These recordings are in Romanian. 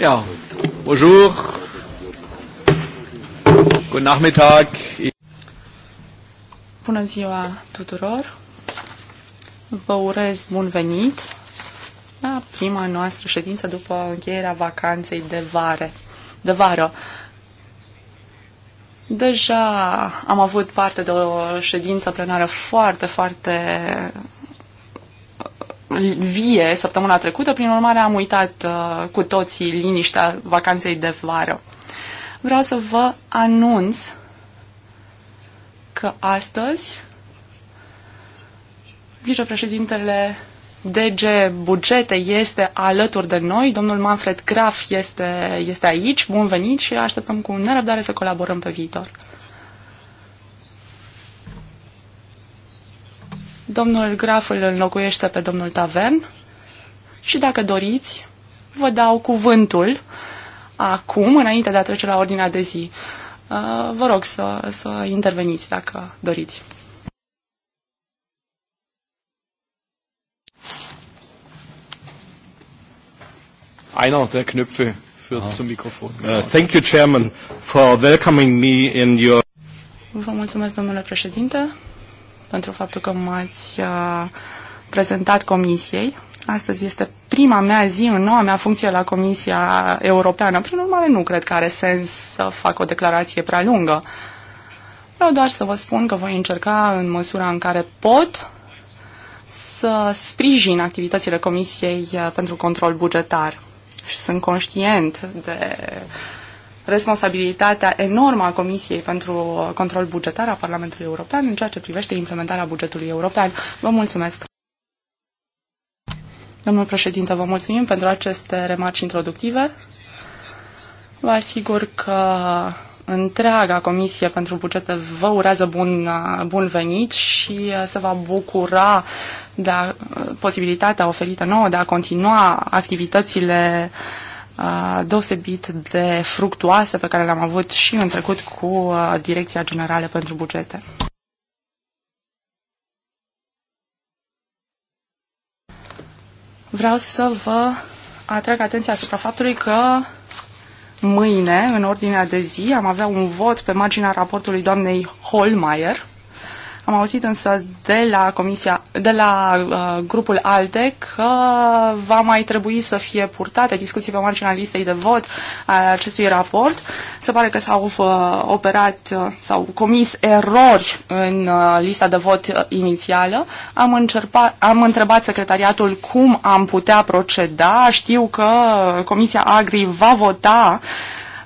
Ja, bonjour. Guten Nachmittag. Bună ziua tuturor. Vă urez bun venit la prima noastră ședință după încheierea vacanței de vară. De vară. Deja am avut parte de o ședință plenară foarte, foarte vie săptămâna trecută, prin urmare am uitat uh, cu toții liniștea vacanței de vară. Vreau să vă anunț că astăzi vicepreședintele DG Bugete este alături de noi, domnul Manfred Graf este, este aici, bun venit și așteptăm cu nerăbdare să colaborăm pe viitor. Domnul Graf îl înlocuiește pe domnul Tavern și dacă doriți, vă dau cuvântul acum, înainte de a trece la ordinea de zi. Uh, vă rog să, să interveniți dacă doriți. einer der Knöpfe führt ah. zum Mikrofon. Uh, thank you, Chairman, for welcoming me in your. Vă mulțumesc, domnule președinte pentru faptul că m-ați uh, prezentat comisiei. Astăzi este prima mea zi în noua mea funcție la Comisia Europeană. Prin urmare, nu cred că are sens să fac o declarație prea lungă. Vreau doar să vă spun că voi încerca, în măsura în care pot, să sprijin activitățile Comisiei uh, pentru Control Bugetar. Și sunt conștient de uh, responsabilitatea enormă a Comisiei pentru Control Bugetar a Parlamentului European în ceea ce privește implementarea bugetului european. Vă mulțumesc! Domnul președinte, vă mulțumim pentru aceste remarci introductive. Vă asigur că întreaga Comisie pentru Bugete vă urează bun, bun venit și se va bucura de a, posibilitatea oferită nouă de a continua activitățile uh, deosebit de fructuoase pe care le-am avut și în trecut cu Direcția Generală pentru Bugete. Vreau să vă atrag atenția asupra faptului că mâine, în ordinea de zi, am avea un vot pe marginea raportului doamnei Holmeier am auzit însă de la, comisia, de la uh, grupul ALDE că va mai trebui să fie purtate discuții pe marginea listei de vot a acestui raport. Se pare că s-au uh, operat uh, sau comis erori în uh, lista de vot uh, inițială. Am, încerpa, am întrebat secretariatul cum am putea proceda. Știu că Comisia Agri va vota uh,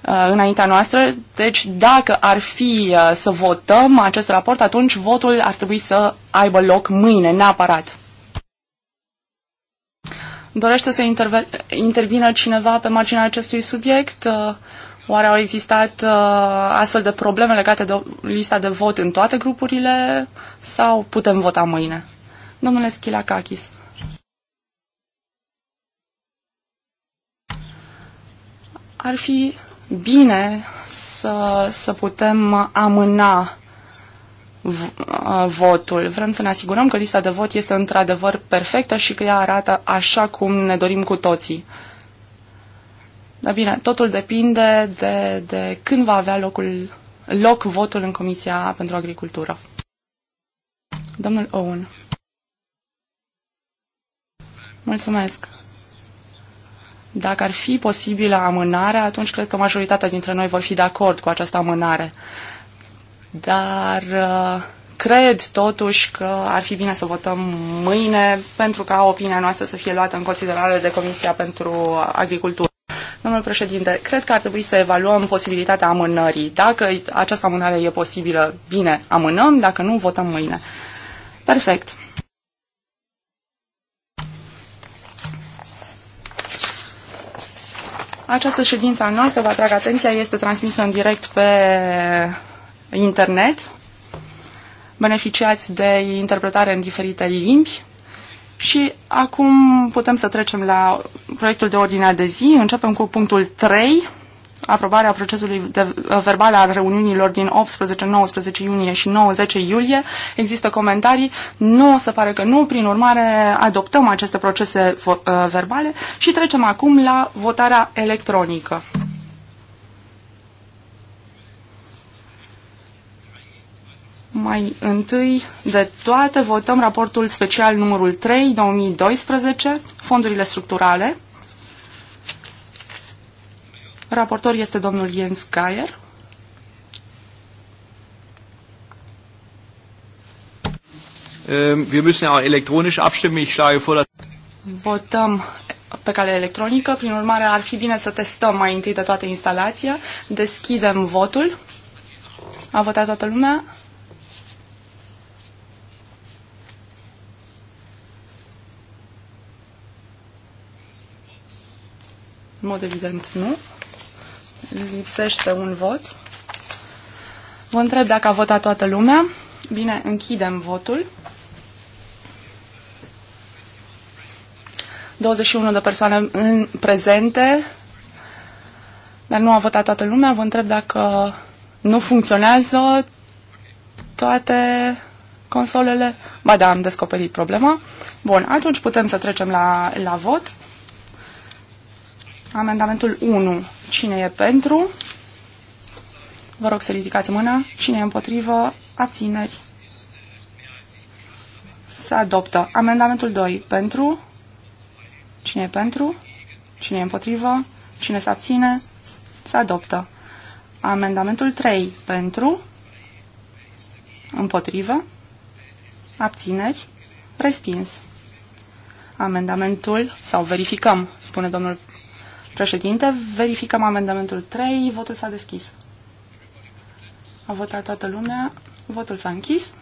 Uh, înaintea noastră. Deci dacă ar fi uh, să votăm acest raport, atunci votul ar trebui să aibă loc mâine, neapărat. Dorește să intervină cineva pe marginea acestui subiect? Uh, oare au existat astfel de probleme legate de lista de vot în toate grupurile sau putem vota mâine? Domnule Schilacakis. Ar fi bine să, să putem amâna votul. Vrem să ne asigurăm că lista de vot este într-adevăr perfectă și că ea arată așa cum ne dorim cu toții. Dar bine, totul depinde de, de când va avea locul, loc votul în Comisia pentru Agricultură. Domnul Owen. Mulțumesc. Dacă ar fi posibilă amânarea, atunci cred că majoritatea dintre noi vor fi de acord cu această amânare. Dar uh, cred totuși că ar fi bine să votăm mâine pentru ca opinia noastră să fie luată în considerare de Comisia pentru Agricultură. Domnul președinte, cred că ar trebui să evaluăm posibilitatea amânării. Dacă această amânare e posibilă, bine, amânăm, dacă nu, votăm mâine. Perfect. Această ședință a noastră, vă atrag atenția, este transmisă în direct pe internet. Beneficiați de interpretare în diferite limbi. Și acum putem să trecem la proiectul de ordine de zi. Începem cu punctul 3 aprobarea procesului de, uh, verbal al reuniunilor din 18, 19 iunie și 90 iulie. Există comentarii? Nu, se pare că nu. Prin urmare, adoptăm aceste procese uh, verbale și trecem acum la votarea electronică. Mai întâi de toate votăm raportul special numărul 3 2012, fondurile structurale. Raportor este domnul Jens Geier. Ähm, wir müssen ja elektronisch abstimmen. Ich schlage vor, dass Votăm pe cale electronică, prin urmare ar fi bine să testăm mai întâi de toată instalația. Deschidem votul. A votat toată lumea. În mod evident, nu. Lipsește un vot. Vă întreb dacă a votat toată lumea. Bine, închidem votul. 21 de persoane în prezente, dar nu a votat toată lumea. Vă întreb dacă nu funcționează toate consolele. Ba da, am descoperit problema. Bun, atunci putem să trecem la, la vot. Amendamentul 1. Cine e pentru? Vă rog să ridicați mâna. Cine e împotrivă? Abțineri. Se adoptă. Amendamentul 2. Pentru? Cine e pentru? Cine e împotrivă? Cine se abține? Se adoptă. Amendamentul 3. Pentru? Împotrivă? Abțineri? Respins. Amendamentul, sau verificăm, spune domnul Președinte, verificăm amendamentul 3. Votul s-a deschis. A votat toată lumea. Votul s-a închis.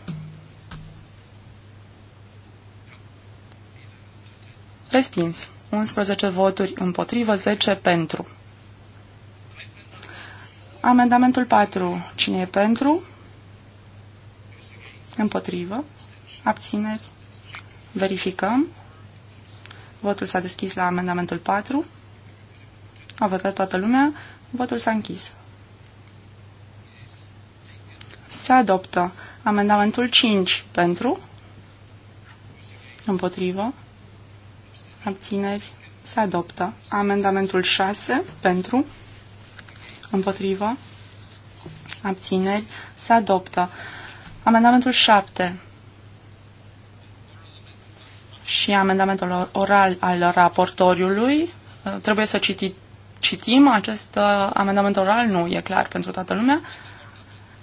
Respins. 11 voturi împotrivă, 10 pentru. Amendamentul 4. Cine e pentru? Împotrivă. Abțineri. Verificăm. Votul s-a deschis la amendamentul 4. A votat toată lumea. Votul s-a închis. Se adoptă amendamentul 5 pentru, împotrivă, abțineri, se adoptă amendamentul 6 pentru, împotrivă, abțineri, se adoptă amendamentul 7 și amendamentul oral al raportoriului. Trebuie să, citi, citim acest uh, amendament oral? Nu, e clar pentru toată lumea.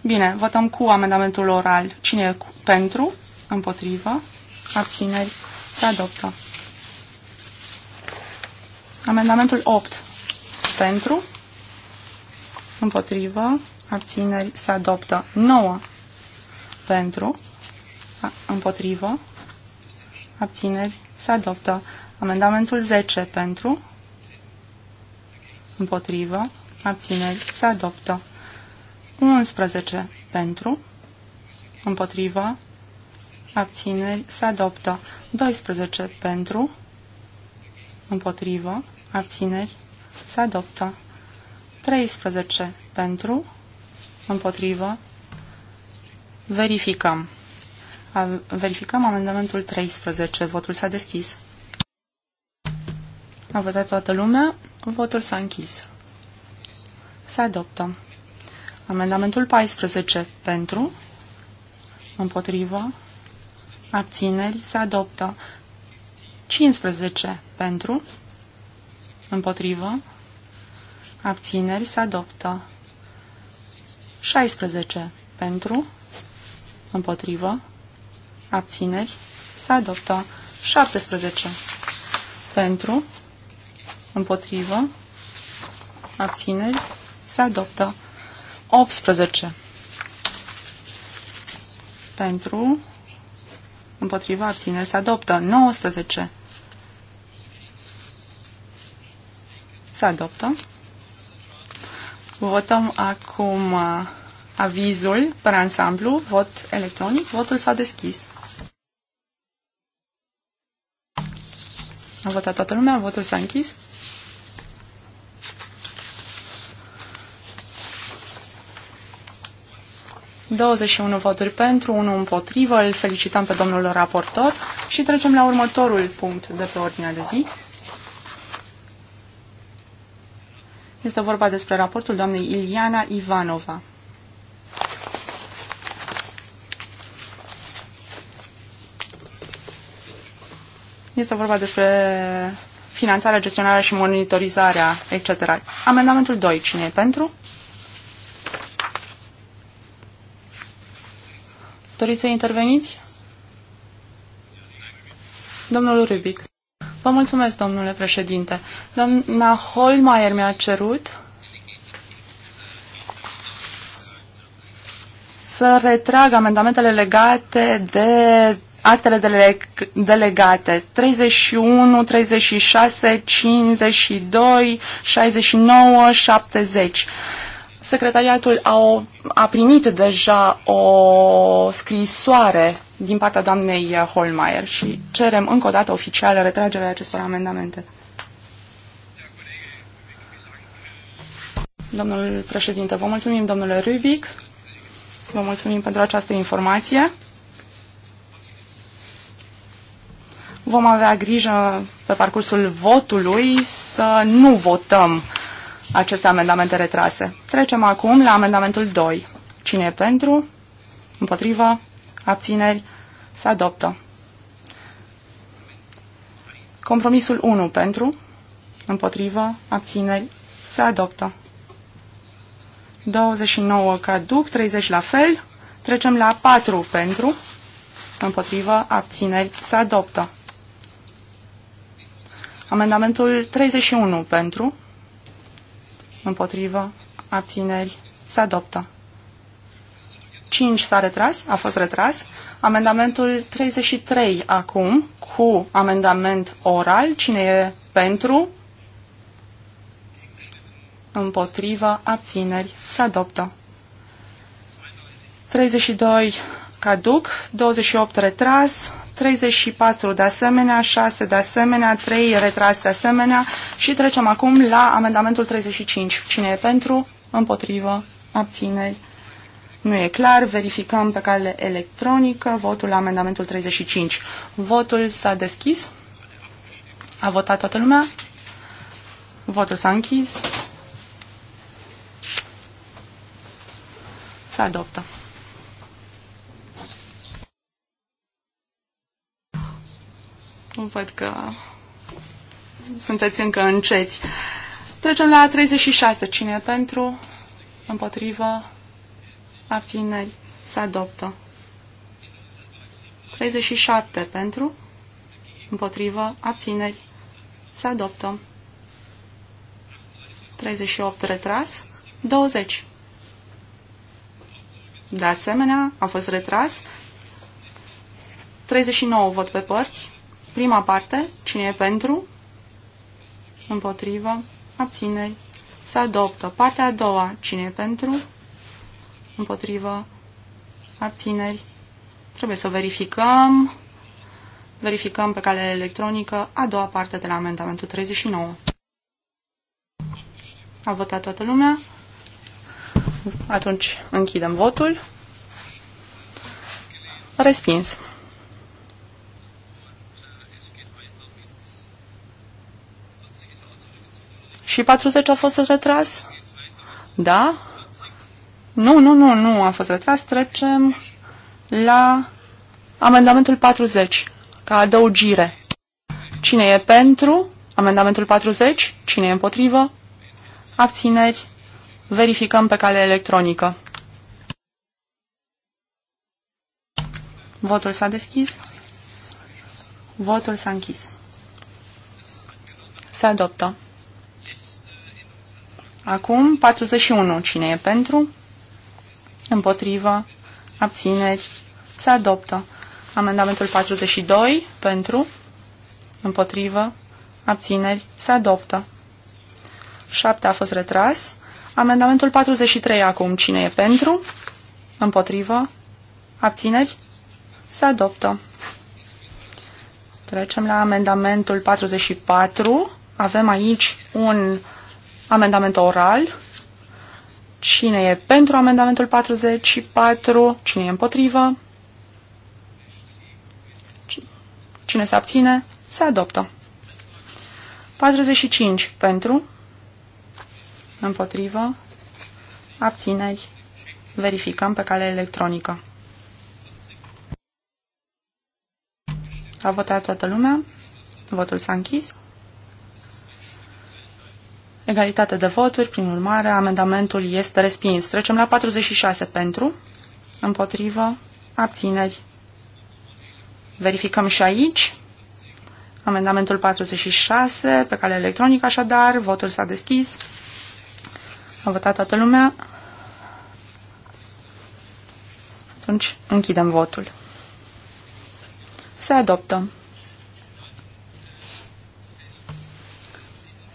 Bine, votăm cu amendamentul oral. Cine e pentru? Împotrivă? Abțineri? Se adoptă. Amendamentul 8. Pentru? Împotrivă? Abțineri? Se adoptă. 9. Pentru? Împotrivă? Abțineri? Se adoptă. Amendamentul 10. Pentru? împotrivă, abțineri, se adoptă. 11 pentru, împotrivă, abțineri, se adoptă. 12 pentru, împotrivă, abțineri, se adoptă. 13 pentru, împotrivă, verificăm. Verificăm amendamentul 13. Votul s-a deschis. A votat toată lumea. Votul s-a închis. Se adoptă. Amendamentul 14 pentru, împotrivă, abțineri, se adoptă. 15 pentru, împotrivă, abțineri, se adoptă. 16 pentru, împotrivă, abțineri, se adoptă. 17 pentru, Împotrivă. Abțineri. Se adoptă. 18. Pentru. Împotrivă. Abțineri. Se adoptă. 19. Se adoptă. Votăm acum uh, avizul pe ansamblu, vot electronic, votul s-a deschis. A votat toată lumea, votul s-a închis. 21 voturi pentru, 1 împotrivă. Îl felicităm pe domnul raportor și trecem la următorul punct de pe ordinea de zi. Este vorba despre raportul doamnei Iliana Ivanova. Este vorba despre finanțarea, gestionarea și monitorizarea, etc. Amendamentul 2. Cine e pentru? Doriți să interveniți? Domnul Rubic. Vă mulțumesc, domnule președinte. Doamna Holmeier mi-a cerut să retrag amendamentele legate de actele delegate 31, 36, 52, 69, 70. Secretariatul a, a primit deja o scrisoare din partea doamnei Holmeier și cerem încă o dată oficială retragerea acestor amendamente. Domnul președinte, vă mulțumim, domnule Rubic. Vă mulțumim pentru această informație. Vom avea grijă pe parcursul votului să nu votăm aceste amendamente retrase. Trecem acum la amendamentul 2. Cine e pentru? Împotrivă? Abțineri? Se adoptă. Compromisul 1 pentru? Împotrivă? Abțineri? Se adoptă. 29 caduc, 30 la fel. Trecem la 4 pentru, împotrivă, abțineri, se adoptă. Amendamentul 31 pentru, împotrivă, abțineri, se adoptă. 5 s-a retras, a fost retras. Amendamentul 33 acum, cu amendament oral, cine e pentru, împotrivă, abțineri, se adoptă. 32 caduc, 28 retras, 34 de asemenea, 6 de asemenea, 3 retras de asemenea și trecem acum la amendamentul 35. Cine e pentru? Împotrivă? Abțineri? Nu e clar. Verificăm pe cale electronică votul la amendamentul 35. Votul s-a deschis. A votat toată lumea. Votul s-a închis. Se adoptă. Văd că sunteți încă înceți. Trecem la 36. Cine pentru? Împotrivă? Abțineri? Se adoptă. 37 pentru? Împotrivă? Abțineri? Se adoptă. 38 retras. 20. De asemenea, a fost retras. 39 vot pe părți. Prima parte, cine e pentru? Împotrivă. Abțineri. Se adoptă. Partea a doua, cine e pentru? Împotrivă. Abțineri. Trebuie să verificăm. Verificăm pe cale electronică a doua parte de la amendamentul 39. A votat toată lumea. Atunci închidem votul. Respins. Și 40 a fost retras? Da? Nu, nu, nu, nu a fost retras. Trecem la amendamentul 40, ca adăugire. Cine e pentru amendamentul 40? Cine e împotrivă? Abțineri? Verificăm pe cale electronică. Votul s-a deschis. Votul s-a închis. Se adoptă. Acum 41. Cine e pentru? Împotrivă. Abțineri. Se adoptă. Amendamentul 42. Pentru. Împotrivă. Abțineri. Se adoptă. 7 a fost retras. Amendamentul 43 acum. Cine e pentru? Împotrivă. Abțineri. Se adoptă. Trecem la amendamentul 44. Avem aici un Amendament oral. Cine e pentru amendamentul 44? Cine e împotrivă? Cine se abține? Se adoptă. 45 pentru, împotrivă, abțineri, verificăm pe cale electronică. A votat toată lumea, votul s-a închis. Egalitate de voturi, prin urmare, amendamentul este respins. Trecem la 46 pentru, împotrivă, abțineri. Verificăm și aici. Amendamentul 46, pe cale electronică, așadar, votul s-a deschis. A votat toată lumea. Atunci închidem votul. Se adoptă.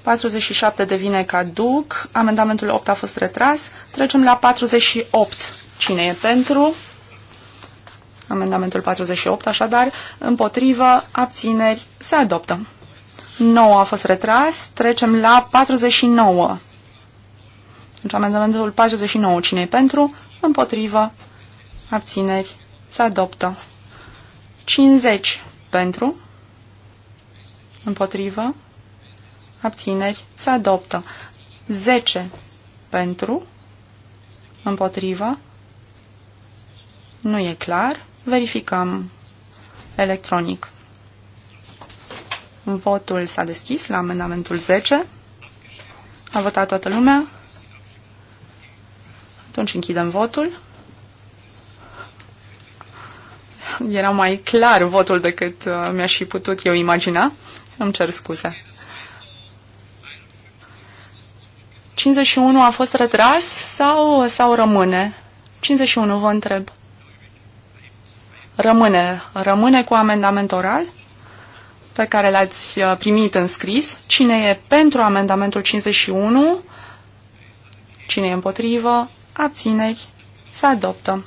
47 devine caduc, amendamentul 8 a fost retras. Trecem la 48. Cine e pentru? Amendamentul 48, așadar, împotrivă, abțineri, se adoptă. 9 a fost retras, trecem la 49. Deci amendamentul 49, cine e pentru? Împotrivă, abțineri, se adoptă. 50 pentru, împotrivă, abțineri, se adoptă. 10 pentru, împotriva, nu e clar, verificăm electronic. Votul s-a deschis la amendamentul 10. A votat toată lumea. Atunci închidem votul. Era mai clar votul decât uh, mi-aș fi putut eu imagina. Îmi cer scuze. 51 a fost retras sau, sau rămâne? 51 vă întreb. Rămâne. Rămâne cu amendament oral pe care l-ați uh, primit în scris. Cine e pentru amendamentul 51? Cine e împotrivă? Abțineri. Se adoptă.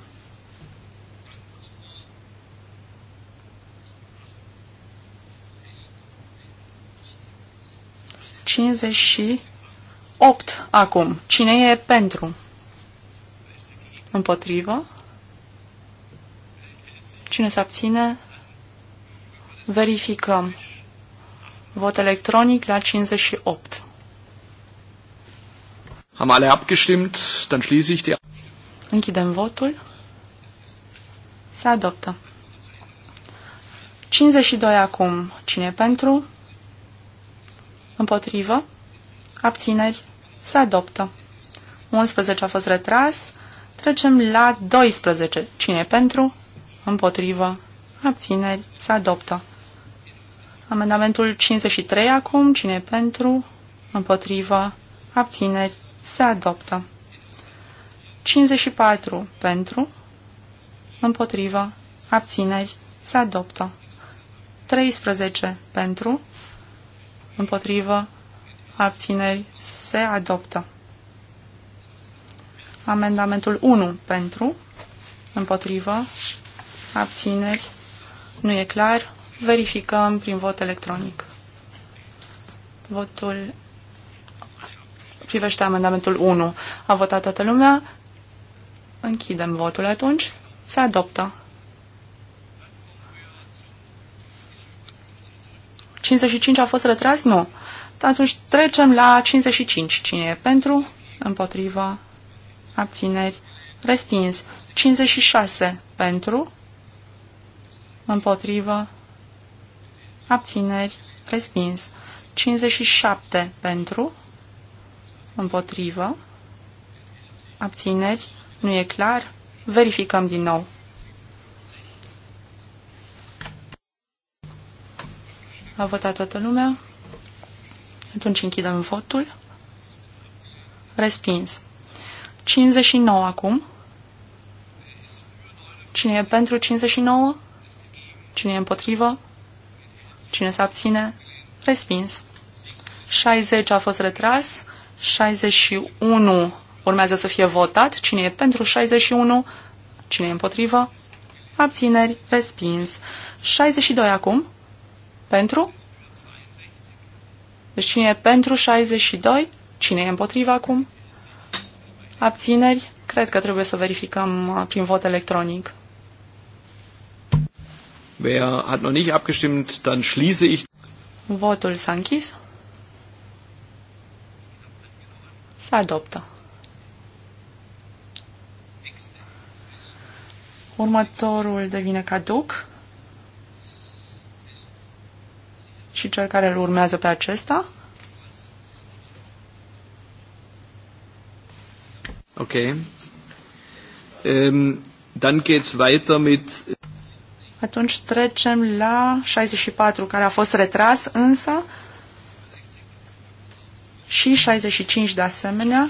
și 8 acum. Cine e pentru? Împotrivă? Cine se abține? Verificăm. Vot electronic la 58. Haben alle abgestimmt, dann schließe ich die... Închidem votul. Se adoptă. 52 acum. Cine e pentru? Împotrivă? abțineri, se adoptă. 11 a fost retras, trecem la 12. Cine e pentru? Împotrivă, abțineri, se adoptă. Amendamentul 53 acum, cine e pentru? Împotrivă, abțineri, se adoptă. 54 pentru, împotrivă, abțineri, se adoptă. 13 pentru, împotrivă, abțineri, se adoptă. Amendamentul 1 pentru, împotrivă, abțineri, nu e clar, verificăm prin vot electronic. Votul privește amendamentul 1. A votat toată lumea, închidem votul atunci, se adoptă. 55 a fost retras? Nu. Atunci trecem la 55. Cine e pentru? Împotriva. Abțineri. Respins. 56 pentru. Împotriva. Abțineri. Respins. 57 pentru. Împotrivă. Abțineri. Nu e clar. Verificăm din nou. A votat toată lumea. Atunci închidem votul. Respins. 59 acum. Cine e pentru 59? Cine e împotrivă? Cine se abține? Respins. 60 a fost retras. 61 urmează să fie votat. Cine e pentru 61? Cine e împotrivă? Abțineri. Respins. 62 acum. Pentru? Deci cine e pentru 62? Cine e împotriva acum? Abțineri? Cred că trebuie să verificăm uh, prin vot electronic. Wer hat noch nicht abgestimmt, dann schließe ich. Votul s-a închis. Se adoptă. Următorul devine caduc. și cel care îl urmează pe acesta. Ok. Um, dann geht's weiter mit... Atunci trecem la 64, care a fost retras, însă și 65 de asemenea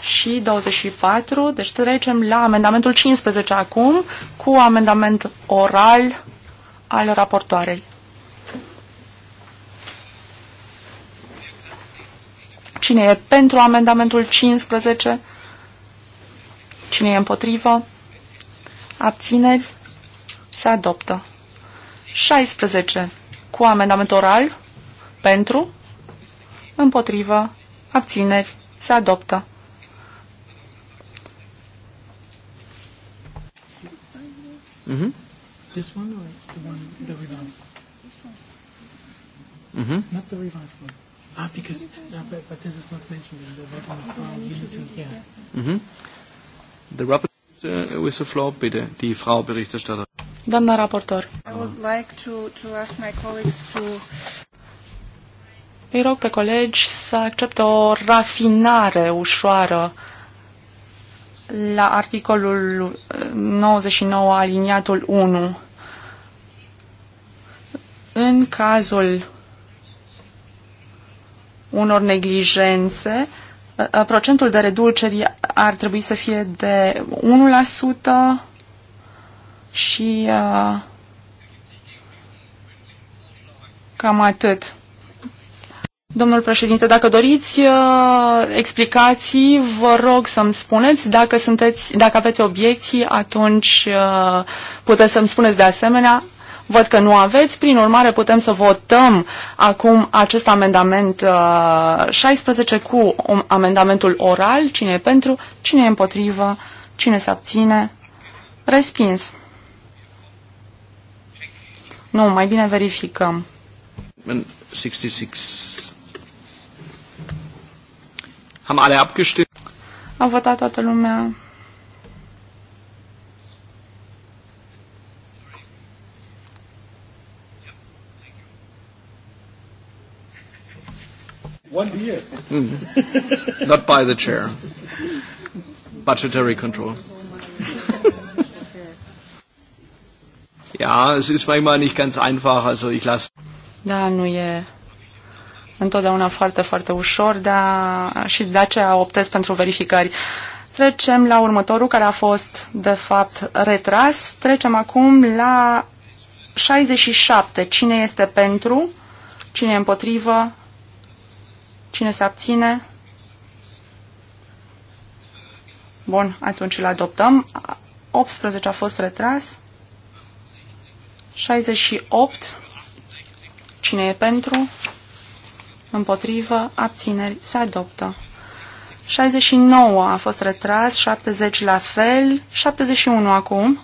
și 24. Deci trecem la amendamentul 15 acum cu amendament oral al raportoarei. Cine e pentru amendamentul 15? Cine e împotrivă? Abțineri? Se adoptă. 16. Cu amendament oral? Pentru? Împotrivă? Abțineri? Se adoptă. Mm-hmm. This one or the one, the revised? This one. Mm-hmm. Not the revised one. Ah, because no, but, but this is not mentioned in the bottom is found here to here. Mhm. The rapporteur uh, with the floor, bitte, die Frau Berichterstatter. Doamna raportor. I would like to, to ask my colleagues to îi rog pe colegi să accepte o rafinare ușoară la articolul 99 uh, aliniatul 1. În cazul unor neglijențe, uh, uh, procentul de reduceri ar trebui să fie de 1% și uh, cam atât. Domnul președinte, dacă doriți uh, explicații, vă rog să-mi spuneți. Dacă, sunteți, dacă aveți obiecții, atunci uh, puteți să-mi spuneți de asemenea. Văd că nu aveți, prin urmare putem să votăm acum acest amendament uh, 16 cu amendamentul oral. Cine e pentru, cine e împotrivă, cine se abține. Respins. Nu, mai bine verificăm. 66. Am alea abgestimt. A votat toată lumea. One beer. Mm. Not by the chair. Budgetary control. ja, es ist manchmal nicht ganz einfach, also ich lasse. Da, nu e întotdeauna foarte, foarte ușor, dar și de aceea optez pentru verificări. Trecem la următorul, care a fost, de fapt, retras. Trecem acum la 67. Cine este pentru? Cine e împotrivă? Cine se abține? Bun, atunci îl adoptăm. 18 a fost retras. 68. Cine e pentru? Împotrivă. Abțineri. Se adoptă. 69 a fost retras. 70 la fel. 71 acum.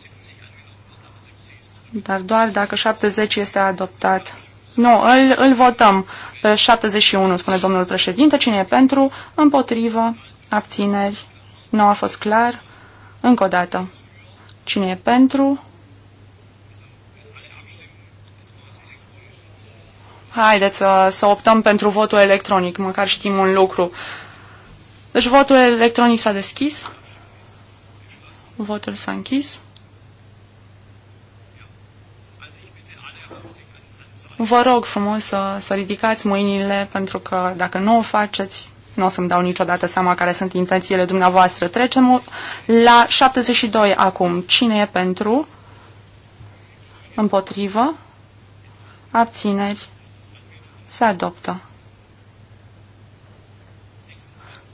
Dar doar dacă 70 este adoptat. Nu, îl, îl votăm pe 71, spune domnul președinte. Cine e pentru? Împotrivă? Abțineri? Nu a fost clar? Încă o dată. Cine e pentru? Haideți să, să optăm pentru votul electronic, măcar știm un lucru. Deci votul electronic s-a deschis. Votul s-a închis. Vă rog frumos să, să ridicați mâinile, pentru că dacă nu o faceți, nu o să-mi dau niciodată seama care sunt intențiile dumneavoastră. Trecem la 72 acum. Cine e pentru? Împotrivă? Abțineri? Se adoptă.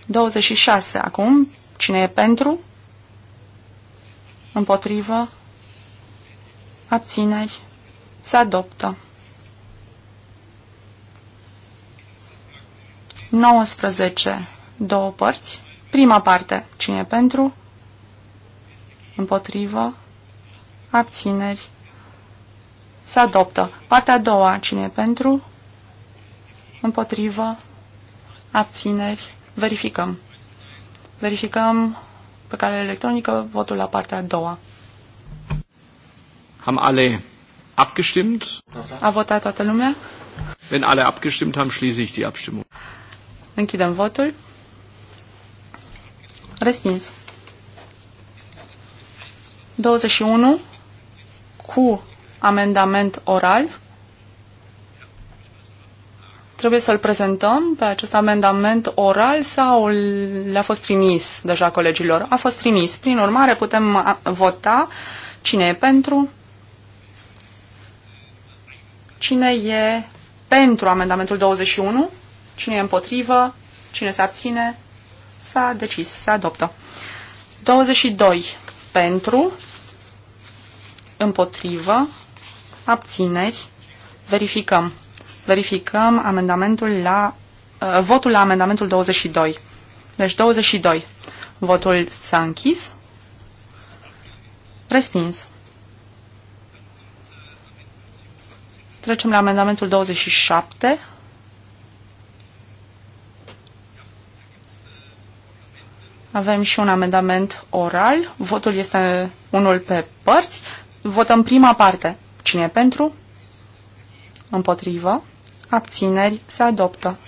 26 acum. Cine e pentru? Împotrivă? Abțineri? Se adoptă. 19, două părți. Prima parte, cine e pentru? Împotrivă. Abțineri. Se adoptă. Partea a doua, cine e pentru? Împotrivă. Abțineri. Verificăm. Verificăm pe cale electronică votul la partea a doua. Am ale abgestimt? A votat toată lumea? Wenn alle abgestimmt haben, schließe ich die Abstimmung. Închidem votul. Respins. 21 cu amendament oral. Trebuie să-l prezentăm pe acest amendament oral sau le-a fost trimis deja colegilor? A fost trimis. Prin urmare, putem vota cine e pentru, cine e pentru amendamentul 21, Cine e împotrivă? Cine se abține? S-a decis, se adoptă. 22 pentru, împotrivă, abțineri, verificăm. Verificăm amendamentul la, uh, votul la amendamentul 22. Deci 22. Votul s-a închis. Respins. Trecem la amendamentul 27. Avem și un amendament oral. Votul este unul pe părți. Votăm prima parte. Cine e pentru? Împotrivă. Abțineri. Se adoptă.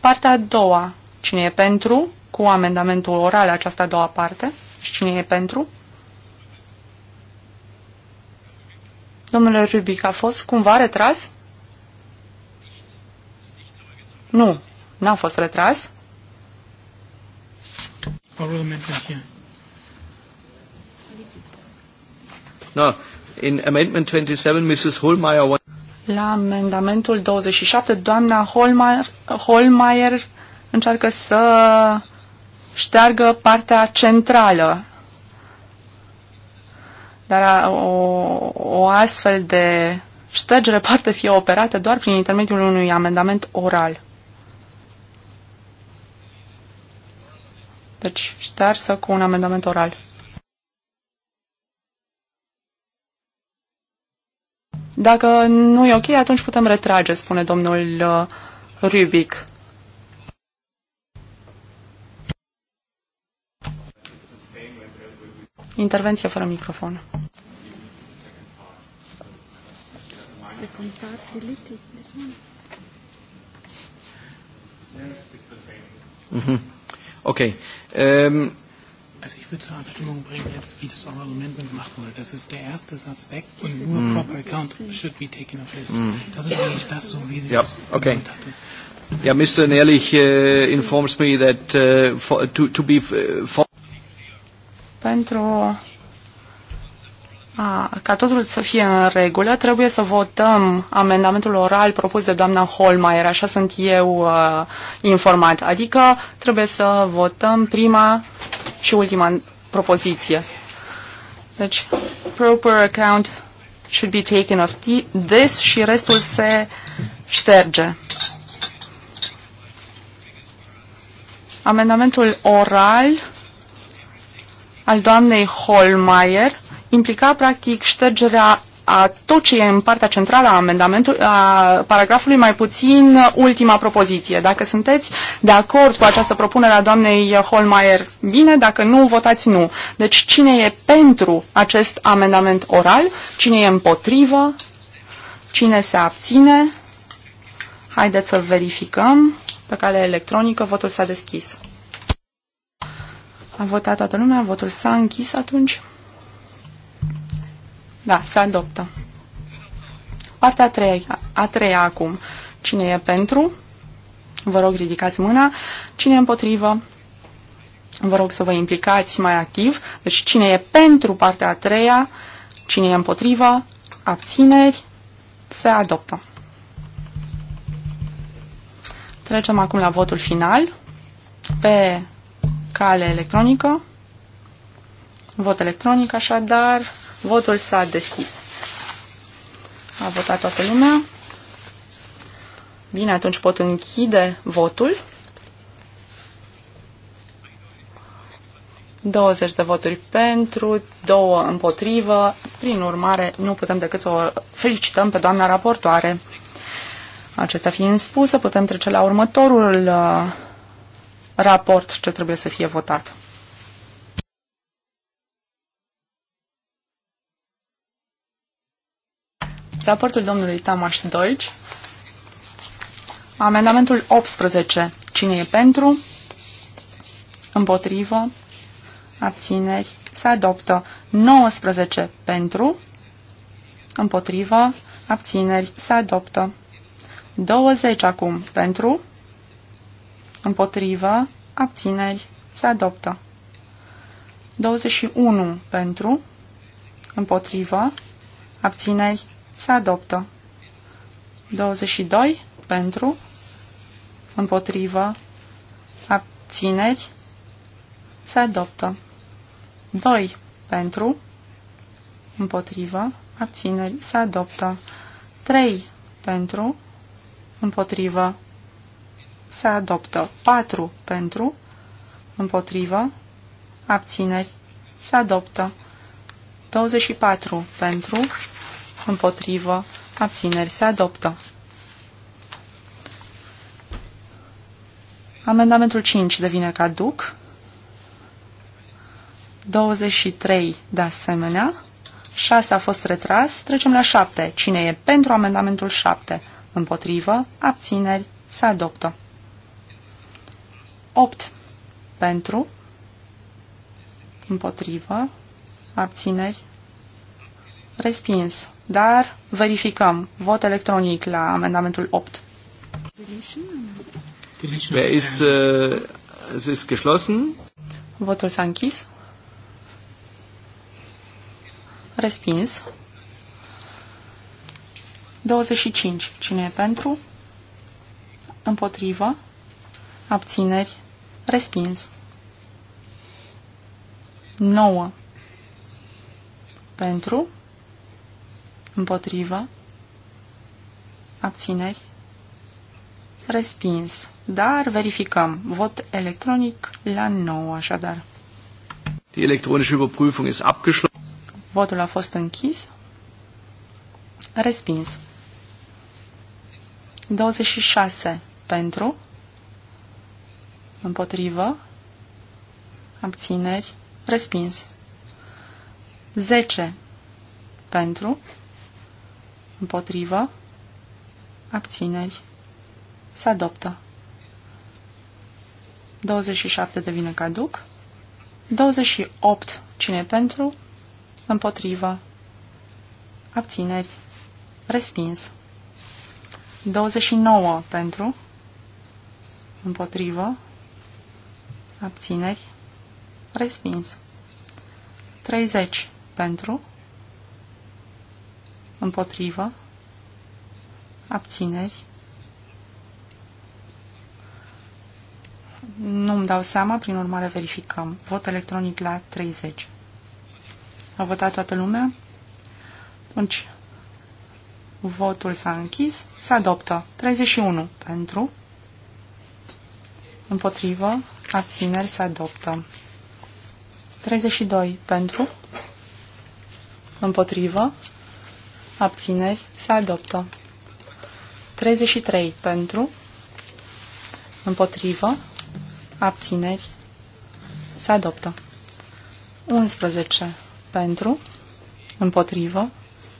Partea a doua. Cine e pentru? Cu amendamentul oral, această a doua parte. Și cine e pentru? Domnule Rubic, a fost cumva retras? Nu, n-a fost retras. No, in amendment 27, Mrs. Holmeyer... La amendamentul 27, doamna Holmeier, Holmeier încearcă să șteargă partea centrală. Dar o, o astfel de ștergere poate fi operată doar prin intermediul unui amendament oral. deci ștearsă cu un amendament oral. Dacă nu e ok, atunci putem retrage, spune domnul uh, Rubic. Intervenție fără microfon. Mm-hmm. Okay. Ähm, also ich würde zur Abstimmung bringen, jetzt wie das Oral Amendment gemacht wurde. Das ist der erste Satz weg und nur mm. proper account should be taken off list. Mm. Das ist eigentlich das, so wie sie ja, es okay. hatte. Yeah, Mr. Nerlich uh, informs me that uh, for, to, to be äh, for Pentru a, ca totul să fie în regulă, trebuie să votăm amendamentul oral propus de doamna Holmeier, așa sunt eu uh, informat. Adică trebuie să votăm prima și ultima propoziție. Deci, proper account should be taken of this și restul se șterge. Amendamentul oral al doamnei Holmeier implica practic ștergerea a tot ce e în partea centrală a amendamentului, a paragrafului, mai puțin ultima propoziție. Dacă sunteți de acord cu această propunere a doamnei Holmeier, bine, dacă nu, votați nu. Deci cine e pentru acest amendament oral, cine e împotrivă, cine se abține, haideți să verificăm pe cale electronică, votul s-a deschis. A votat toată lumea, votul s-a închis atunci. Da, se adoptă. Partea a treia, a treia acum. Cine e pentru? Vă rog, ridicați mâna. Cine e împotrivă? Vă rog să vă implicați mai activ. Deci cine e pentru partea a treia? Cine e împotrivă? Abțineri? Se adoptă. Trecem acum la votul final pe cale electronică. Vot electronic, așadar, Votul s-a deschis. A votat toată lumea. Bine, atunci pot închide votul. 20 de voturi pentru, 2 împotrivă. Prin urmare, nu putem decât să o felicităm pe doamna raportoare. Acesta fiind spusă, putem trece la următorul uh, raport ce trebuie să fie votat. Raportul domnului Tamaș Dolci. Amendamentul 18. Cine e pentru? Împotrivă? Abțineri? Se adoptă. 19 pentru? Împotrivă? Abțineri? Se adoptă. 20 acum pentru? Împotrivă? Abțineri? Se adoptă. 21 pentru? Împotrivă? Abțineri? se adoptă. 22 pentru, împotrivă, abțineri, se adoptă. 2 pentru, împotrivă, abțineri, se adoptă. 3 pentru, împotrivă, se adoptă. 4 pentru, împotrivă, abțineri, se adoptă. 24 pentru, împotrivă, abțineri, se adoptă. Amendamentul 5 devine caduc. 23 de asemenea. 6 a fost retras. Trecem la 7. Cine e pentru amendamentul 7? Împotrivă, abțineri, se adoptă. 8 pentru, împotrivă, abțineri, Respins. Dar verificăm. Vot electronic la amendamentul 8. Wer ist, äh, es ist geschlossen. Votul s-a închis. Respins. 25. Cine e pentru? Împotrivă. Abțineri. Respins. 9. Pentru. Împotrivă. Abțineri. Respins. Dar verificăm. Vot electronic la 9, așadar. Die elektronische Überprüfung ist abgeschlossen. Votul a fost închis. Respins. 26 pentru, împotrivă, abțineri, respins. 10 pentru, Împotrivă. Abțineri. Se adoptă. 27 devine caduc. 28. Cine pentru? Împotrivă. Abțineri. Respins. 29 pentru. Împotrivă. Abțineri. Respins. 30 pentru. Împotrivă. Abțineri. Nu-mi dau seama, prin urmare verificăm. Vot electronic la 30. A votat toată lumea? Atunci, votul s-a închis, se adoptă. 31 pentru, împotrivă, abțineri se adoptă. 32 pentru, împotrivă, abțineri, se adoptă. 33 pentru, împotrivă, abțineri, se adoptă. 11 pentru, împotrivă,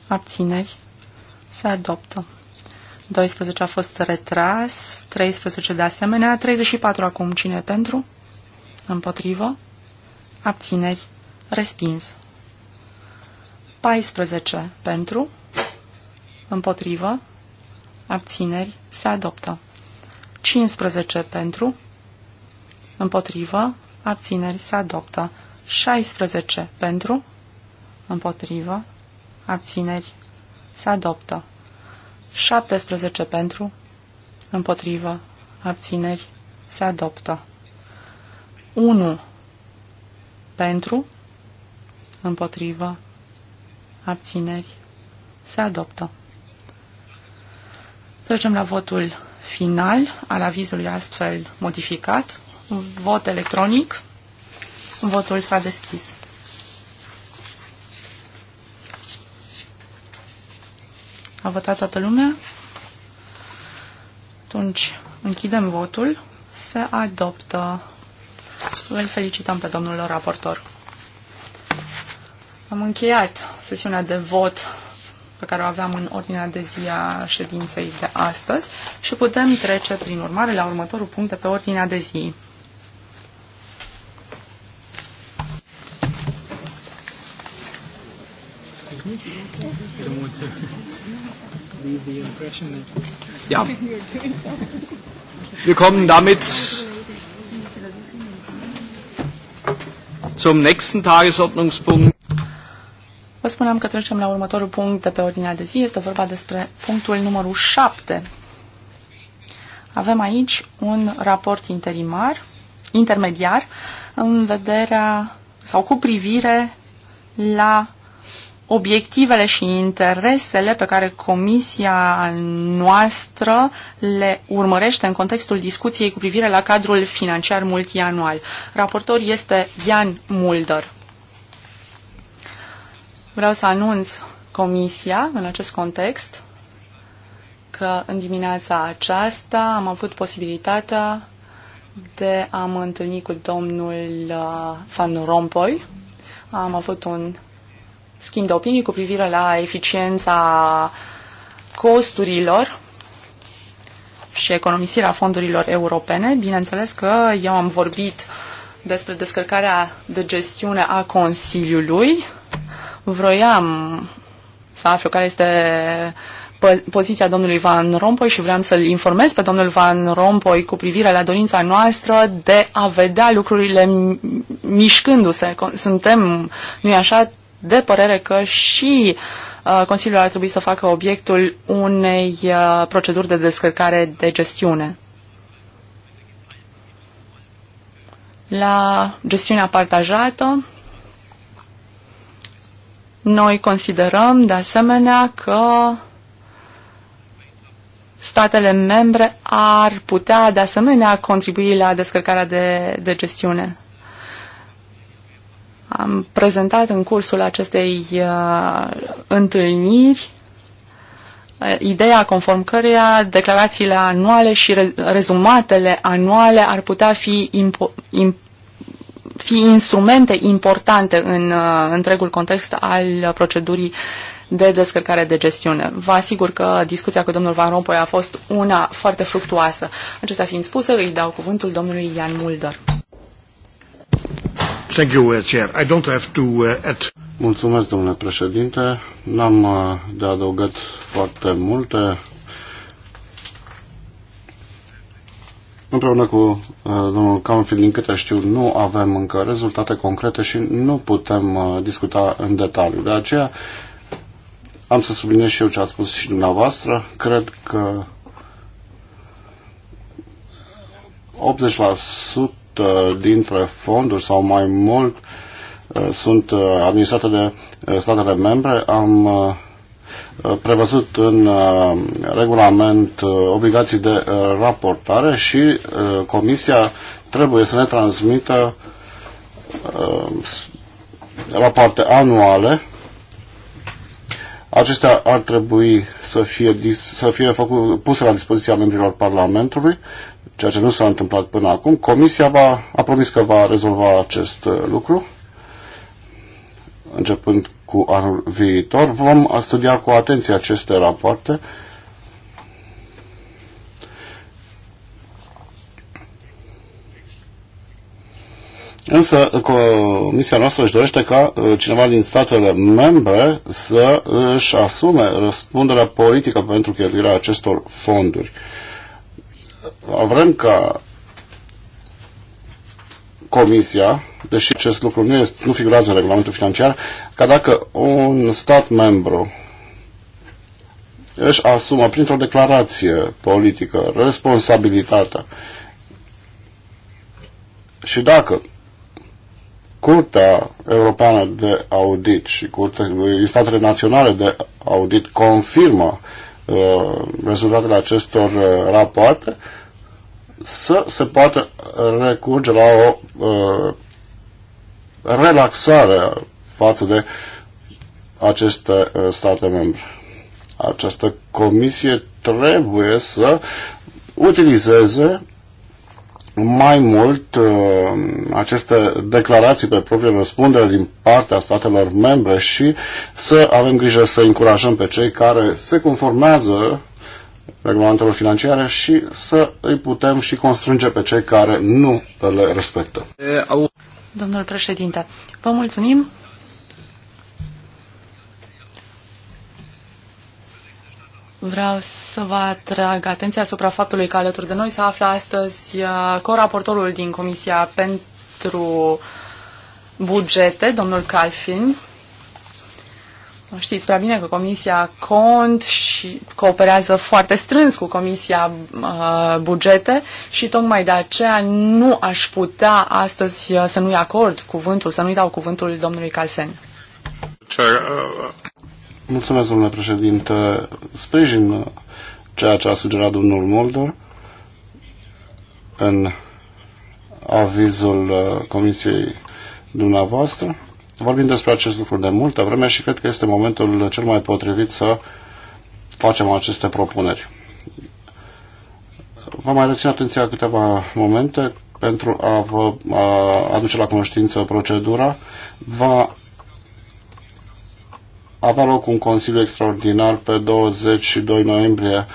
abțineri, se adoptă. 12 a fost retras, 13 de asemenea, 34 acum cine pentru, împotrivă, abțineri, respins. 14 pentru, Împotrivă. Abțineri. Se adoptă. 15 pentru. Împotrivă. Abțineri. Se adoptă. 16 pentru. Împotrivă. Abțineri. Se adoptă. 17 pentru. Împotrivă. Abțineri. Se adoptă. 1 pentru. Împotrivă. Abțineri. Se adoptă. Trecem la votul final al avizului astfel modificat. vot electronic. Votul s-a deschis. A votat toată lumea? Atunci închidem votul. Se adoptă. Îl felicităm pe domnul raportor. Am încheiat sesiunea de vot pe care o aveam în ordinea de zi a ședinței de astăzi și putem trece, prin urmare, la următorul punct de pe ordinea de zi. Ja. Wir kommen damit zum nächsten Tagesordnungspunkt. Vă spuneam că trecem la următorul punct de pe ordinea de zi. Este vorba despre punctul numărul 7. Avem aici un raport interimar, intermediar în vederea sau cu privire la obiectivele și interesele pe care comisia noastră le urmărește în contextul discuției cu privire la cadrul financiar multianual. Raportor este Jan Mulder. Vreau să anunț Comisia în acest context că în dimineața aceasta am avut posibilitatea de a mă întâlni cu domnul uh, Van Rompuy. Am avut un schimb de opinii cu privire la eficiența costurilor și economisirea fondurilor europene. Bineînțeles că eu am vorbit despre descărcarea de gestiune a Consiliului Vroiam să aflu care este poziția domnului Van Rompuy și vreau să-l informez pe domnul Van Rompuy cu privire la dorința noastră de a vedea lucrurile mișcându-se. Suntem, nu-i așa, de părere că și uh, Consiliul ar trebui să facă obiectul unei uh, proceduri de descărcare de gestiune. La gestiunea partajată, noi considerăm, de asemenea, că statele membre ar putea, de asemenea, contribui la descărcarea de, de gestiune. Am prezentat în cursul acestei uh, întâlniri uh, ideea conform căreia declarațiile anuale și rezumatele anuale ar putea fi impo- imp- fi instrumente importante în uh, întregul context al procedurii de descărcare de gestiune. Vă asigur că discuția cu domnul Van Rompuy a fost una foarte fructuoasă. Acestea fiind spuse, îi dau cuvântul domnului Ian Mulder. Thank you, uh, Chair. I don't have to uh, add. Mulțumesc, domnule președinte. N-am de adăugat foarte multe Împreună cu uh, domnul Canfield, din câte știu, nu avem încă rezultate concrete și nu putem uh, discuta în detaliu. De aceea am să subliniez și eu ce ați spus și dumneavoastră. Cred că 80% dintre fonduri sau mai mult uh, sunt uh, administrate de uh, statele membre. Am uh, Uh, prevăzut în uh, regulament uh, obligații de raportare și Comisia trebuie să ne transmită rapoarte anuale. Acestea ar trebui să fie, să fie făcut, puse la dispoziția membrilor Parlamentului, ceea ce nu s-a întâmplat până acum. Comisia va, a promis că va rezolva acest lucru începând cu anul viitor. Vom studia cu atenție aceste rapoarte. Însă comisia noastră își dorește ca uh, cineva din statele membre să își asume răspunderea politică pentru cheltuirea acestor fonduri. Vrem ca Comisia, deși acest lucru nu, este, nu figurează în regulamentul financiar, ca dacă un stat membru își asumă printr-o declarație politică responsabilitatea și dacă Curtea Europeană de Audit și Curtea, statele naționale de audit confirmă uh, rezultatele acestor uh, rapoarte, să se poată recurge la o uh, relaxare față de aceste uh, state membre. Această comisie trebuie să utilizeze mai mult uh, aceste declarații pe proprie răspundere din partea statelor membre și să avem grijă să încurajăm pe cei care se conformează regulamentelor financiare și să îi putem și constrânge pe cei care nu le respectă. Domnul președinte, vă mulțumim. Vreau să vă atrag atenția asupra faptului că alături de noi se află astăzi uh, coraportorul din Comisia pentru Bugete, domnul Calfin. Știți prea bine că Comisia Cont și cooperează foarte strâns cu Comisia uh, Bugete și tocmai de aceea nu aș putea astăzi uh, să nu-i acord cuvântul, să nu-i dau cuvântul domnului Calfen. Uh, Mulțumesc, domnule președinte. Sprijin uh, ceea ce a sugerat domnul Mulder în avizul Comisiei dumneavoastră Vorbim despre acest lucru de multă vreme și cred că este momentul cel mai potrivit să facem aceste propuneri. Vă mai rețin atenția câteva momente pentru a vă a aduce la conștiință procedura. Va avea loc un Consiliu extraordinar pe 22 noiembrie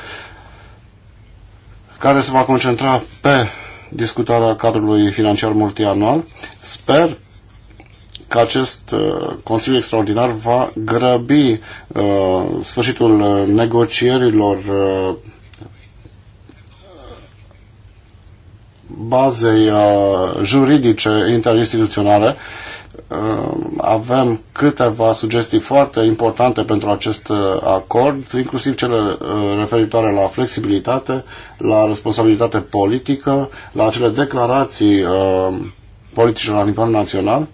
care se va concentra pe discutarea cadrului financiar multianual. Sper că acest uh, Consiliu Extraordinar va grăbi uh, sfârșitul uh, negocierilor bazei juridice interinstituționale avem câteva sugestii foarte importante pentru acest acord, inclusiv cele referitoare la flexibilitate, la responsabilitate politică, la acele declarații politice la nivel național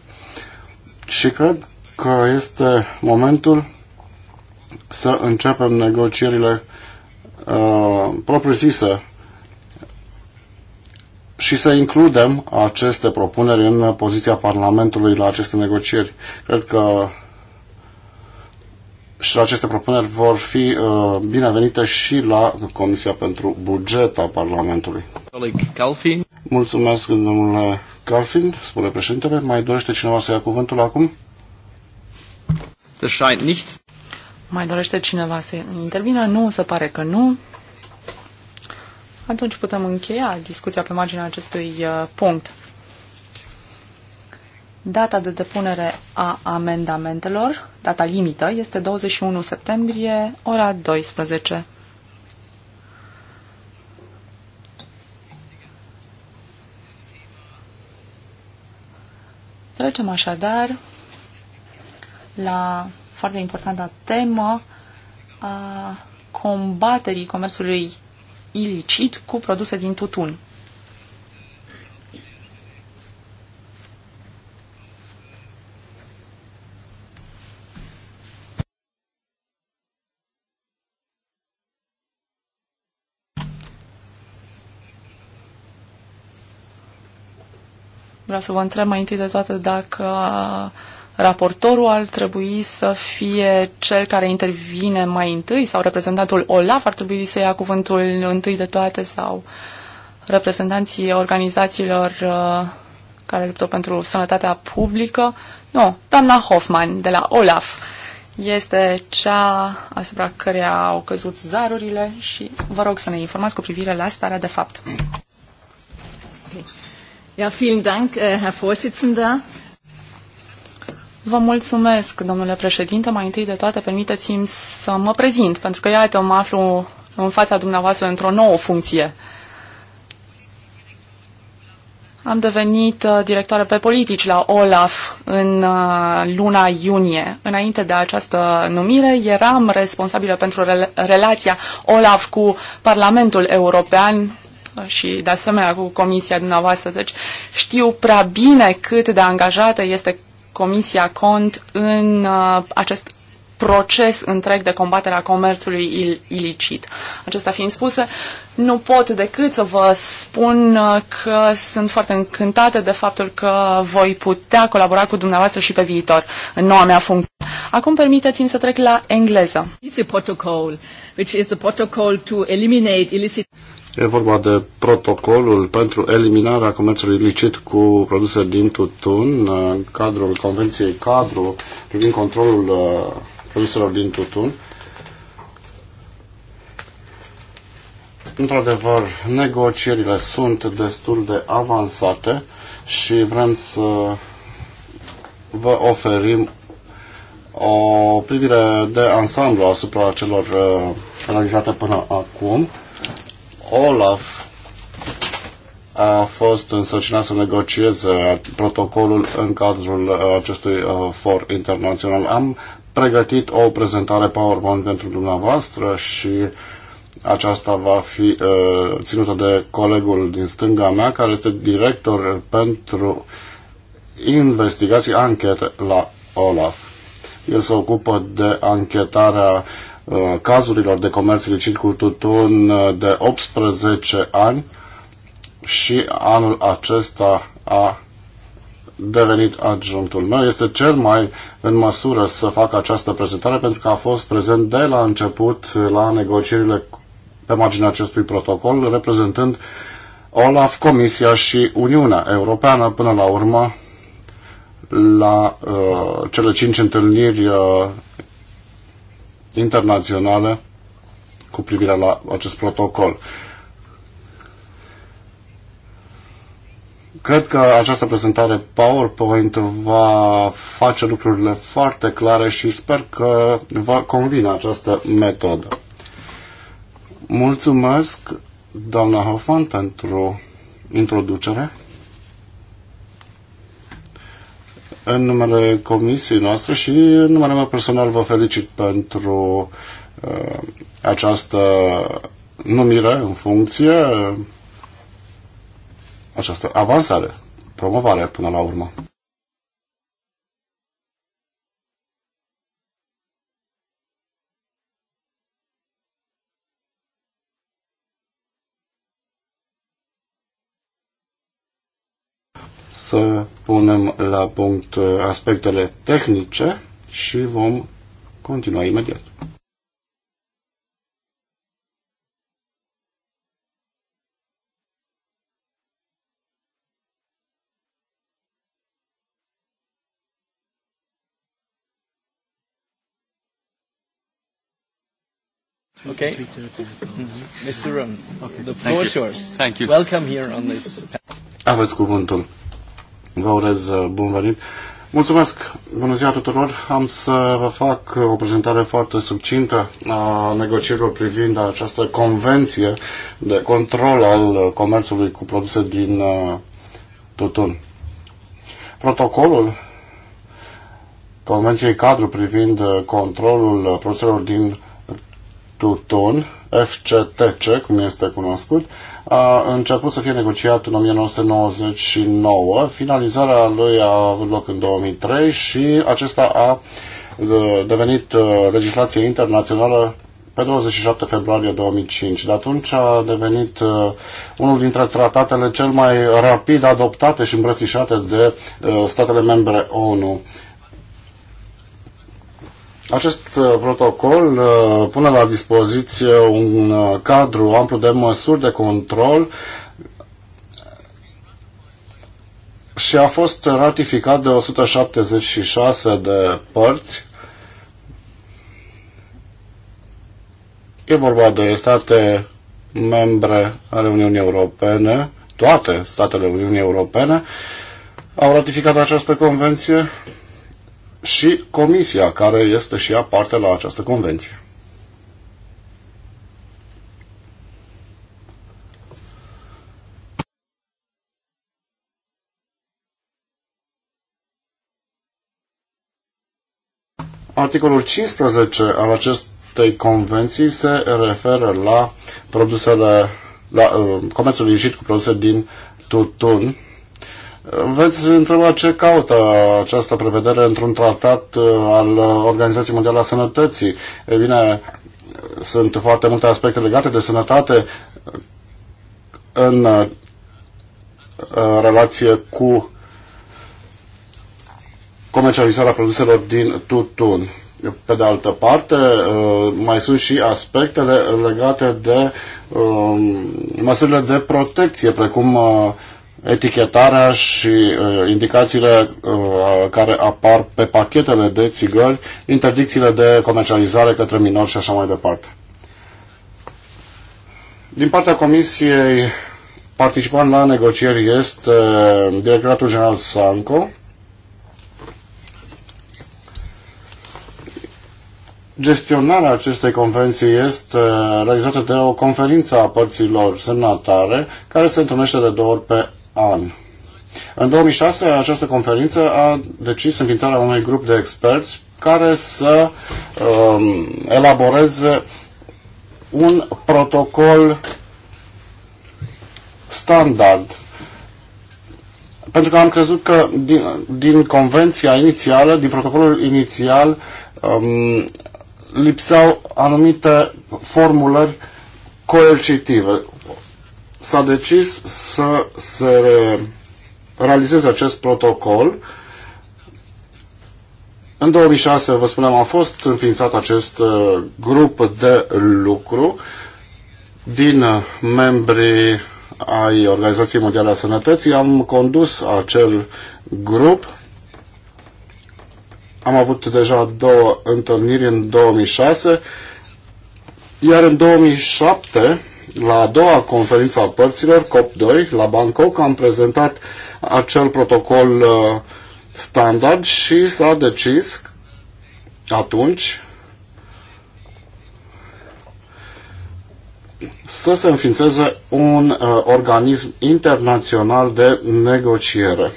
și cred că este momentul să începem negocierile uh, propriu-zise și să includem aceste propuneri în poziția Parlamentului la aceste negocieri. Cred că și aceste propuneri vor fi uh, binevenite și la Comisia pentru Buget a Parlamentului. Mulțumesc, domnule Calfin, spune președintele. Mai dorește cineva să ia cuvântul acum? Das scheint nicht. Mai dorește cineva să intervină? Nu, se pare că nu. Atunci putem încheia discuția pe marginea acestui uh, punct. Data de depunere a amendamentelor, data limită, este 21 septembrie, ora 12. Trecem așadar la foarte importanta temă a combaterii comerțului ilicit cu produse din tutun. Vreau să vă întreb mai întâi de toate dacă raportorul ar trebui să fie cel care intervine mai întâi sau reprezentantul OLAF ar trebui să ia cuvântul întâi de toate sau reprezentanții organizațiilor uh, care luptă pentru sănătatea publică. Nu, doamna Hoffman de la OLAF este cea asupra căreia au căzut zarurile și vă rog să ne informați cu privire la starea de fapt. Ja, vielen Dank, äh, Herr Vorsitzender. Vă mulțumesc, domnule președinte. Mai întâi de toate, permiteți-mi să mă prezint, pentru că, iată, mă aflu în fața dumneavoastră într-o nouă funcție. Am devenit uh, directoare pe politici la OLAF în uh, luna iunie. Înainte de această numire eram responsabilă pentru relația OLAF cu Parlamentul European și de asemenea cu comisia dumneavoastră. Deci știu prea bine cât de angajată este comisia cont în uh, acest proces întreg de combatere a comerțului il- ilicit. Acesta fiind spuse, nu pot decât să vă spun uh, că sunt foarte încântată de faptul că voi putea colabora cu dumneavoastră și pe viitor în noua mea funcție. Acum permiteți-mi să trec la engleză. This protocol, which is the protocol to eliminate illicit E vorba de protocolul pentru eliminarea comerțului ilicit cu produse din tutun în uh, cadrul Convenției Cadru privind controlul uh, produselor din tutun. Într-adevăr, negocierile sunt destul de avansate și vrem să vă oferim o privire de ansamblu asupra celor uh, analizate până acum. Olaf a fost însărcinat să negocieze protocolul în cadrul uh, acestui uh, for internațional. Am pregătit o prezentare PowerPoint pentru dumneavoastră și aceasta va fi uh, ținută de colegul din stânga mea, care este director pentru investigații, anchete la OLAF. El se ocupă de anchetarea Uh, cazurilor de comerț ilicit cu tutun uh, de 18 ani și anul acesta a devenit adjunctul meu. Este cel mai în măsură să facă această prezentare pentru că a fost prezent de la început la negocierile pe marginea acestui protocol, reprezentând OLAF, Comisia și Uniunea Europeană până la urmă la uh, cele cinci întâlniri uh, internațională cu privire la acest protocol. Cred că această prezentare PowerPoint va face lucrurile foarte clare și sper că va convine această metodă. Mulțumesc, doamna Hoffman, pentru introducere. în numele comisiei noastre și în numele meu personal vă felicit pentru uh, această numire în funcție, uh, această avansare, promovare până la urmă. să punem la punct uh, aspectele tehnice și vom continua imediat. Okay. Mr. Mm-hmm. Rum, okay. the floor is yours. Thank you. Welcome here on this. Aveți cuvântul. Vă urez uh, bun venit. Mulțumesc! Bună ziua tuturor! Am să vă fac o prezentare foarte subcintă a negocierilor privind această convenție de control al comerțului cu produse din uh, tutun. Protocolul Convenției cadru privind uh, controlul produselor din tutun, FCTC, cum este cunoscut, a început să fie negociat în 1999. Finalizarea lui a avut loc în 2003 și acesta a devenit uh, legislație internațională pe 27 februarie 2005. De atunci a devenit uh, unul dintre tratatele cel mai rapid adoptate și îmbrățișate de uh, statele membre ONU. Acest uh, protocol uh, pune la dispoziție un uh, cadru amplu de măsuri de control și a fost ratificat de 176 de părți. E vorba de state membre ale Uniunii Europene, toate statele Uniunii Europene au ratificat această convenție și Comisia, care este și ea parte la această convenție. Articolul 15 al acestei convenții se referă la produsele, la uh, comerțul ilicit cu produse din tutun, Veți întreba ce caută această prevedere într-un tratat uh, al Organizației Mondiale a Sănătății. E bine, sunt foarte multe aspecte legate de sănătate în uh, relație cu comercializarea produselor din tutun. Pe de altă parte, uh, mai sunt și aspectele legate de um, măsurile de protecție, precum etichetarea și uh, indicațiile uh, care apar pe pachetele de țigări, interdicțiile de comercializare către minori și așa mai departe. Din partea Comisiei, participant la negocieri este Directoratul General Sanco, Gestionarea acestei convenții este realizată de o conferință a părților semnatare care se întâlnește de două ori pe an. În 2006, această conferință a decis înființarea unui grup de experți care să um, elaboreze un protocol standard. Pentru că am crezut că din, din convenția inițială, din protocolul inițial, um, lipseau anumite formulări coercitive s-a decis să se realizeze acest protocol. În 2006, vă spuneam, a fost înființat acest uh, grup de lucru din uh, membrii ai Organizației Mondiale a Sănătății. Am condus acel grup. Am avut deja două întâlniri în 2006, iar în 2007 la a doua conferință a părților, COP2, la Bangkok, am prezentat acel protocol uh, standard și s-a decis atunci să se înființeze un uh, organism internațional de negociere.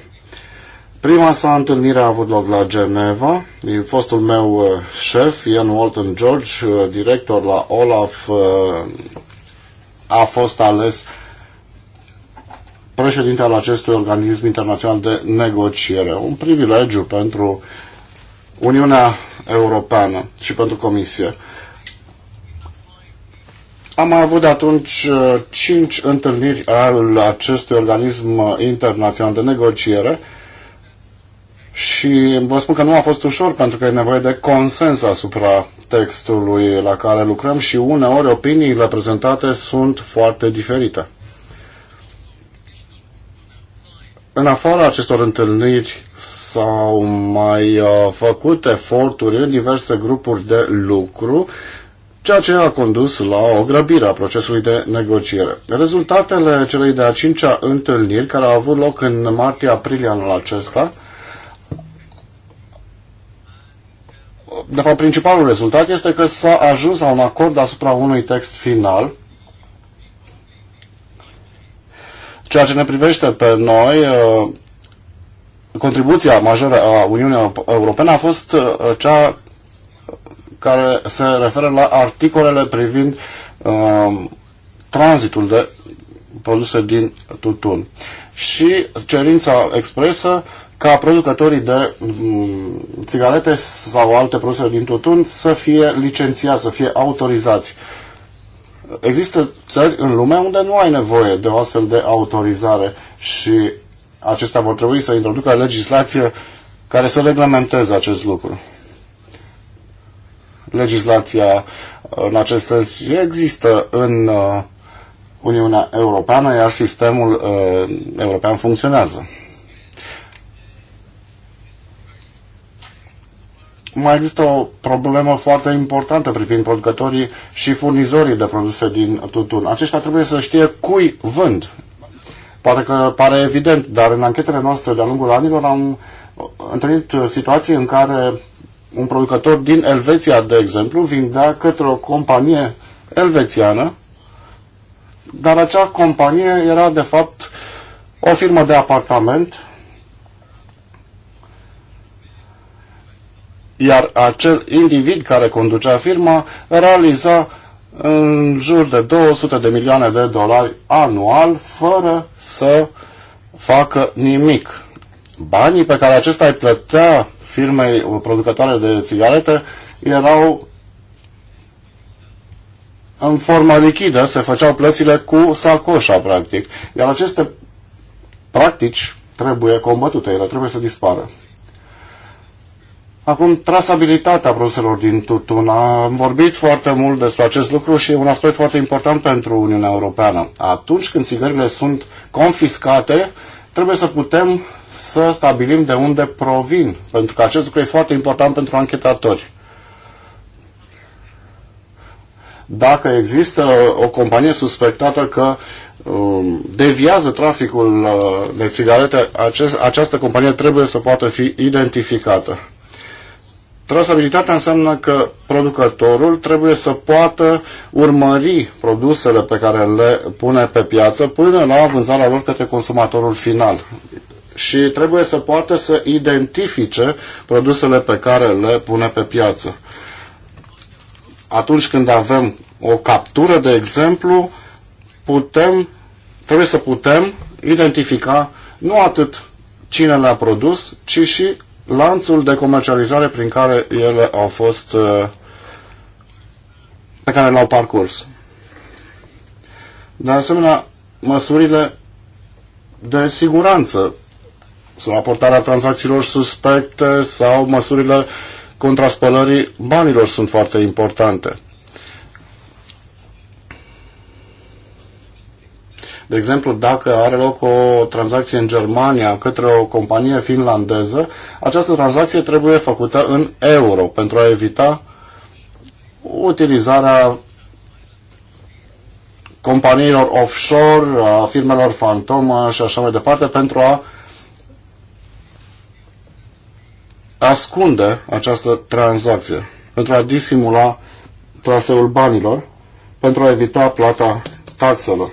Prima sa întâlnire a avut loc la Geneva. Fostul meu uh, șef, Ian Walton George, uh, director la Olaf, uh, a fost ales președinte al acestui organism internațional de negociere. Un privilegiu pentru Uniunea Europeană și pentru Comisie. Am avut atunci uh, cinci întâlniri al acestui organism internațional de negociere și vă spun că nu a fost ușor pentru că e nevoie de consens asupra textului la care lucrăm și uneori opiniile prezentate sunt foarte diferite. În afara acestor întâlniri s-au mai uh, făcut eforturi în diverse grupuri de lucru, ceea ce a condus la o grăbire a procesului de negociere. Rezultatele celei de-a cincea întâlniri, care au avut loc în martie-aprilie anul acesta, de fapt, principalul rezultat este că s-a ajuns la un acord asupra unui text final, ceea ce ne privește pe noi, uh, contribuția majoră a Uniunii Europene a fost uh, cea care se referă la articolele privind uh, tranzitul de produse din tutun. Și cerința expresă ca producătorii de mm, țigarete sau alte produse din tutun să fie licențiați, să fie autorizați. Există țări în lume unde nu ai nevoie de o astfel de autorizare și acestea vor trebui să introducă legislație care să reglementeze acest lucru. Legislația în acest sens există în uh, Uniunea Europeană, iar sistemul uh, european funcționează. mai există o problemă foarte importantă privind producătorii și furnizorii de produse din tutun. Aceștia trebuie să știe cui vând. Poate că pare evident, dar în anchetele noastre de-a lungul anilor am întâlnit situații în care un producător din Elveția, de exemplu, vindea către o companie elvețiană, dar acea companie era de fapt o firmă de apartament iar acel individ care conducea firma realiza în jur de 200 de milioane de dolari anual fără să facă nimic. Banii pe care acesta îi plătea firmei producătoare de țigarete erau în formă lichidă, se făceau plățile cu sacoșa, practic. Iar aceste practici trebuie combătute, ele trebuie să dispară. Acum, trasabilitatea produselor din tutun. Am vorbit foarte mult despre acest lucru și e un aspect foarte important pentru Uniunea Europeană. Atunci când sigările sunt confiscate, trebuie să putem să stabilim de unde provin, pentru că acest lucru e foarte important pentru anchetatori. Dacă există o companie suspectată că um, deviază traficul uh, de țigarete, acest, această companie trebuie să poată fi identificată. Trasabilitatea înseamnă că producătorul trebuie să poată urmări produsele pe care le pune pe piață până la vânzarea lor către consumatorul final și trebuie să poată să identifice produsele pe care le pune pe piață. Atunci când avem o captură, de exemplu, putem, trebuie să putem identifica nu atât cine le-a produs, ci și lanțul de comercializare prin care ele au fost uh, pe care l-au parcurs. De asemenea, măsurile de siguranță, aportarea tranzacțiilor suspecte sau măsurile contraspălării banilor sunt foarte importante. De exemplu, dacă are loc o tranzacție în Germania către o companie finlandeză, această tranzacție trebuie făcută în euro pentru a evita utilizarea companiilor offshore, a firmelor fantomă și așa mai departe pentru a ascunde această tranzacție, pentru a disimula traseul banilor, pentru a evita plata taxelor.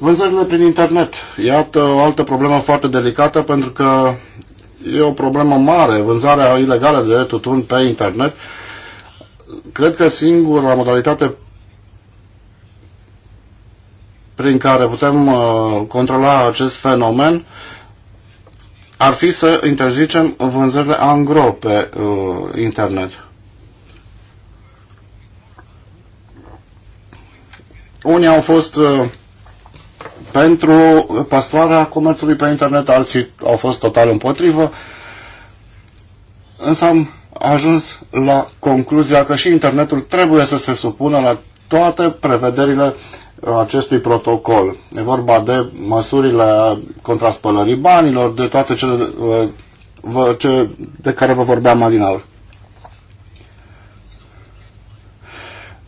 Vânzările prin internet. Iată o altă problemă foarte delicată pentru că e o problemă mare, vânzarea ilegală de tutun pe internet. Cred că singura modalitate prin care putem uh, controla acest fenomen ar fi să interzicem vânzările angro pe uh, internet. Unii au fost uh, pentru păstrarea comerțului pe internet, alții au fost total împotrivă, însă am ajuns la concluzia că și internetul trebuie să se supună la toate prevederile uh, acestui protocol. E vorba de măsurile contra spălării banilor, de toate cele uh, de care vă vorbeam alinaur.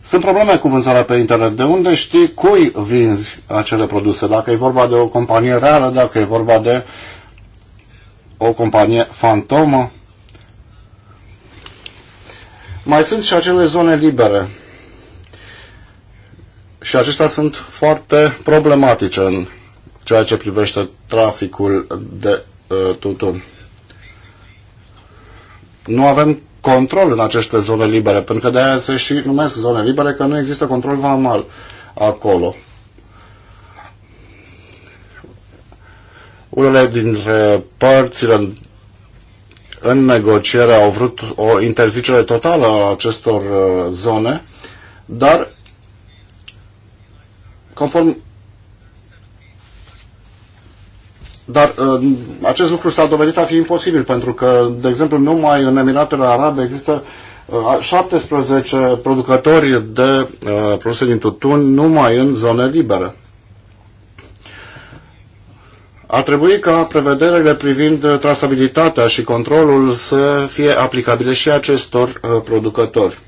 Sunt probleme cu vânzarea pe internet. De unde știi cui vinzi acele produse? Dacă e vorba de o companie reală, dacă e vorba de o companie fantomă. Mai sunt și acele zone libere. Și acestea sunt foarte problematice în ceea ce privește traficul de uh, tutun. Nu avem control în aceste zone libere, pentru că de-aia se și numesc zone libere, că nu există control vamal acolo. Unele dintre părțile în negociere au vrut o interzicere totală a acestor uh, zone, dar conform Dar uh, acest lucru s-a dovedit a fi imposibil, pentru că, de exemplu, numai în Emiratele Arabe există 17 uh, producători de uh, produse din tutun numai în zone libere. A trebui ca prevederile privind trasabilitatea și controlul să fie aplicabile și acestor producători.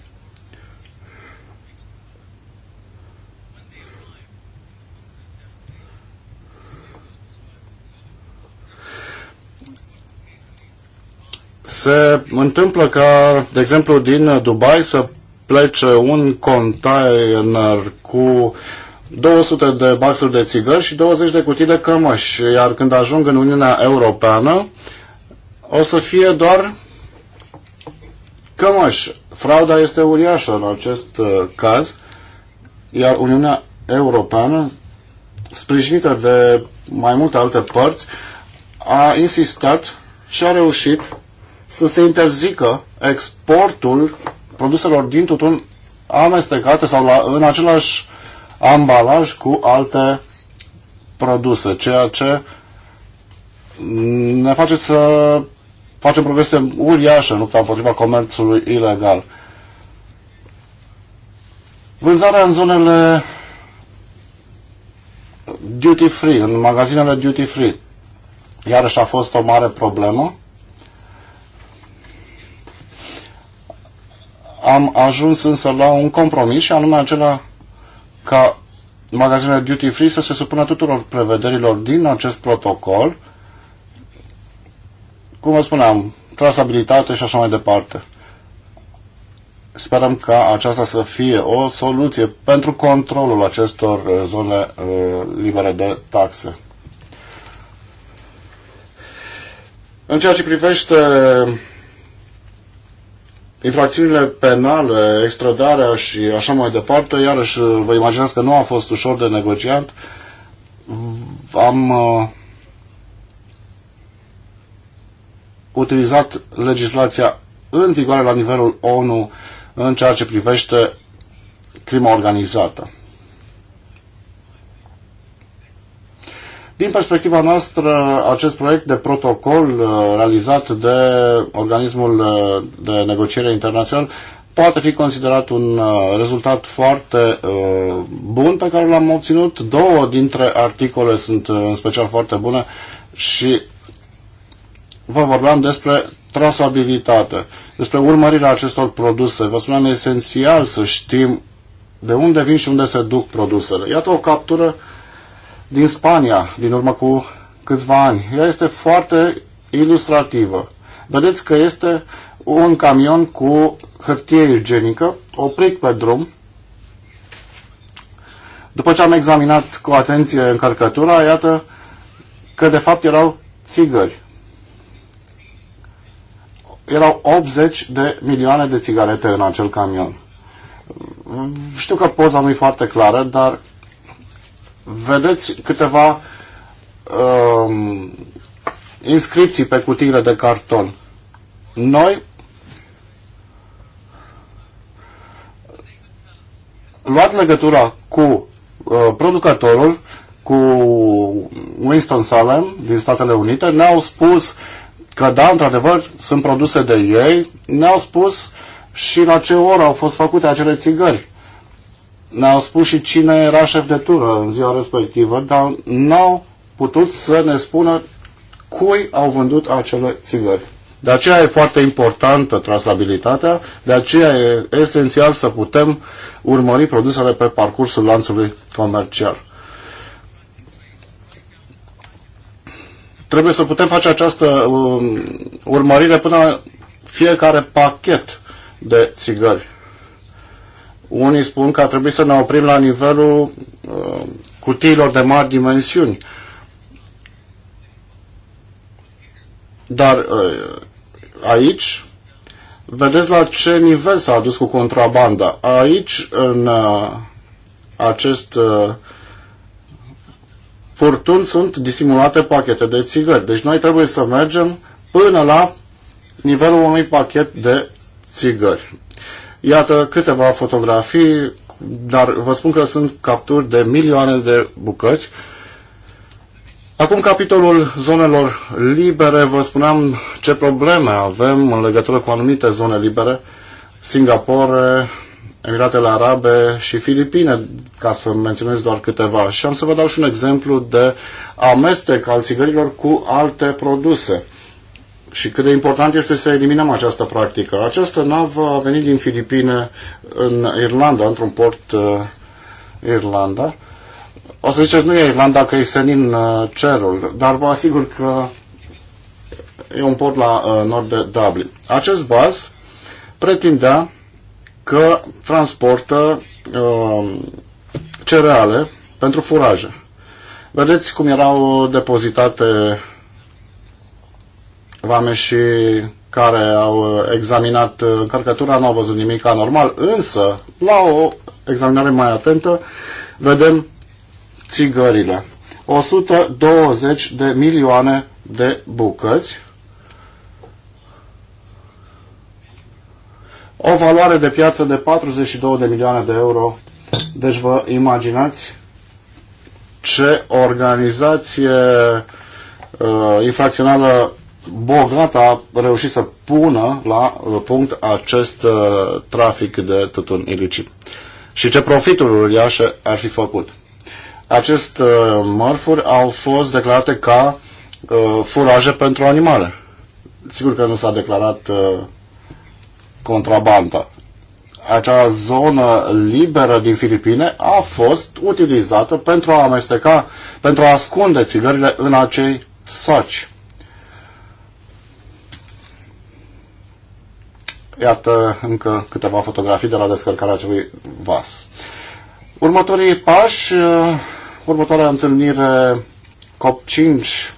se întâmplă ca, de exemplu, din Dubai să plece un container cu 200 de baxuri de țigări și 20 de cutii de cămăși, iar când ajung în Uniunea Europeană o să fie doar cămăși. Frauda este uriașă în acest uh, caz, iar Uniunea Europeană, sprijinită de mai multe alte părți, a insistat și a reușit să se interzică exportul produselor din tutun amestecate sau la, în același ambalaj cu alte produse, ceea ce ne face să facem progrese uriașe în lupta împotriva comerțului ilegal. Vânzarea în zonele duty free, în magazinele duty free, iarăși a fost o mare problemă Am ajuns însă la un compromis și anume acela ca magazinele duty free să se supună tuturor prevederilor din acest protocol, cum vă spuneam, trasabilitate și așa mai departe. Sperăm ca aceasta să fie o soluție pentru controlul acestor uh, zone uh, libere de taxe. În ceea ce privește Infracțiunile penale, extradarea și așa mai departe, iarăși vă imaginați că nu a fost ușor de negociat. Am uh, utilizat legislația în vigoare la nivelul ONU în ceea ce privește crima organizată. Din perspectiva noastră, acest proiect de protocol uh, realizat de organismul uh, de negociere internațional poate fi considerat un uh, rezultat foarte bun pe care l-am obținut. Două dintre articole sunt în special foarte bune și vă vorbeam despre trasabilitate, despre urmărirea acestor produse. Vă spuneam, e esențial să știm de unde vin și unde se duc produsele. Iată o captură uh, din Spania, din urmă cu câțiva ani. Ea este foarte ilustrativă. Vedeți că este un camion cu hârtie igienică oprit pe drum. După ce am examinat cu atenție încărcătura, iată că de fapt erau țigări. Erau 80 de milioane de țigarete în acel camion. Știu că poza nu e foarte clară, dar vedeți câteva um, inscripții pe cutiile de carton. Noi luat legătura cu uh, producătorul, cu Winston-Salem din Statele Unite, ne-au spus că da, într-adevăr, sunt produse de ei, ne-au spus și la ce oră au fost făcute acele țigări ne-au spus și cine era șef de tură în ziua respectivă, dar n-au putut să ne spună cui au vândut acele țigări. De aceea e foarte importantă trasabilitatea, de aceea e esențial să putem urmări produsele pe parcursul lanțului comercial. Trebuie să putem face această um, urmărire până la fiecare pachet de țigări. Unii spun că ar trebui să ne oprim la nivelul uh, cutiilor de mari dimensiuni. Dar uh, aici, vedeți la ce nivel s-a adus cu contrabanda. Aici, în uh, acest uh, furtun, sunt disimulate pachete de țigări. Deci noi trebuie să mergem până la nivelul unui pachet de țigări. Iată câteva fotografii, dar vă spun că sunt capturi de milioane de bucăți. Acum capitolul zonelor libere, vă spuneam ce probleme avem în legătură cu anumite zone libere, Singapore, Emiratele Arabe și Filipine, ca să menționez doar câteva. Și am să vă dau și un exemplu de amestec al țigărilor cu alte produse și cât de important este să eliminăm această practică. Această navă a venit din Filipine în Irlanda, într-un port uh, Irlanda. O să ziceți, nu e Irlanda că e senin uh, cerul, dar vă asigur că e un port la uh, nord de Dublin. Acest vas pretindea că transportă uh, cereale pentru furaje. Vedeți cum erau depozitate vame și care au examinat încărcătura nu au văzut nimic anormal, însă la o examinare mai atentă vedem țigările. 120 de milioane de bucăți, o valoare de piață de 42 de milioane de euro. Deci vă imaginați ce organizație uh, infracțională Bogat a reușit să pună la uh, punct acest uh, trafic de tutun ilicit. Și ce profitul uriaș ar fi făcut? Aceste uh, mărfuri au fost declarate ca furaje pentru animale. Sigur că nu s-a declarat contrabanda. Acea zonă liberă din Filipine a fost utilizată pentru a amesteca, pentru a ascunde țigările în acei saci. Iată încă câteva fotografii de la descărcarea acelui vas. Următorii pași, uh, următoarea întâlnire COP5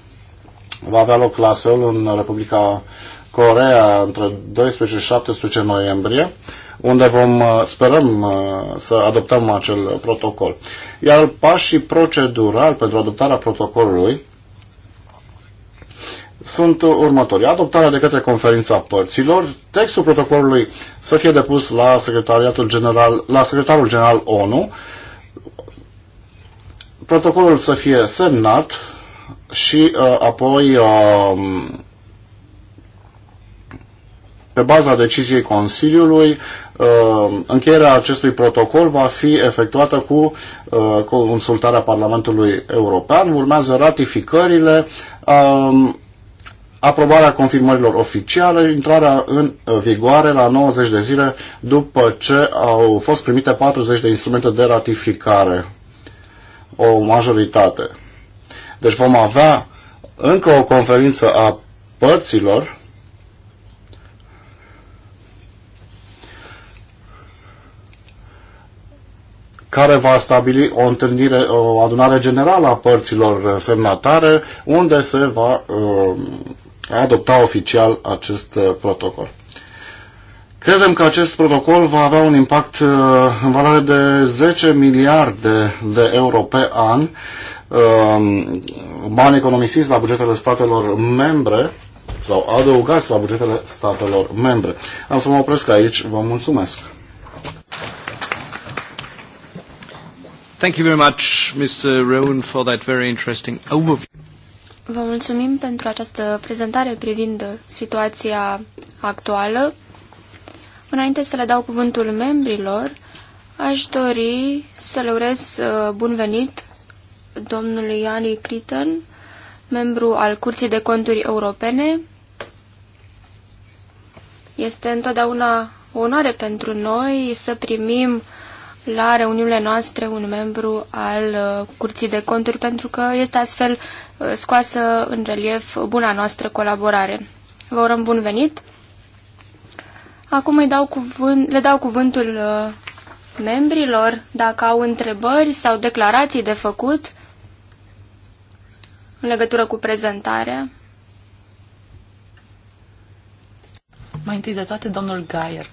va avea loc la Seul în Republica Corea între 12 și 17 noiembrie, unde vom uh, sperăm uh, să adoptăm acel protocol. Iar pașii procedural pentru adoptarea protocolului sunt următorii. Adoptarea de către conferința părților, textul protocolului să fie depus la secretariatul general, la secretarul general ONU, protocolul să fie semnat și uh, apoi uh, pe baza deciziei Consiliului, uh, încheierea acestui protocol va fi efectuată cu uh, consultarea Parlamentului European. Urmează ratificările. Uh, aprobarea confirmărilor oficiale, intrarea în uh, vigoare la 90 de zile după ce au fost primite 40 de instrumente de ratificare, o majoritate. Deci vom avea încă o conferință a părților care va stabili o întâlnire, o adunare generală a părților semnatare, unde se va uh, a adopta oficial acest uh, protocol. Credem că acest protocol va avea un impact uh, în valoare de 10 miliarde de euro pe an, um, bani economisiți la bugetele statelor membre sau adăugați la bugetele statelor membre. Am să mă opresc aici. Vă mulțumesc. Thank you very much, Mr. Rowan, for that very interesting overview. Vă mulțumim pentru această prezentare privind situația actuală. Înainte să le dau cuvântul membrilor, aș dori să le urez uh, bun venit domnului Iani Criton, membru al Curții de Conturi Europene. Este întotdeauna o onoare pentru noi să primim la reuniunile noastre un membru al uh, Curții de Conturi pentru că este astfel uh, scoasă în relief buna noastră colaborare. Vă urăm bun venit! Acum îi dau cuvânt, le dau cuvântul uh, membrilor dacă au întrebări sau declarații de făcut în legătură cu prezentarea. Mai întâi de toate, domnul Gaier.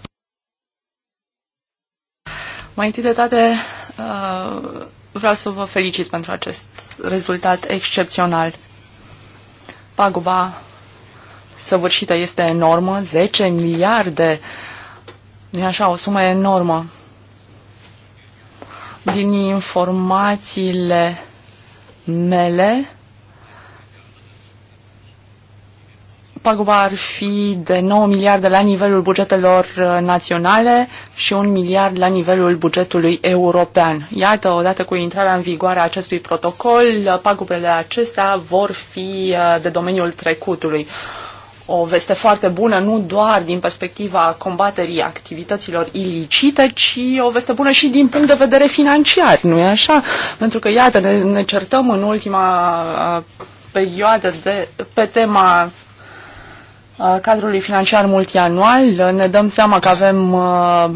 Mai întâi de toate, uh, vreau să vă felicit pentru acest rezultat excepțional. Paguba săvârșită este enormă, 10 miliarde, nu așa, o sumă enormă. Din informațiile mele, Paguba ar fi de 9 miliarde la nivelul bugetelor uh, naționale și 1 miliard la nivelul bugetului european. Iată, odată cu intrarea în vigoare a acestui protocol, uh, pagubele acestea vor fi uh, de domeniul trecutului. O veste foarte bună, nu doar din perspectiva combaterii activităților ilicite, ci o veste bună și din punct de vedere financiar, nu e așa? Pentru că, iată, ne, ne certăm în ultima perioadă de, pe tema cadrului financiar multianual, ne dăm seama că avem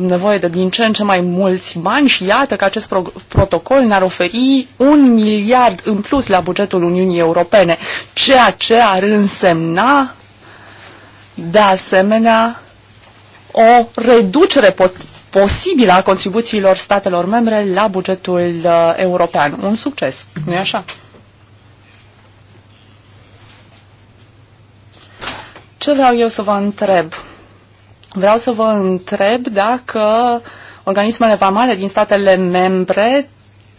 nevoie de din ce în ce mai mulți bani și iată că acest pro- protocol ne-ar oferi un miliard în plus la bugetul Uniunii Europene, ceea ce ar însemna de asemenea o reducere pot- posibilă a contribuțiilor statelor membre la bugetul uh, european. Un succes, nu-i așa? Ce vreau eu să vă întreb? Vreau să vă întreb dacă organismele vamale din statele membre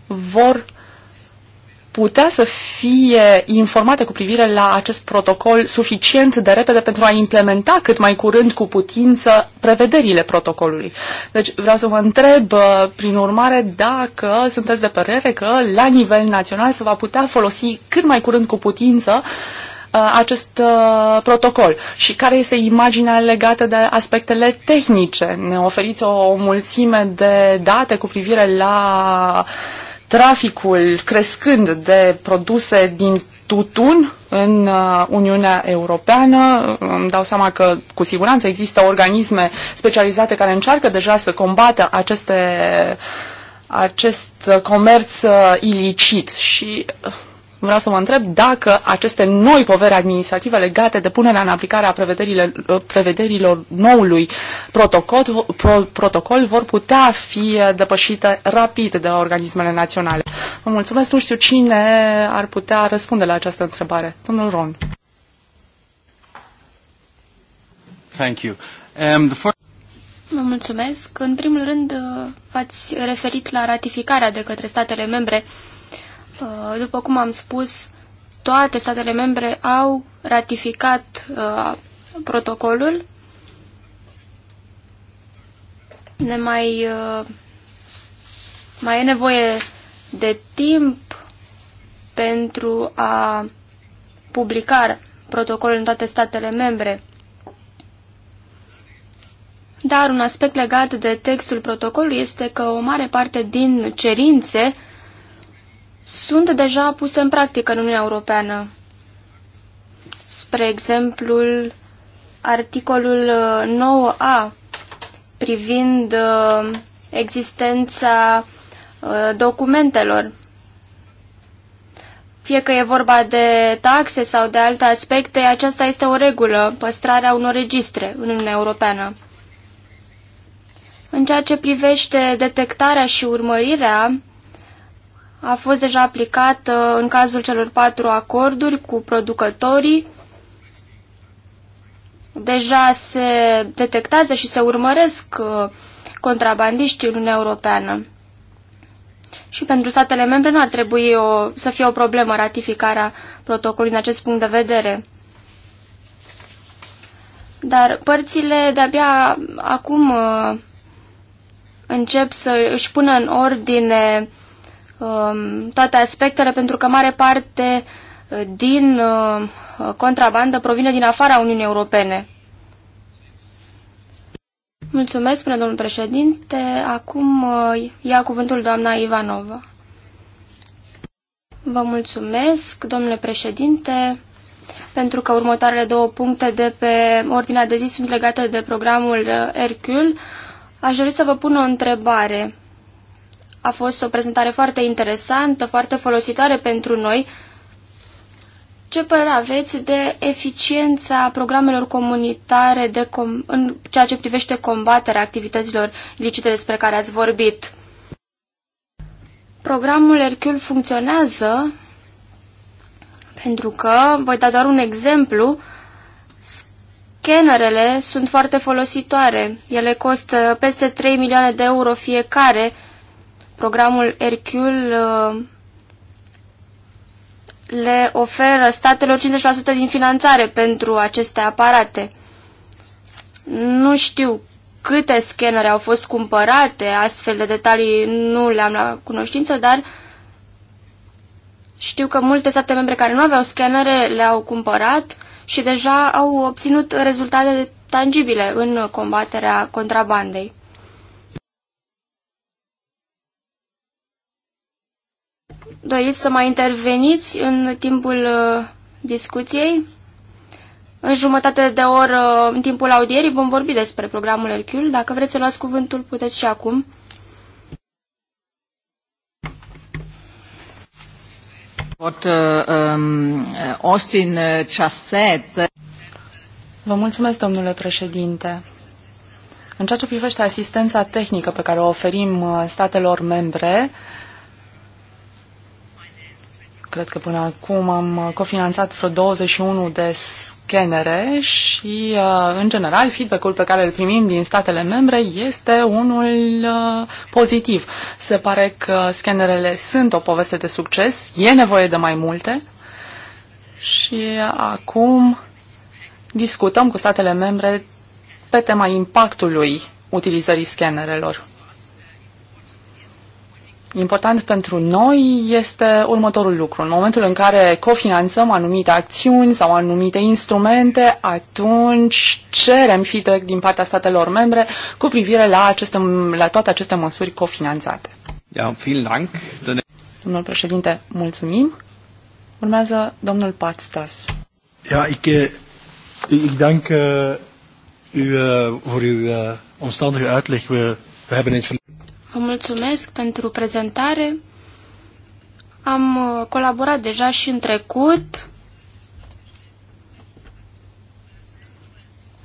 vor putea să fie informate cu privire la acest protocol suficient de repede pentru a implementa cât mai curând cu putință prevederile protocolului. Deci vreau să vă întreb, uh, prin urmare, dacă sunteți de părere că la nivel național se va putea folosi cât mai curând cu putință uh, Uh, acest uh, protocol și care este imaginea legată de aspectele tehnice. Ne oferiți o mulțime de date cu privire la traficul crescând de produse din tutun în uh, Uniunea Europeană. Îmi dau seama că cu siguranță există organisme specializate care încearcă deja să combată aceste, acest comerț ilicit și vreau să mă întreb dacă aceste noi poveri administrative legate de punerea în aplicare a uh, prevederilor noului protocol, pro, protocol vor putea fi uh, depășite rapid de organismele naționale. Vă mulțumesc, nu știu cine ar putea răspunde la această întrebare. Domnul Ron. Thank you. Um, the first... Vă mulțumesc. În primul rând, uh, v-ați referit la ratificarea de către statele membre Uh, după cum am spus, toate statele membre au ratificat uh, protocolul. Ne mai, uh, mai e nevoie de timp pentru a publica protocolul în toate statele membre. Dar un aspect legat de textul protocolului este că o mare parte din cerințe sunt deja puse în practică în Uniunea Europeană. Spre exemplu, articolul 9a uh, privind uh, existența uh, documentelor. Fie că e vorba de taxe sau de alte aspecte, aceasta este o regulă, păstrarea unor registre în Uniunea Europeană. În ceea ce privește detectarea și urmărirea a fost deja aplicat uh, în cazul celor patru acorduri cu producătorii. Deja se detectează și se urmăresc uh, contrabandiștii în Uniunea Europeană. Și pentru statele membre nu ar trebui o, să fie o problemă ratificarea protocolului în acest punct de vedere. Dar părțile de-abia acum uh, încep să își pună în ordine uh, Um, toate aspectele, pentru că mare parte uh, din uh, contrabandă provine din afara Uniunii Europene. Mulțumesc, spune domnul președinte. Acum uh, ia cuvântul doamna Ivanova. Vă mulțumesc, domnule președinte, pentru că următoarele două puncte de pe ordinea de zi sunt legate de programul Hercule. Aș dori să vă pun o întrebare. A fost o prezentare foarte interesantă, foarte folositoare pentru noi. Ce părere aveți de eficiența programelor comunitare de com în ceea ce privește combaterea activităților ilicite despre care ați vorbit? Programul Hercule funcționează pentru că, voi da doar un exemplu, scannerele sunt foarte folositoare. Ele costă peste 3 milioane de euro fiecare Programul Hercule uh, le oferă statelor 50% din finanțare pentru aceste aparate. Nu știu câte scanere au fost cumpărate, astfel de detalii nu le-am la cunoștință, dar știu că multe state membre care nu aveau scanere le-au cumpărat și deja au obținut rezultate tangibile în combaterea contrabandei. Doriți să mai interveniți în timpul uh, discuției? În jumătate de oră, uh, în timpul audierii, vom vorbi despre programul Hercul. Dacă vreți să luați cuvântul, puteți și acum. What uh, um, uh, Austin just said. Vă mulțumesc, domnule președinte. În ceea ce privește asistența tehnică pe care o oferim statelor membre, uh, Cred că până acum am cofinanțat vreo 21 de scanere și, uh, în general, feedback-ul pe care îl primim din statele membre este unul uh, pozitiv. Se pare că scanerele sunt o poveste de succes, e nevoie de mai multe și acum discutăm cu statele membre pe tema impactului utilizării scanerelor. Important pentru noi este următorul lucru. În momentul în care cofinanțăm anumite acțiuni sau anumite instrumente, atunci cerem feedback din partea statelor membre cu privire la, aceste, la toate aceste măsuri cofinanțate. Ja, vielen Dank. Domnul președinte, mulțumim. Urmează domnul Patstas. Ja, ik, eh, ik dank uh, u uh, voor uw uh, omstandige uitleg. We, we hebben in het Vă mulțumesc pentru prezentare. Am uh, colaborat deja și în trecut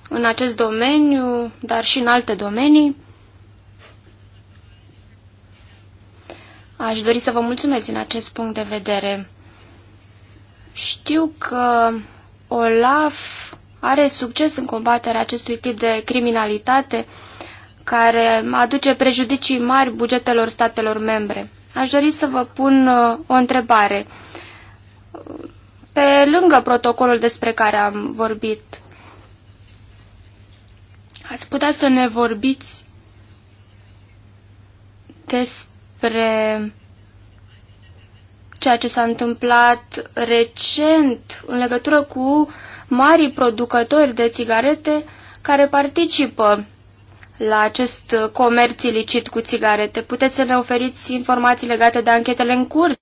în acest domeniu, dar și în alte domenii. Aș dori să vă mulțumesc din acest punct de vedere. Știu că OLAF are succes în combaterea acestui tip de criminalitate, care aduce prejudicii mari bugetelor statelor membre. Aș dori să vă pun uh, o întrebare. Pe lângă protocolul despre care am vorbit, ați putea să ne vorbiți despre ceea ce s-a întâmplat recent în legătură cu marii producători de țigarete care participă la acest comerț ilicit cu țigarete? Puteți să ne oferiți informații legate de anchetele în curs?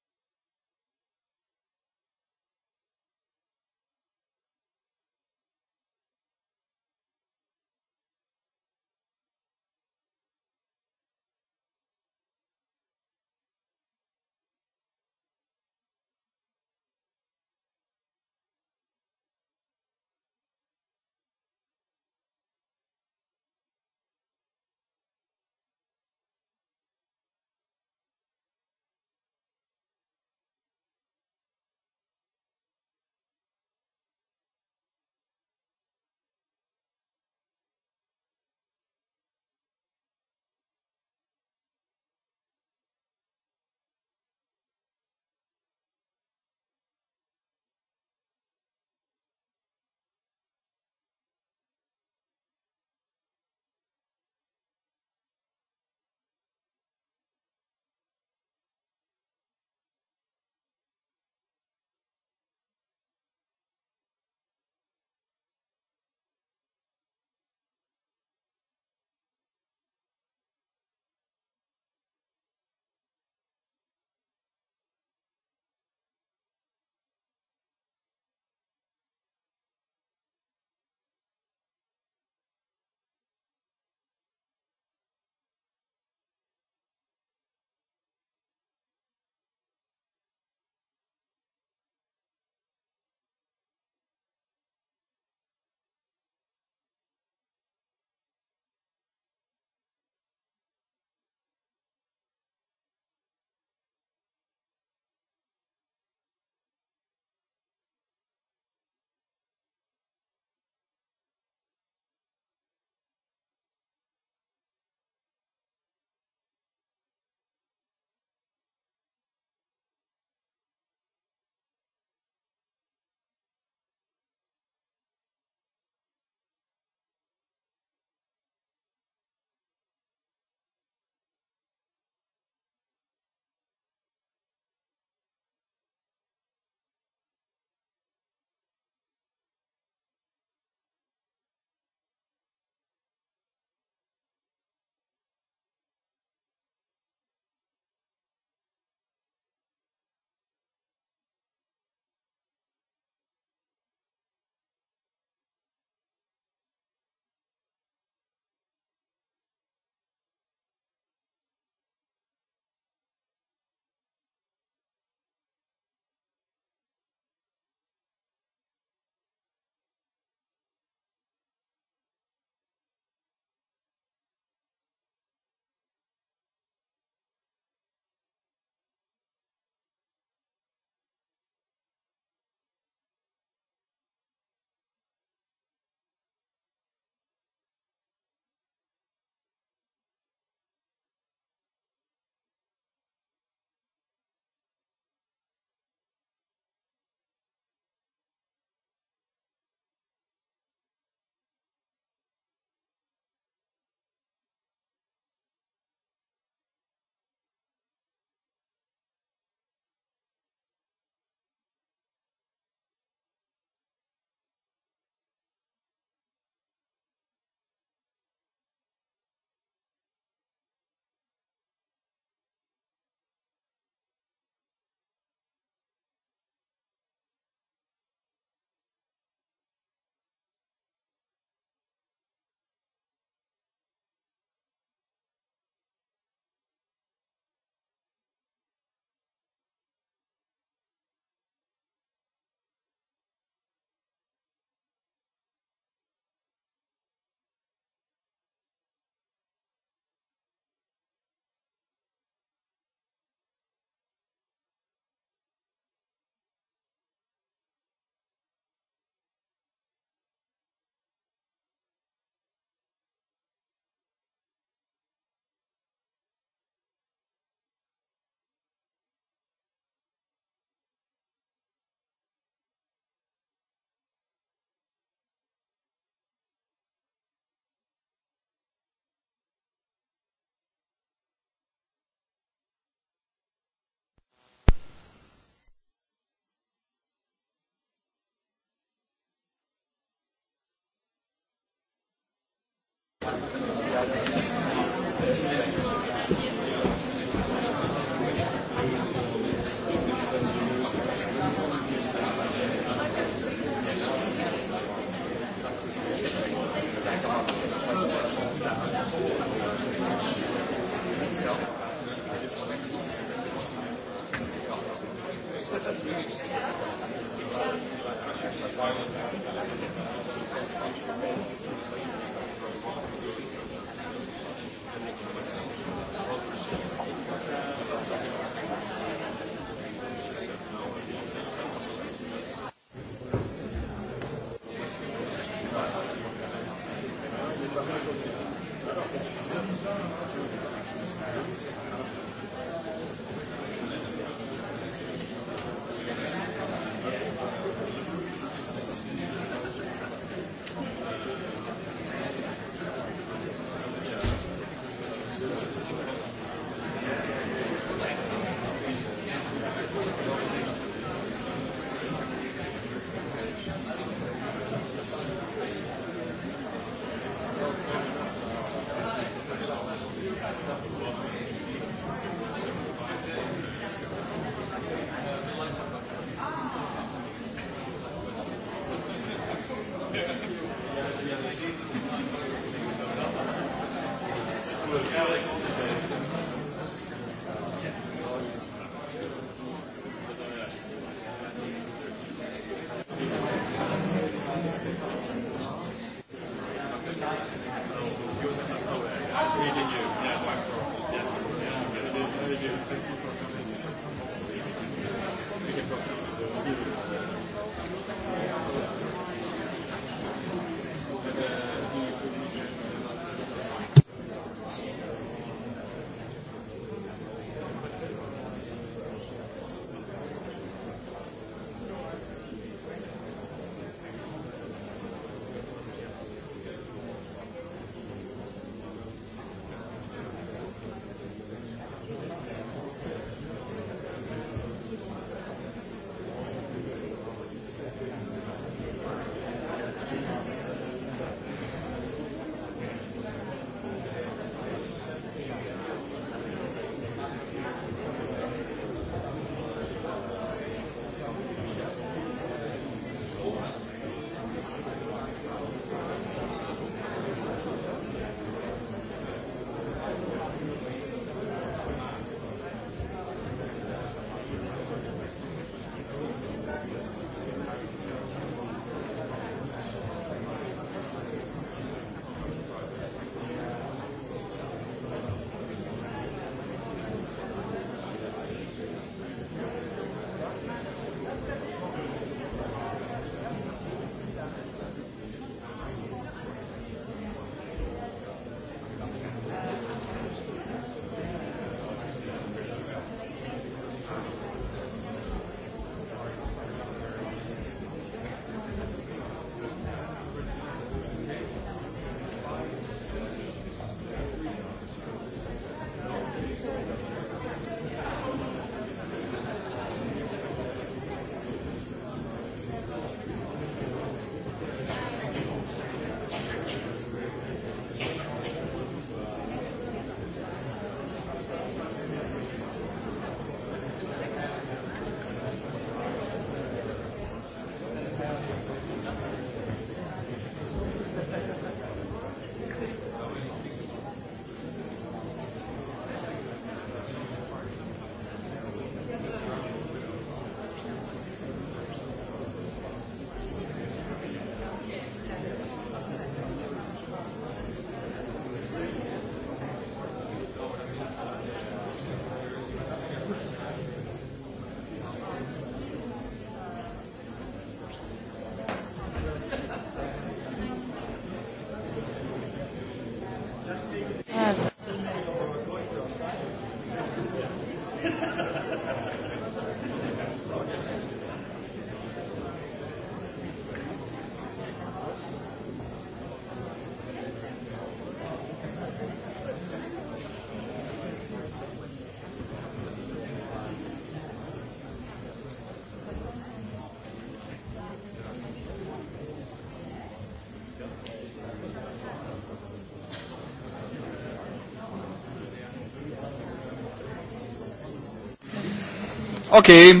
Okay,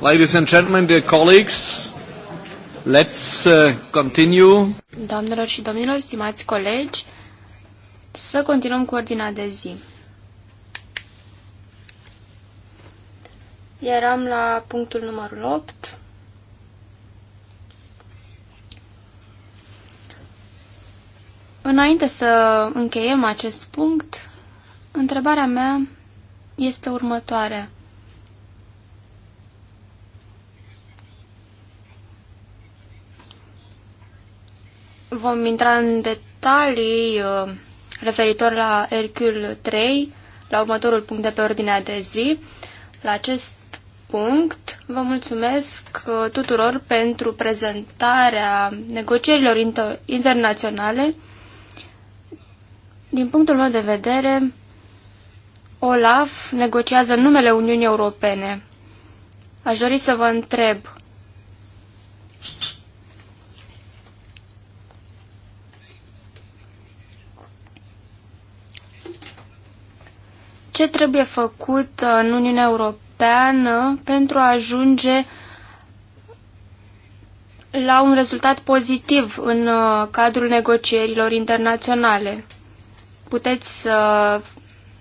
ladies and gentlemen, dear colleagues, let's uh, continue. Doamnelor și domnilor, stimați colegi, să continuăm cu ordinea de zi. Eram la punctul numărul 8. Înainte să încheiem acest punct, întrebarea mea este următoarea. Vom intra în detalii uh, referitor la Hercule 3, la următorul punct de pe ordinea de zi. La acest punct vă mulțumesc uh, tuturor pentru prezentarea negocierilor inter internaționale. Din punctul meu de vedere, Olaf negociază numele Uniunii Europene. Aș dori să vă întreb ce trebuie făcut uh, în Uniunea Europeană pentru a ajunge la un rezultat pozitiv în uh, cadrul negocierilor internaționale. Puteți să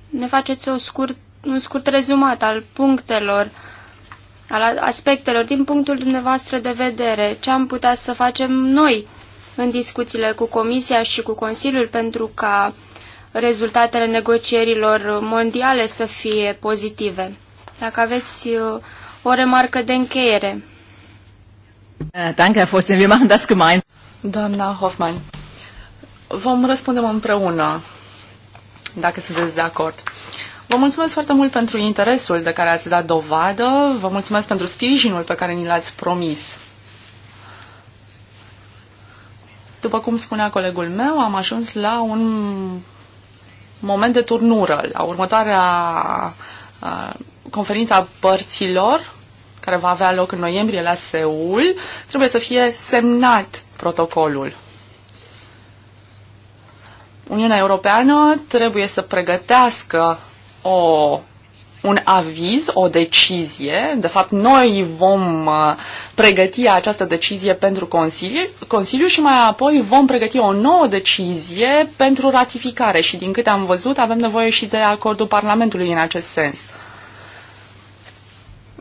ne faceți o scurt, un scurt rezumat al punctelor, al aspectelor din punctul dumneavoastră de vedere, ce am putea să facem noi în discuțiile cu Comisia și cu Consiliul pentru ca rezultatele negocierilor mondiale să fie pozitive. Dacă aveți uh, o remarcă de încheiere. Eh, danke, Herr Vossen, wir machen das gemeinsam. Doamna Hoffmann, vom răspundem împreună, dacă sunteți de acord. Vă mulțumesc foarte mult pentru interesul de care ați dat dovadă, vă mulțumesc pentru sprijinul pe care ni l-ați promis. După cum spunea colegul meu, am ajuns la un moment de turnură. La următoarea uh, conferința părților, care va avea loc în noiembrie la Seul, trebuie să fie semnat protocolul. Uniunea Europeană trebuie să pregătească o un aviz, o decizie. De fapt, noi vom uh, pregăti această decizie pentru Consiliu, Consiliu și mai apoi vom pregăti o nouă decizie pentru ratificare și din câte am văzut avem nevoie și de acordul Parlamentului în acest sens.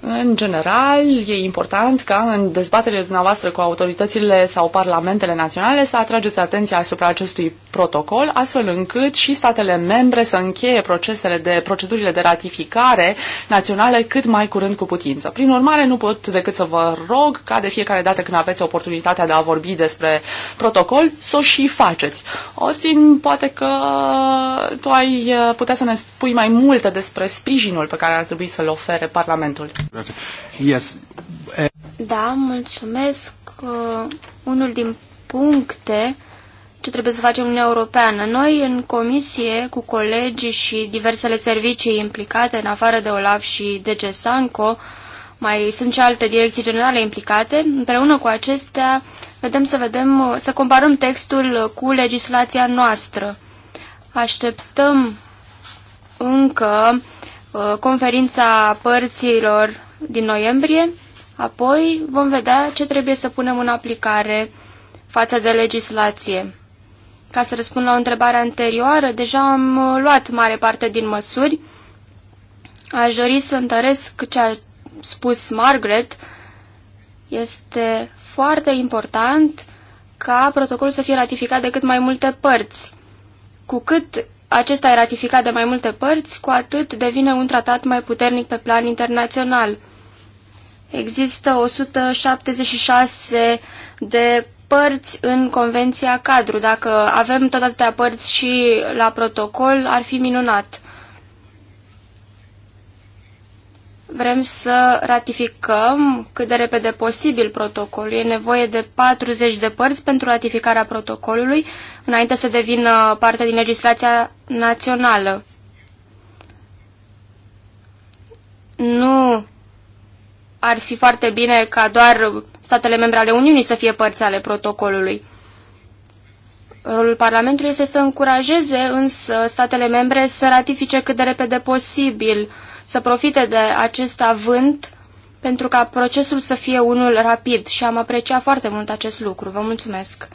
În general, e important ca în dezbaterile dumneavoastră cu autoritățile sau parlamentele naționale să atrageți atenția asupra acestui protocol, astfel încât și statele membre să încheie procesele de procedurile de ratificare naționale cât mai curând cu putință. Prin urmare, nu pot decât să vă rog ca de fiecare dată când aveți oportunitatea de a vorbi despre protocol, să o și faceți. Austin, poate că tu ai putea să ne spui mai multe despre sprijinul pe care ar trebui să-l ofere Parlamentul. Yes. Da, mulțumesc. Uh, unul din puncte ce trebuie să facem în Europeană. Noi, în comisie, cu colegii și diversele servicii implicate, în afară de OLAF și DG Sanco, mai sunt și alte direcții generale implicate. Împreună cu acestea, vedem să vedem, să comparăm textul cu legislația noastră. Așteptăm încă Uh, conferința părților din noiembrie, apoi vom vedea ce trebuie să punem în aplicare față de legislație. Ca să răspund la o întrebare anterioară, deja am uh, luat mare parte din măsuri. Aș dori să întăresc ce a spus Margaret. Este foarte important ca protocolul să fie ratificat de cât mai multe părți. Cu cât acesta e ratificat de mai multe părți, cu atât devine un tratat mai puternic pe plan internațional. Există 176 de părți în Convenția Cadru. Dacă avem tot atâtea părți și la protocol, ar fi minunat. Vrem să ratificăm cât de repede posibil protocolul. E nevoie de 40 de părți pentru ratificarea protocolului înainte să devină parte din legislația națională. Nu ar fi foarte bine ca doar statele membre ale Uniunii să fie părți ale protocolului. Rolul Parlamentului este să încurajeze însă statele membre să ratifice cât de repede posibil uh, să profite de acest avânt pentru ca procesul să fie unul rapid și am apreciat foarte mult acest lucru. Vă mulțumesc!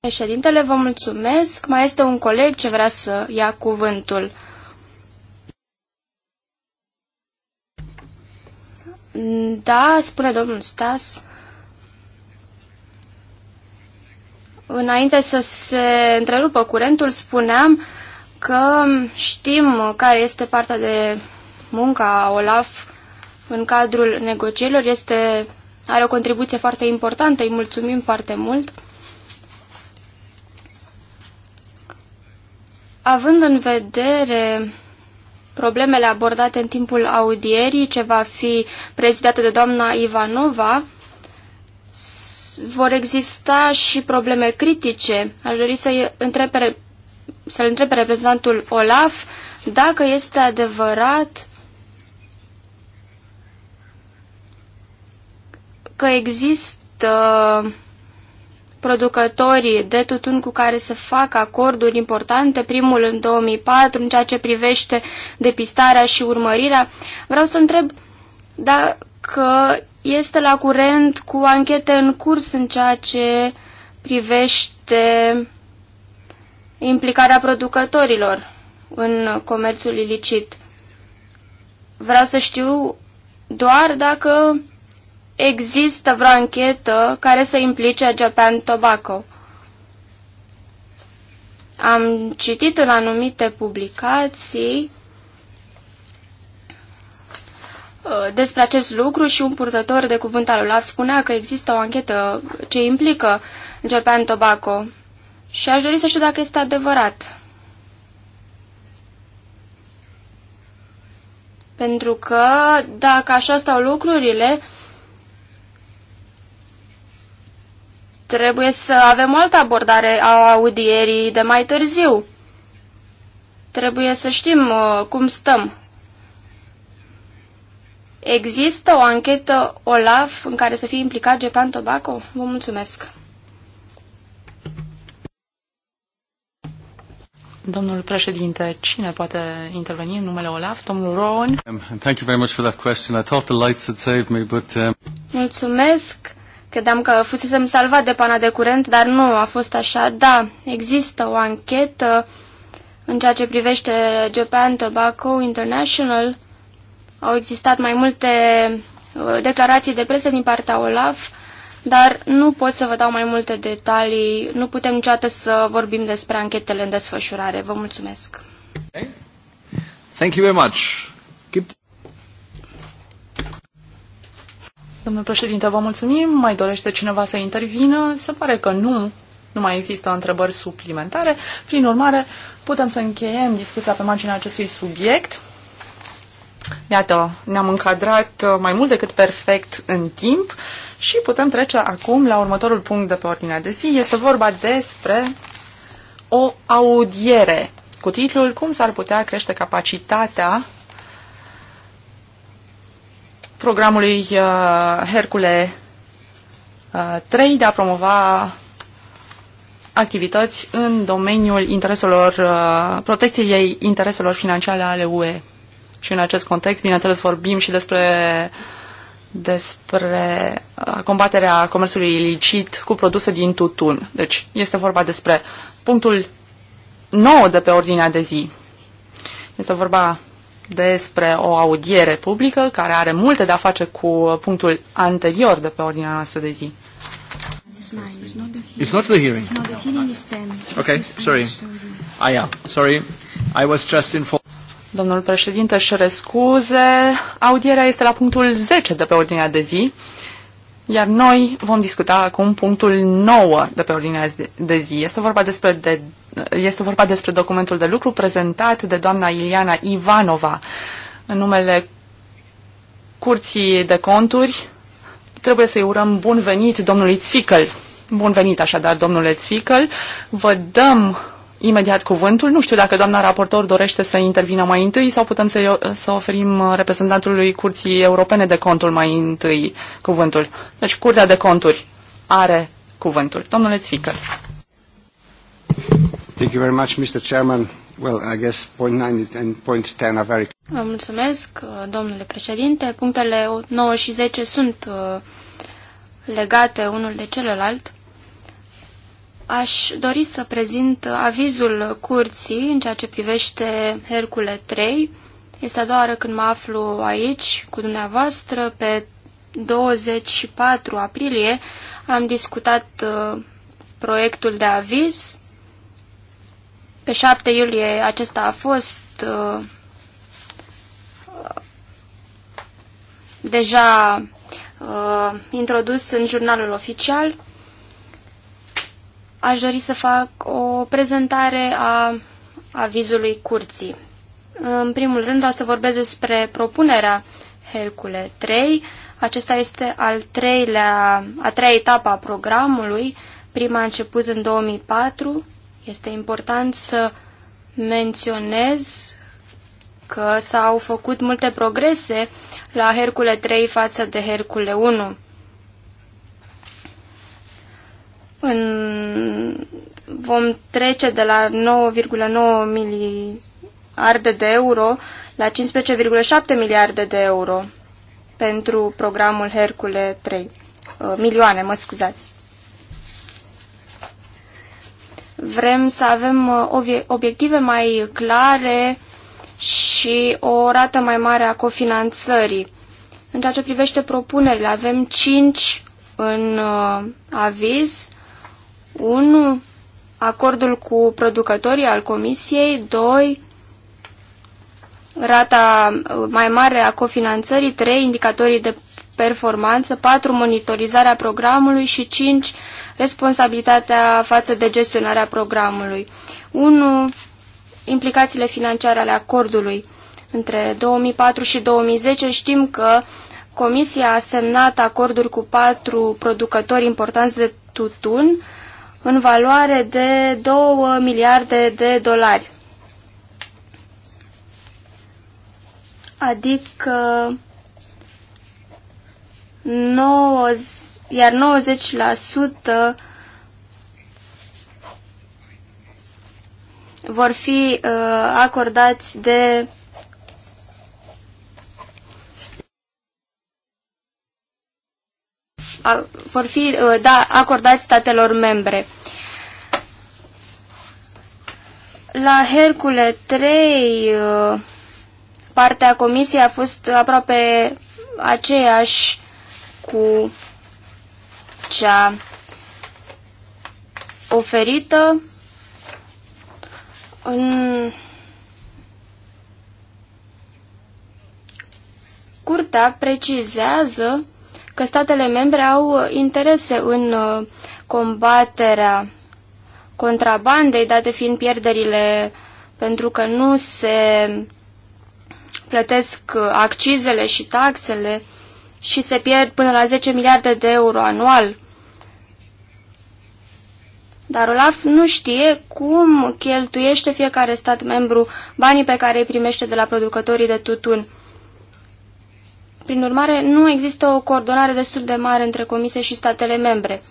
Președintele, vă mulțumesc. Mai este un coleg ce vrea să ia cuvântul. Da, spune domnul Stas. Înainte să se întrerupă curentul, spuneam că știm care este partea de munca OLAF în cadrul negocierilor. Este, are o contribuție foarte importantă, îi mulțumim foarte mult. Având în vedere problemele abordate în timpul audierii, ce va fi prezidată de doamna Ivanova, vor exista și probleme critice. Aș dori să întreb să-l întrebe reprezentantul Olaf dacă este adevărat că există producătorii de tutun cu care se fac acorduri importante, primul în 2004, în ceea ce privește depistarea și urmărirea. Vreau să întreb dacă este la curent cu anchete în curs în ceea ce privește implicarea producătorilor în comerțul ilicit. Vreau să știu doar dacă există vreo anchetă care să implice Japan Tobacco. Am citit în anumite publicații uh, despre acest lucru și un purtător de cuvânt al OLAF spunea că există o anchetă ce implică Japan Tobacco. Și aș dori să știu dacă este adevărat. Pentru că dacă așa stau lucrurile, trebuie să avem o altă abordare a audierii de mai târziu. Trebuie să știm uh, cum stăm. Există o anchetă OLAF în care să fie implicat Japan Tobacco? Vă mulțumesc! Domnul președinte, cine poate interveni în numele Olaf? Domnul Rowan? Um, thank you very much for that question. I thought the lights had saved me, but... Um... Mulțumesc! Credeam că fusesem salvat de pana de curent, dar nu a fost așa. Da, există o anchetă în ceea ce privește Japan Tobacco International. Au existat mai multe uh, declarații de presă din partea Olaf dar nu pot să vă dau mai multe detalii. Nu putem niciodată să vorbim despre anchetele în desfășurare. Vă mulțumesc. Okay. Thank you very much. Keep... Domnul președinte, vă mulțumim. Mai dorește cineva să intervină? Se pare că nu. Nu mai există întrebări suplimentare. Prin urmare, putem să încheiem discuția pe marginea acestui subiect. Iată, ne-am încadrat mai mult decât perfect în timp. Și putem trece acum la următorul punct de pe ordinea de zi. Este vorba despre o audiere cu titlul Cum s-ar putea crește capacitatea programului uh, Hercule uh, 3 de a promova activități în domeniul intereselor, uh, protecției intereselor financiare ale UE. Și în acest context, bineînțeles, vorbim și despre uh, despre uh, combaterea comerțului ilicit cu produse din tutun. Deci este vorba despre punctul 9 de pe ordinea de zi. Este vorba despre o audiere publică care are multe de a face cu punctul anterior de pe ordinea noastră de zi. It's not the hearing. No, the hearing Okay, sorry. I, ah, yeah, sorry. I was just informed. Domnul președinte își cere scuze. Audierea este la punctul 10 de pe ordinea de zi, iar noi vom discuta acum punctul 9 de pe ordinea de zi. Este vorba despre, de, este vorba despre documentul de lucru prezentat de doamna Iliana Ivanova în numele Curții de Conturi. Trebuie să-i urăm bun venit domnului Țicăl. Bun venit așadar, domnule Țicăl. Vă dăm imediat cuvântul. Nu știu dacă doamna raportor dorește să intervină mai întâi sau putem să, să oferim uh, reprezentantului Curții Europene de Contul mai întâi cuvântul. Deci Curtea de Conturi are cuvântul. Domnule Țvică. Thank you very much, Mr. Chairman. Well, I guess point 9 and point 10 are very... Vă mulțumesc, uh, domnule președinte. Punctele 9 și 10 sunt uh, legate unul de celălalt. Aș dori să prezint avizul curții în ceea ce privește Hercule 3. Este a doua oară când mă aflu aici cu dumneavoastră. Pe 24 aprilie am discutat uh, proiectul de aviz. Pe 7 iulie acesta a fost uh, deja uh, introdus în jurnalul oficial. Aș dori să fac o prezentare a avizului curții. În primul rând vreau să vorbesc despre propunerea Hercule 3. Acesta este al treilea, a treia etapă a programului. Prima a început în 2004. Este important să menționez că s-au făcut multe progrese la Hercule 3 față de Hercule 1. În, vom trece de la 9,9 miliarde de euro la 15,7 miliarde de euro pentru programul Hercule 3. Uh, milioane, mă scuzați. Vrem să avem uh, obiective mai clare și o rată mai mare a cofinanțării. În ceea ce privește propunerile, avem 5 în uh, aviz, 1. Acordul cu producătorii al comisiei. 2. Rata uh, mai mare a cofinanțării. 3. Indicatorii de performanță, 4. monitorizarea programului și 5. responsabilitatea față de gestionarea programului. 1. implicațiile financiare ale acordului. Între 2004 și 2010 știm că Comisia a semnat acorduri cu patru producători importanți de tutun în valoare de 2 miliarde de dolari. Adică 90, iar 90% vor fi uh, acordați de vor fi uh, da, acordați statelor membre. La Hercule 3, uh, partea comisiei a fost aproape aceeași cu cea oferită. În Curtea precizează că statele membre au uh, interese în uh, combaterea contrabandei, date fiind pierderile pentru că nu se plătesc uh, accizele și taxele și se pierd până la 10 miliarde de euro anual. Dar Olaf nu știe cum cheltuiește fiecare stat membru banii pe care îi primește de la producătorii de tutun. Prin urmare, nu există o coordonare destul de mare între Comisie și statele membre.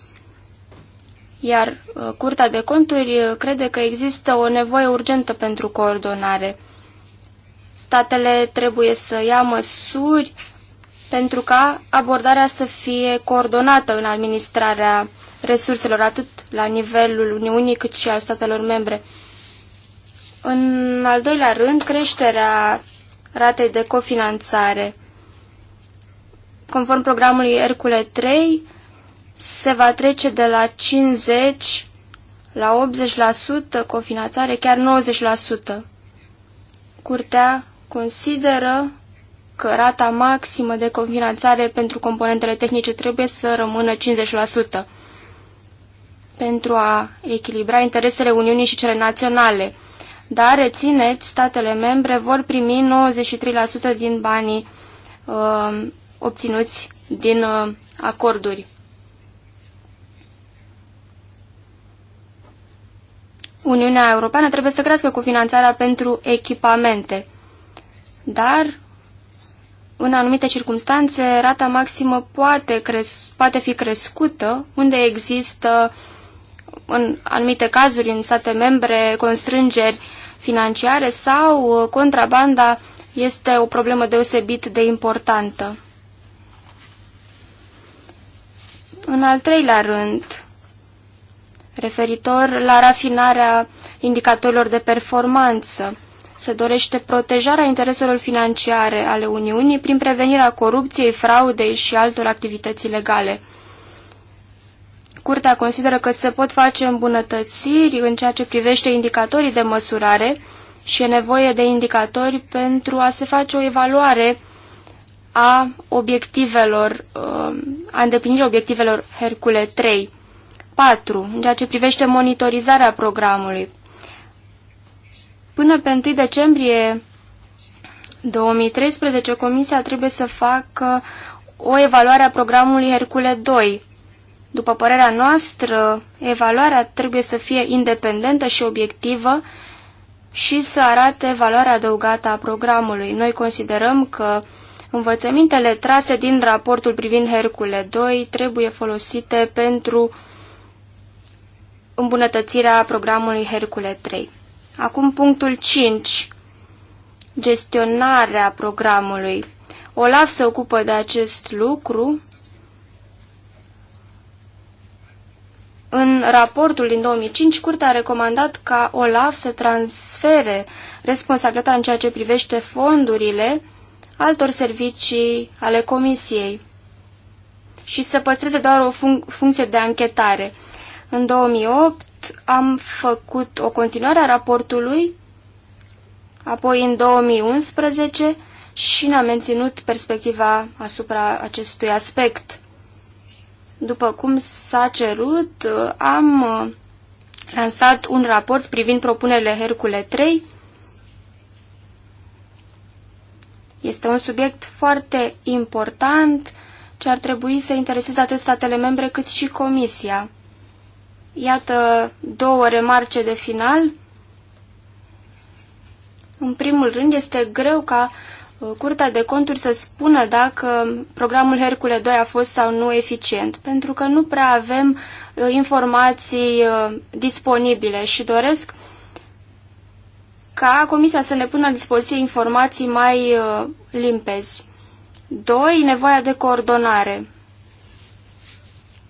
Iar uh, Curtea de Conturi uh, crede că există o nevoie urgentă pentru coordonare. Statele trebuie să ia măsuri pentru ca abordarea să fie coordonată în administrarea resurselor, atât la nivelul Uniunii cât și al statelor membre. În al doilea rând, creșterea ratei de cofinanțare conform programului Hercule 3, se va trece de la 50 la 80% cofinanțare, chiar 90%. Curtea consideră că rata maximă de cofinanțare pentru componentele tehnice trebuie să rămână 50% pentru a echilibra interesele Uniunii și cele naționale. Dar, rețineți, statele membre vor primi 93% din banii uh, obținuți din uh, acorduri. Uniunea Europeană trebuie să crească cu finanțarea pentru echipamente, dar în anumite circunstanțe rata maximă poate, cres poate fi crescută unde există în anumite cazuri în state membre constrângeri financiare sau uh, contrabanda este o problemă deosebit de importantă. În al treilea rând, referitor la rafinarea indicatorilor de performanță, se dorește protejarea intereselor financiare ale Uniunii prin prevenirea corupției, fraudei și altor activități ilegale. Curtea consideră că se pot face îmbunătățiri în ceea ce privește indicatorii de măsurare și e nevoie de indicatori pentru a se face o evaluare a obiectivelor, uh, a îndeplinirii obiectivelor Hercule 3. 4. În ceea ce privește monitorizarea programului. Până pe 1 decembrie 2013, Comisia trebuie să facă o evaluare a programului Hercule 2. După părerea noastră, evaluarea trebuie să fie independentă și obiectivă și să arate valoarea adăugată a programului. Noi considerăm că Învățămintele trase din raportul privind Hercule 2 trebuie folosite pentru îmbunătățirea programului Hercule 3. Acum punctul 5. Gestionarea programului. Olaf se ocupă de acest lucru În raportul din 2005, Curtea a recomandat ca OLAF să transfere responsabilitatea în ceea ce privește fondurile altor servicii ale comisiei și să păstreze doar o func funcție de anchetare. În 2008 am făcut o continuare a raportului, apoi în 2011 și ne-am menținut perspectiva asupra acestui aspect. După cum s-a cerut, am uh, lansat un raport privind propunerile Hercule 3 Este un subiect foarte important ce ar trebui să intereseze atât statele membre cât și Comisia. Iată două remarce de final. În primul rând, este greu ca uh, Curtea de Conturi să spună dacă programul Hercule 2 a fost sau nu eficient, pentru că nu prea avem uh, informații uh, disponibile și doresc ca Comisia să ne pună la dispoziție informații mai uh, limpezi. 2. Nevoia de coordonare.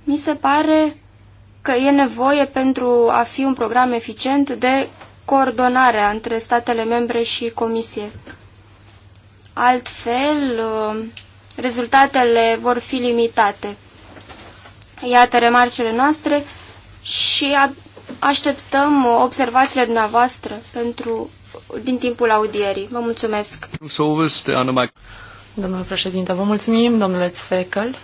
Mi se pare că e nevoie pentru a fi un program eficient de coordonarea între statele membre și Comisie. Altfel, uh, rezultatele vor fi limitate. Iată remarcele noastre și așteptăm observațiile dumneavoastră pentru din timpul audierii. Vă mulțumesc. Domnule președinte, vă mulțumim, domnule Țfecăl.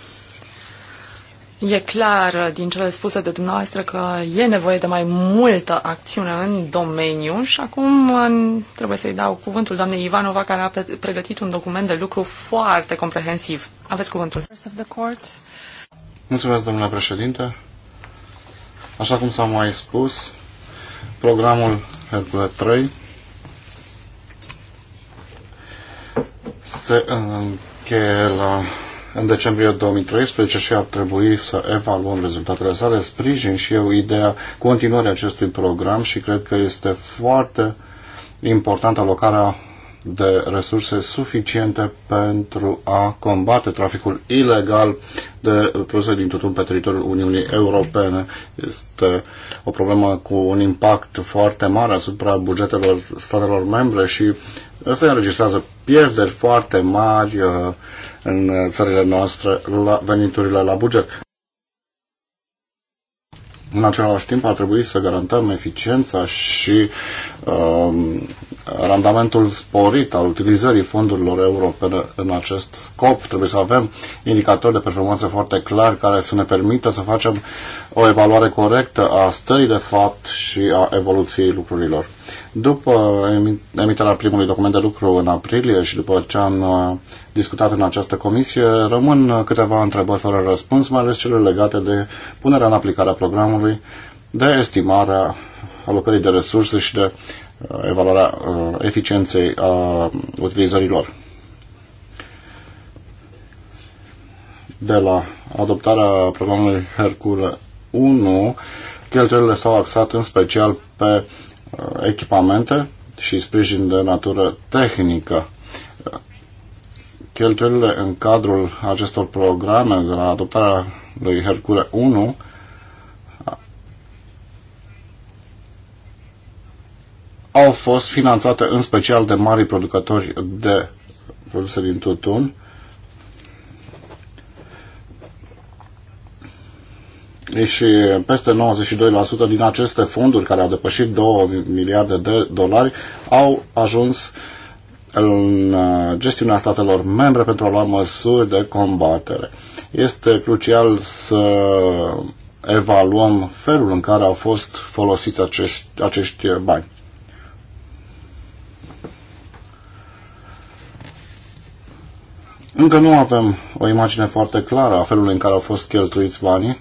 E clar uh, din cele spuse de dumneavoastră că e nevoie de mai multă acțiune în domeniu și acum uh, trebuie să-i dau cuvântul doamnei Ivanova care a pregătit un document de lucru foarte comprehensiv. Aveți cuvântul. Mulțumesc, domnule președinte. Așa cum s-a mai spus, programul Hercule 3 se încheie la, în decembrie 2013 și ar trebui să evaluăm rezultatele sale. Sprijin și eu ideea continuării acestui program și cred că este foarte importantă alocarea de resurse suficiente pentru a combate traficul ilegal de produse din tutun pe teritoriul Uniunii Europene. Este o problemă cu un impact foarte mare asupra bugetelor statelor membre și se înregistrează pierderi foarte mari uh, în uh, țările noastre la veniturile la buget. În același timp ar trebui să garantăm eficiența și uh, randamentul sporit al utilizării fondurilor europene în acest scop. Trebuie să avem indicatori de performanță foarte clari care să ne permită să facem o evaluare corectă a stării de fapt și a evoluției lucrurilor. După emiterea primului document de lucru în aprilie și după ce am uh, discutat în această comisie, rămân uh, câteva întrebări fără răspuns, mai ales cele legate de punerea în aplicare a programului, de estimarea alocării de resurse și de uh, evaluarea eficienței a utilizărilor. De la adoptarea programului Hercule 1, cheltuielile s-au axat în special pe echipamente și sprijin de natură tehnică. Cheltuielile în cadrul acestor programe de la adoptarea lui Hercule 1 au fost finanțate în special de mari producători de produse din tutun și peste 92% din aceste fonduri care au depășit 2 miliarde de dolari au ajuns în uh, gestiunea statelor membre pentru a lua măsuri de combatere. Este crucial să evaluăm felul în care au fost folosiți acești, acești bani. Încă nu avem o imagine foarte clară a felului în care au fost cheltuiți banii.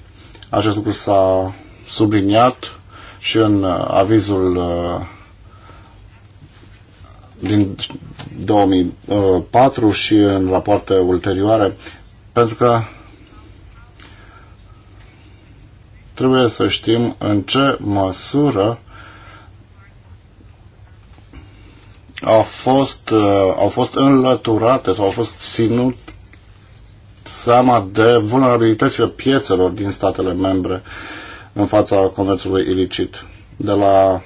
Acest lucru s-a subliniat și în uh, avizul uh, din 2004 uh, și în rapoarte ulterioare, pentru că trebuie să știm în ce măsură au fost, au fost înlăturate sau au fost ținut, seama de vulnerabilitățile piețelor din statele membre în fața comerțului ilicit. De la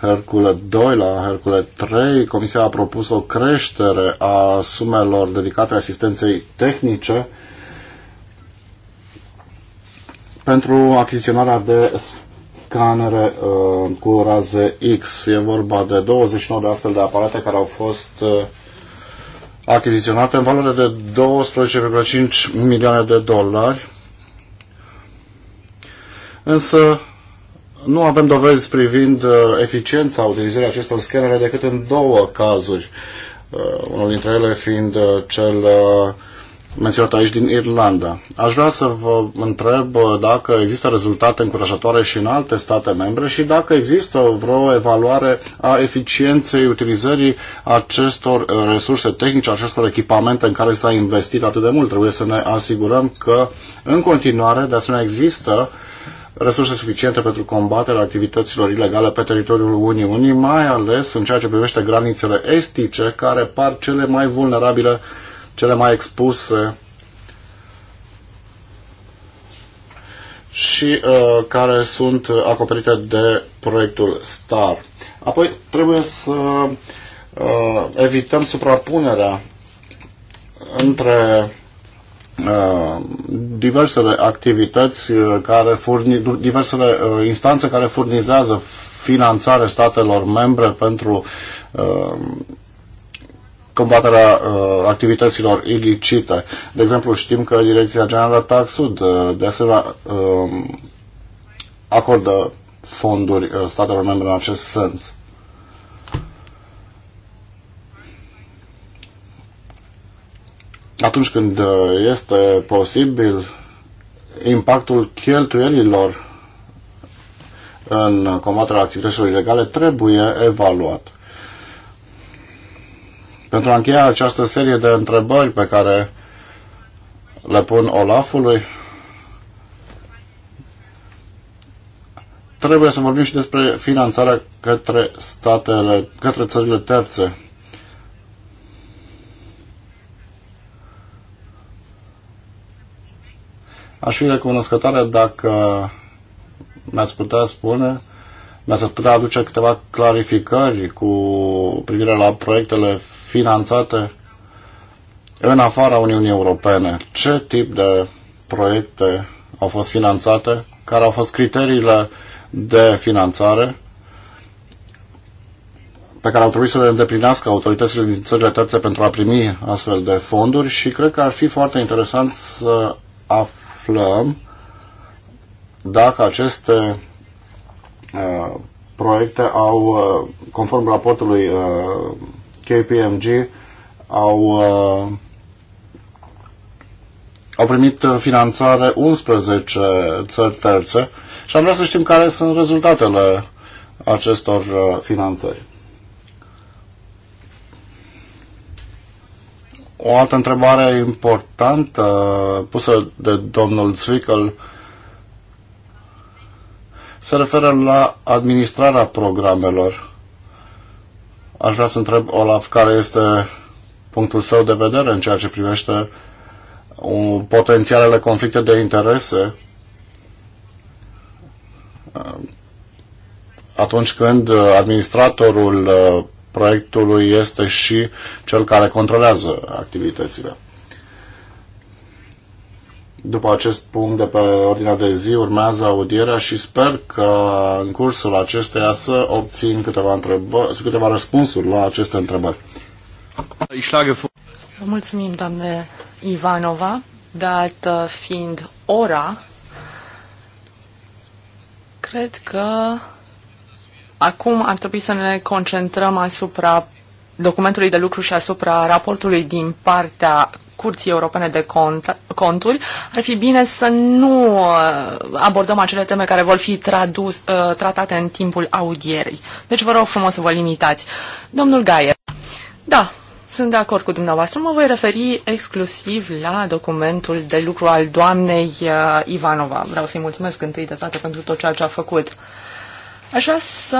Hercule 2 la Hercule 3, Comisia a propus o creștere a sumelor dedicate asistenței tehnice pentru achiziționarea de scanere uh, cu raze X. E vorba de 29 de astfel de aparate care au fost uh, achiziționată în valoare de 12,5 milioane de dolari, însă nu avem dovezi privind uh, eficiența utilizării acestor scanere decât în două cazuri, uh, unul dintre ele fiind uh, cel menționat aici din Irlanda. Aș vrea să vă întreb uh, dacă există rezultate încurajatoare și în alte state membre și dacă există vreo evaluare a eficienței utilizării acestor uh, resurse tehnice, acestor echipamente în care s-a investit atât de mult. Trebuie să ne asigurăm că în continuare, de asemenea, există resurse suficiente pentru combaterea activităților ilegale pe teritoriul Uniunii, mai ales în ceea ce privește granițele estice, care par cele mai vulnerabile cele mai expuse și uh, care sunt acoperite de proiectul STAR. Apoi trebuie să uh, evităm suprapunerea între uh, diversele activități uh, care furni, diversele uh, instanțe care furnizează finanțare statelor membre pentru uh, combaterea uh, activităților ilicite. De exemplu, știm că Direcția Generală TAC Sud uh, de asemenea uh, acordă fonduri uh, statelor membre în acest sens. Atunci când uh, este posibil, impactul cheltuielilor în combaterea activităților ilegale trebuie evaluat. Pentru a încheia această serie de întrebări pe care le pun Olafului, trebuie să vorbim și despre finanțarea către statele, către țările terțe. Aș fi recunoscătoare dacă mi-ați putea spune, mi-ați putea aduce câteva clarificări cu privire la proiectele finanțate în afara Uniunii Europene. Ce tip de proiecte au fost finanțate? Care au fost criteriile de finanțare pe care au trebuit să le îndeplinească autoritățile din țările terțe pentru a primi astfel de fonduri și cred că ar fi foarte interesant să aflăm dacă aceste uh, proiecte au, uh, conform raportului uh, KPMG au, uh, au primit finanțare 11 țări terțe și am vrea să știm care sunt rezultatele acestor uh, finanțări. O altă întrebare importantă pusă de domnul Zwickel se referă la administrarea programelor. Aș vrea să întreb Olaf care este punctul său de vedere în ceea ce privește uh, potențialele conflicte de interese uh, atunci când uh, administratorul proiectului este și cel care controlează activitățile. După acest punct de pe ordinea de zi urmează audierea și sper că în cursul acesteia să obțin câteva, întrebări, câteva răspunsuri la aceste întrebări. Vă mulțumim, doamne Ivanova, dat uh, fiind ora, cred că acum ar trebui să ne concentrăm asupra documentului de lucru și asupra raportului din partea Curții Europene de cont, Conturi, ar fi bine să nu uh, abordăm acele teme care vor fi tradus, uh, tratate în timpul audierii. Deci vă rog frumos să vă limitați. Domnul Gaier, da, sunt de acord cu dumneavoastră. Mă voi referi exclusiv la documentul de lucru al doamnei uh, Ivanova. Vreau să-i mulțumesc întâi de toate pentru tot ceea ce a făcut. Aș vrea să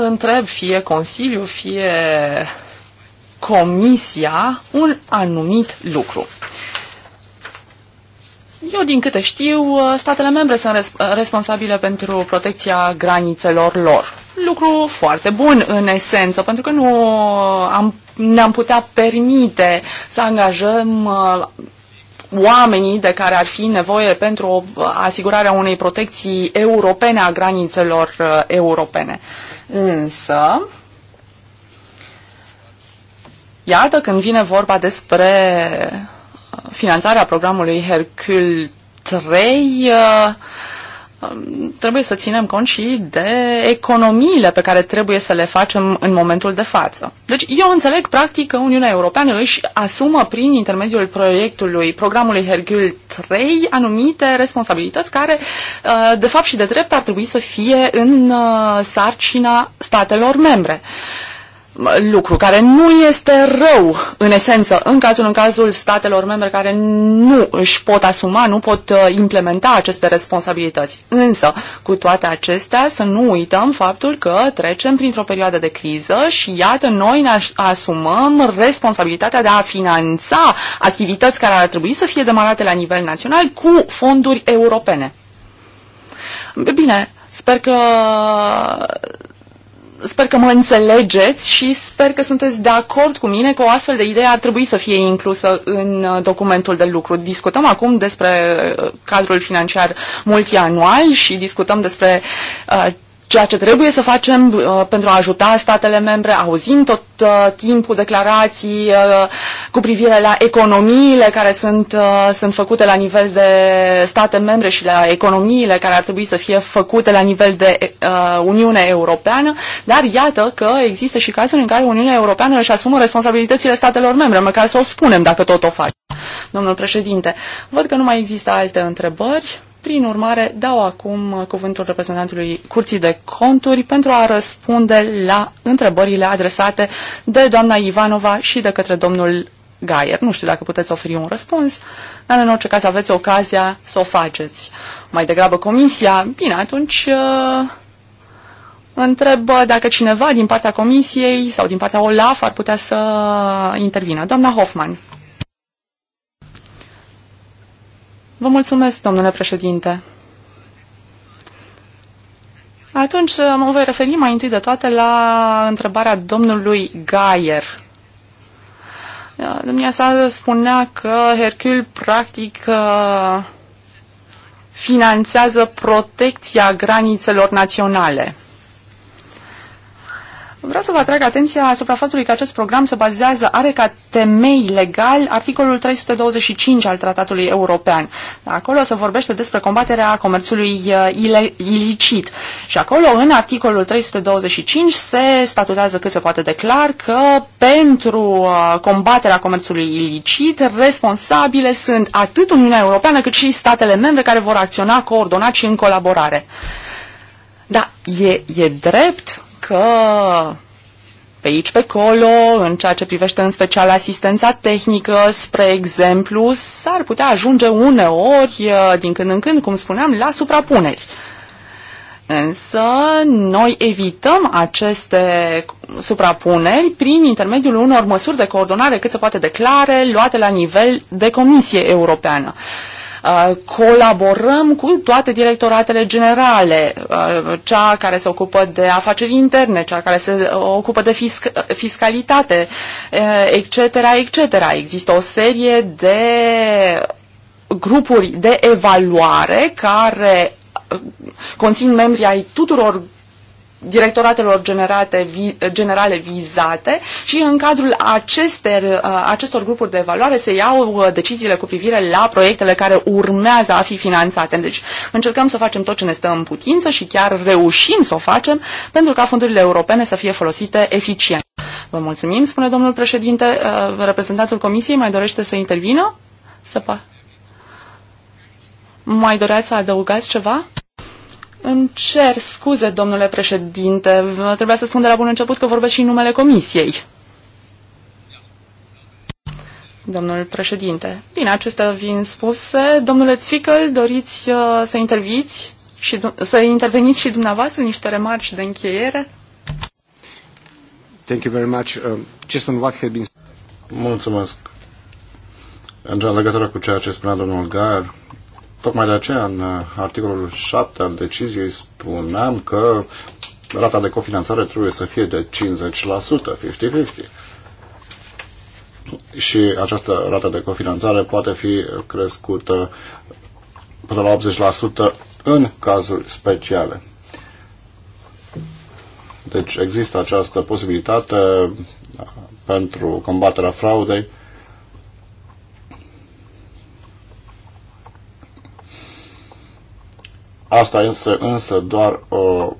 întreb fie Consiliu, fie comisia un anumit lucru. Eu, din câte știu, statele membre sunt res responsabile pentru protecția granițelor lor. Lucru foarte bun, în esență, pentru că nu am, ne-am putea permite să angajăm uh, oamenii de care ar fi nevoie pentru asigurarea unei protecții europene a granițelor uh, europene. Însă, Iată, când vine vorba despre uh, finanțarea programului Hercule 3, uh, um, trebuie să ținem cont și de economiile pe care trebuie să le facem în momentul de față. Deci eu înțeleg practic că Uniunea Europeană își asumă prin intermediul proiectului programului Hercule 3 anumite responsabilități care uh, de fapt și de drept ar trebui să fie în sarcina statelor membre lucru care nu este rău în esență în cazul în cazul statelor membre care nu își pot asuma, nu pot uh, implementa aceste responsabilități. Însă, cu toate acestea, să nu uităm faptul că trecem printr-o perioadă de criză și iată, noi ne asumăm responsabilitatea de a finanța activități care ar trebui să fie demarate la nivel național cu fonduri europene. Bine, sper că sper că mă înțelegeți și sper că sunteți de acord cu mine că o astfel de idee ar trebui să fie inclusă în uh, documentul de lucru. Discutăm acum despre uh, cadrul financiar multianual și discutăm despre uh, ceea ce trebuie să facem uh, pentru a ajuta statele membre, auzim tot uh, timpul declarații uh, cu privire la economiile care sunt, uh, sunt făcute la nivel de state membre și la economiile care ar trebui să fie făcute la nivel de uh, Uniune Europeană, dar iată că există și cazuri în care Uniunea Europeană își asumă responsabilitățile statelor membre, măcar să o spunem dacă tot o face. Domnul președinte, văd că nu mai există alte întrebări. Prin urmare, dau acum cuvântul reprezentantului Curții de Conturi pentru a răspunde la întrebările adresate de doamna Ivanova și de către domnul Gaier. Nu știu dacă puteți oferi un răspuns, dar în orice caz aveți ocazia să o faceți. Mai degrabă comisia, bine, atunci uh, întreb dacă cineva din partea comisiei sau din partea OLAF ar putea să intervină. Doamna Hoffman. Vă mulțumesc, domnule președinte. Atunci mă voi referi mai întâi de toate la întrebarea domnului Gaier. Domnia sa spunea că Hercule practic uh, finanțează protecția granițelor naționale. Vreau să vă atrag atenția asupra faptului că acest program se bazează, are ca temei legal articolul 325 al Tratatului European. Acolo se vorbește despre combaterea comerțului uh, ilicit. Și acolo, în articolul 325, se statutează cât se poate de clar că pentru uh, combaterea comerțului ilicit, responsabile sunt atât Uniunea Europeană cât și statele membre care vor acționa coordonat și în colaborare. Da, e, e drept că pe aici, pe acolo, în ceea ce privește în special asistența tehnică, spre exemplu, s-ar putea ajunge uneori, uh, din când în când, cum spuneam, la suprapuneri. Însă noi evităm aceste suprapuneri prin intermediul unor măsuri de coordonare cât se poate declare luate la nivel de Comisie Europeană. Uh, Uh, colaborăm cu toate directoratele generale, uh, cea care se ocupă de afaceri interne, cea care se ocupă de fisc- fiscalitate, etc., uh, etc. Există o serie de grupuri de evaluare care conțin membri ai tuturor directoratelor generate, vi, generale vizate și în cadrul acester, uh, acestor grupuri de evaluare se iau uh, deciziile cu privire la proiectele care urmează a fi finanțate. Deci încercăm să facem tot ce ne stă în putință și chiar reușim să o facem pentru ca fondurile europene să fie folosite eficient. Vă mulțumim, spune domnul președinte. Uh, reprezentantul comisiei mai dorește să intervină? Să pa. Mai doreați să adăugați ceva? Îmi cer scuze, domnule președinte. Trebuia să spun de la bun început că vorbesc și în numele comisiei. Domnul președinte. Bine, acestea vin spuse. Domnule Țvicăl, doriți uh, să interviți și să interveniți și dumneavoastră niște remarci de încheiere? Thank you very much. Uh, just on what had been... Mulțumesc. În legătură cu ceea ce spunea domnul Gar, Tocmai de aceea, în uh, articolul 7 al deciziei, spuneam că rata de cofinanțare trebuie să fie de 50%, 50-50. Și această rată de cofinanțare poate fi crescută până la 80% în cazuri speciale. Deci există această posibilitate uh, pentru combaterea fraudei Asta este însă doar o, uh,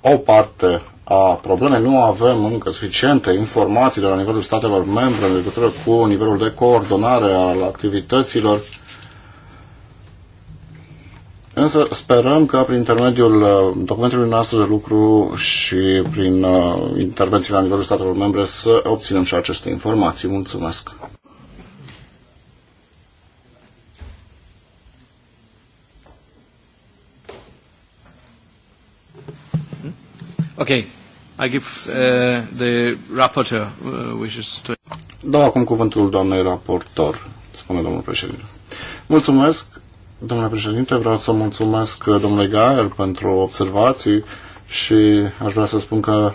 o parte a problemei. Nu avem încă suficiente informații de la nivelul statelor membre în legătură cu nivelul de coordonare al activităților. Însă sperăm că prin intermediul uh, documentului nostru de lucru și prin uh, intervenții la nivelul statelor membre să obținem și aceste informații. Mulțumesc! Okay. I give uh, the rapporteur uh, wishes to... Dau acum cuvântul doamnei raportor, spune domnul președinte. Mulțumesc, domnule președinte, vreau să mulțumesc uh, domnului Gaer pentru observații și aș vrea să spun că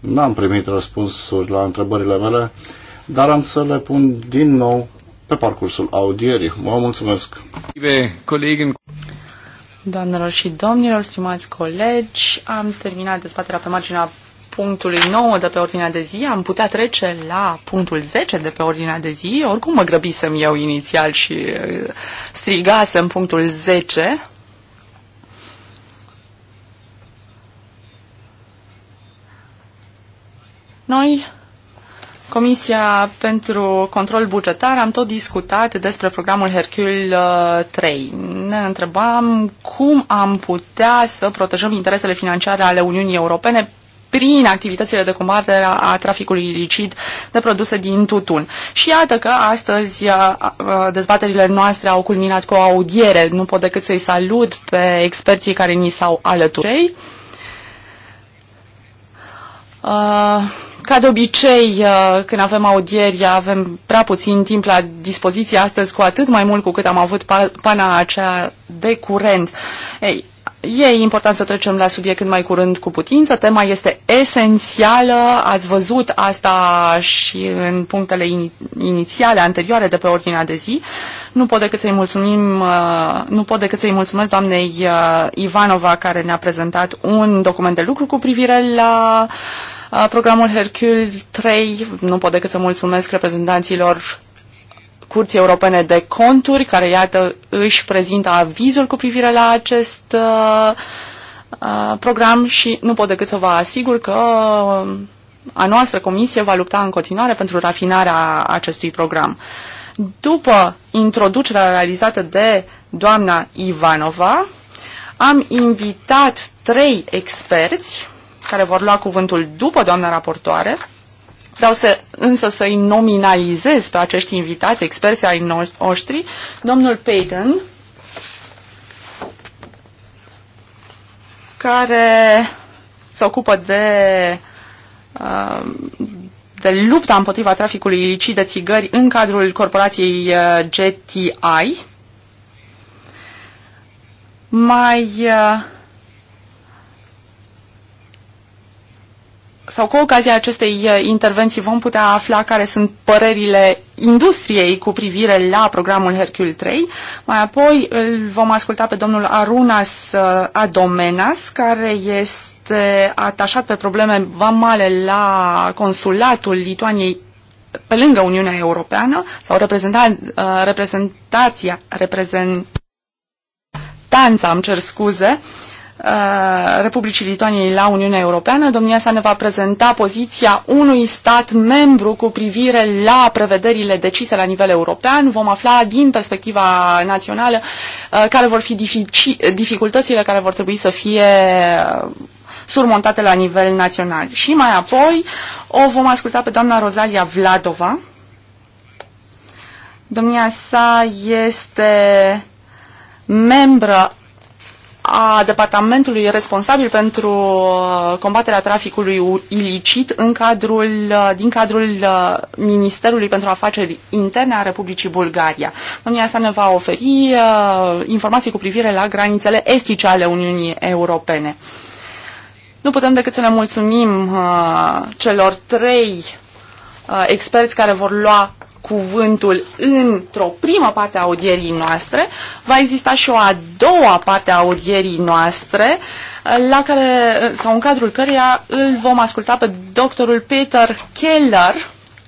n-am primit răspunsuri la întrebările mele, dar am să le pun din nou pe parcursul audierii. Vă mulțumesc! colegi. Doamnelor și domnilor, stimați colegi, am terminat dezbaterea pe marginea punctului 9 de pe ordinea de zi, am putea trece la punctul 10 de pe ordinea de zi. Oricum mă grăbisem eu inițial și uh, strigasem punctul 10. Noi Comisia pentru Control Bugetar am tot discutat despre programul Hercule 3. Uh, ne întrebam cum am putea să protejăm interesele financiare ale Uniunii Europene prin activitățile de combatere a traficului ilicit de produse din tutun. Și iată că astăzi uh, uh, dezbaterile noastre au culminat cu o audiere. Nu pot decât să-i salut pe experții care ni s-au alăturat. Uh, ca de obicei, uh, când avem audieri, avem prea puțin timp la dispoziție astăzi, cu atât mai mult cu cât am avut pana aceea de curent. Ei, E important să trecem la subiect cât mai curând cu putință. Tema este esențială. Ați văzut asta și în punctele inițiale, anterioare de pe ordinea de zi. Nu pot decât să-i mulțumim, uh, nu pot decât să-i mulțumesc doamnei uh, Ivanova care ne-a prezentat un document de lucru cu privire la uh, Programul Hercule 3, nu pot decât să mulțumesc reprezentanților Curții Europene de Conturi, care, iată, își prezintă avizul cu privire la acest program și nu pot decât să vă asigur că a noastră comisie va lupta în continuare pentru rafinarea acestui program. După introducerea realizată de doamna Ivanova, am invitat trei experți care vor lua cuvântul după doamna raportoare. Vreau să, însă să-i nominalizez pe acești invitați, experții ai noștri, domnul Payton, care se ocupă de, uh, de lupta împotriva traficului ilicit de țigări în cadrul corporației uh, GTI. Mai uh, sau cu ocazia acestei uh, intervenții vom putea afla care sunt părerile industriei cu privire la programul Hercule 3. Mai apoi îl vom asculta pe domnul Arunas uh, Adomenas, care este atașat pe probleme vamale la consulatul Lituaniei pe lângă Uniunea Europeană sau reprezenta, uh, reprezentația, reprezentanța, am cer scuze, uh, Uh, Republicii Lituaniei la Uniunea Europeană. Domnia sa ne va prezenta poziția unui stat membru cu privire la prevederile decise la nivel european. Vom afla din perspectiva națională uh, care vor fi dificultățile care vor trebui să fie uh, surmontate la nivel național. Și mai apoi o vom asculta pe doamna Rosalia Vladova. Domnia sa este membră a departamentului responsabil pentru uh, combaterea traficului ilicit în cadrul, uh, din cadrul uh, Ministerului pentru Afaceri Interne a Republicii Bulgaria. Domnia sa ne va oferi informații cu privire la granițele estice ale Uniunii Europene. Nu putem decât să ne mulțumim celor trei experți care vor lua cuvântul într-o primă parte a audierii noastre. Va exista și o a doua parte a audierii noastre, la care, sau în cadrul căreia îl vom asculta pe doctorul Peter Keller,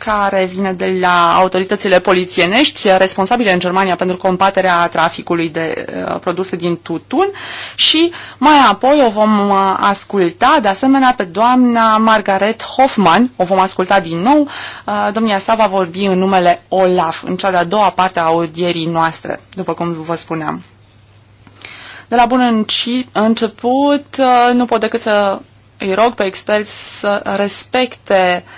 care vine de la autoritățile polițienești responsabile în Germania pentru combaterea traficului de uh, produse din tutun și mai apoi o vom uh, asculta de asemenea pe doamna Margaret Hoffman, o vom asculta din nou, uh, domnia sa va vorbi în numele Olaf în cea de-a doua parte a audierii noastre, după cum vă spuneam. De la bun început, nu pot decât să îi rog pe experți să respecte uh,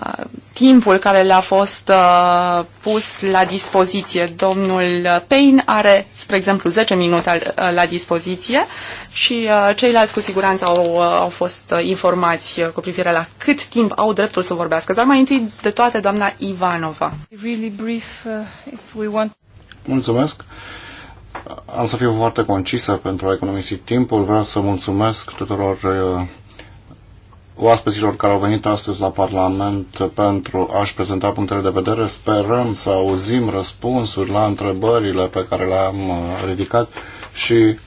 Uh, timpul care le-a fost uh, pus la dispoziție. Domnul Payne are, spre exemplu, 10 minute uh, la dispoziție și uh, ceilalți cu siguranță au, uh, au fost informați cu privire la cât timp au dreptul să vorbească. Dar mai întâi de toate, doamna Ivanova. Really brief, uh, if we want... Mulțumesc. Am să fiu foarte concisă pentru a economisi timpul. Vreau să mulțumesc tuturor uh, oaspeților care au venit astăzi la Parlament pentru a-și prezenta punctele de vedere. Sperăm să auzim răspunsuri la întrebările pe care le-am uh, ridicat și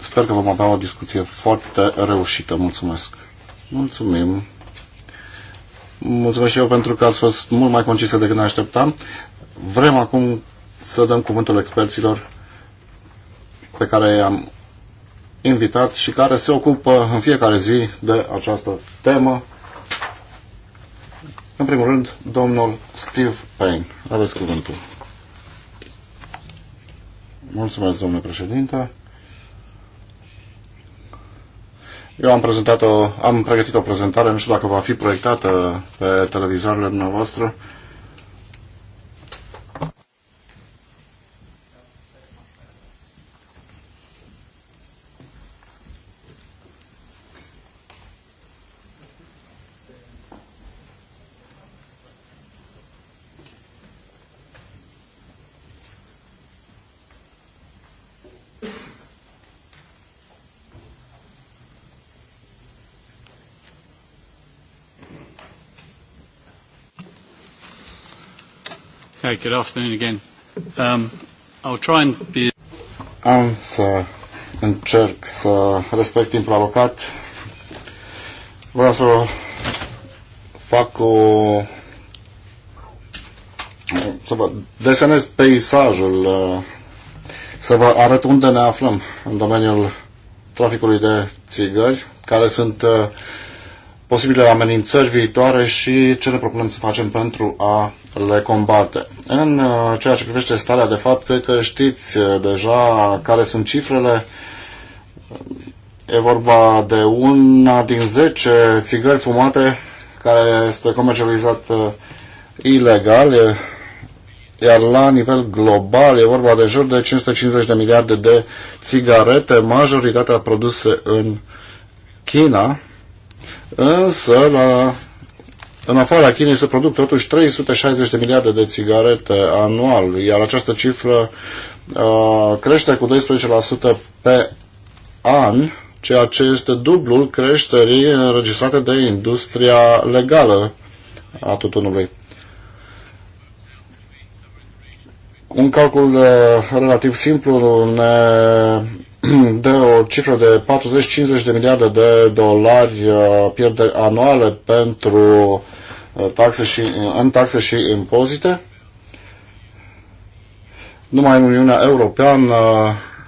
sper că vom avea o discuție foarte reușită. Mulțumesc! Mulțumim! Mulțumesc și eu pentru că ați fost mult mai concise decât ne așteptam. Vrem acum să dăm cuvântul experților pe care i-am invitat și care se ocupă în fiecare zi de această temă. În primul rând, domnul Steve Payne. Aveți cuvântul. Mulțumesc, domnule președinte. Eu am, prezentat o, am pregătit o prezentare, nu știu dacă va fi proiectată pe televizoarele dumneavoastră. Okay, good afternoon again. Um, I'll try and be... Am să încerc să respect timpul alocat. Vreau să fac o... să vă desenez peisajul, uh, să vă arăt unde ne aflăm în domeniul traficului de țigări, care sunt uh, posibile amenințări viitoare și ce ne propunem să facem pentru a le combate. În uh, ceea ce privește starea de fapt, cred că știți uh, deja care sunt cifrele. E vorba de una din 10 țigări fumate care este comercializată uh, ilegal, iar la nivel global e vorba de jur de 550 de miliarde de țigarete, majoritatea produse în China, însă la în afara Chinei se produc totuși 360 de miliarde de țigarete anual, iar această cifră uh, crește cu 12% pe an, ceea ce este dublul creșterii înregistrate de industria legală a tutunului. Un calcul uh, relativ simplu ne dă o cifră de 40-50 de miliarde de dolari uh, pierderi anuale pentru uh, taxe și, uh, în taxe și impozite. Numai în Uniunea Europeană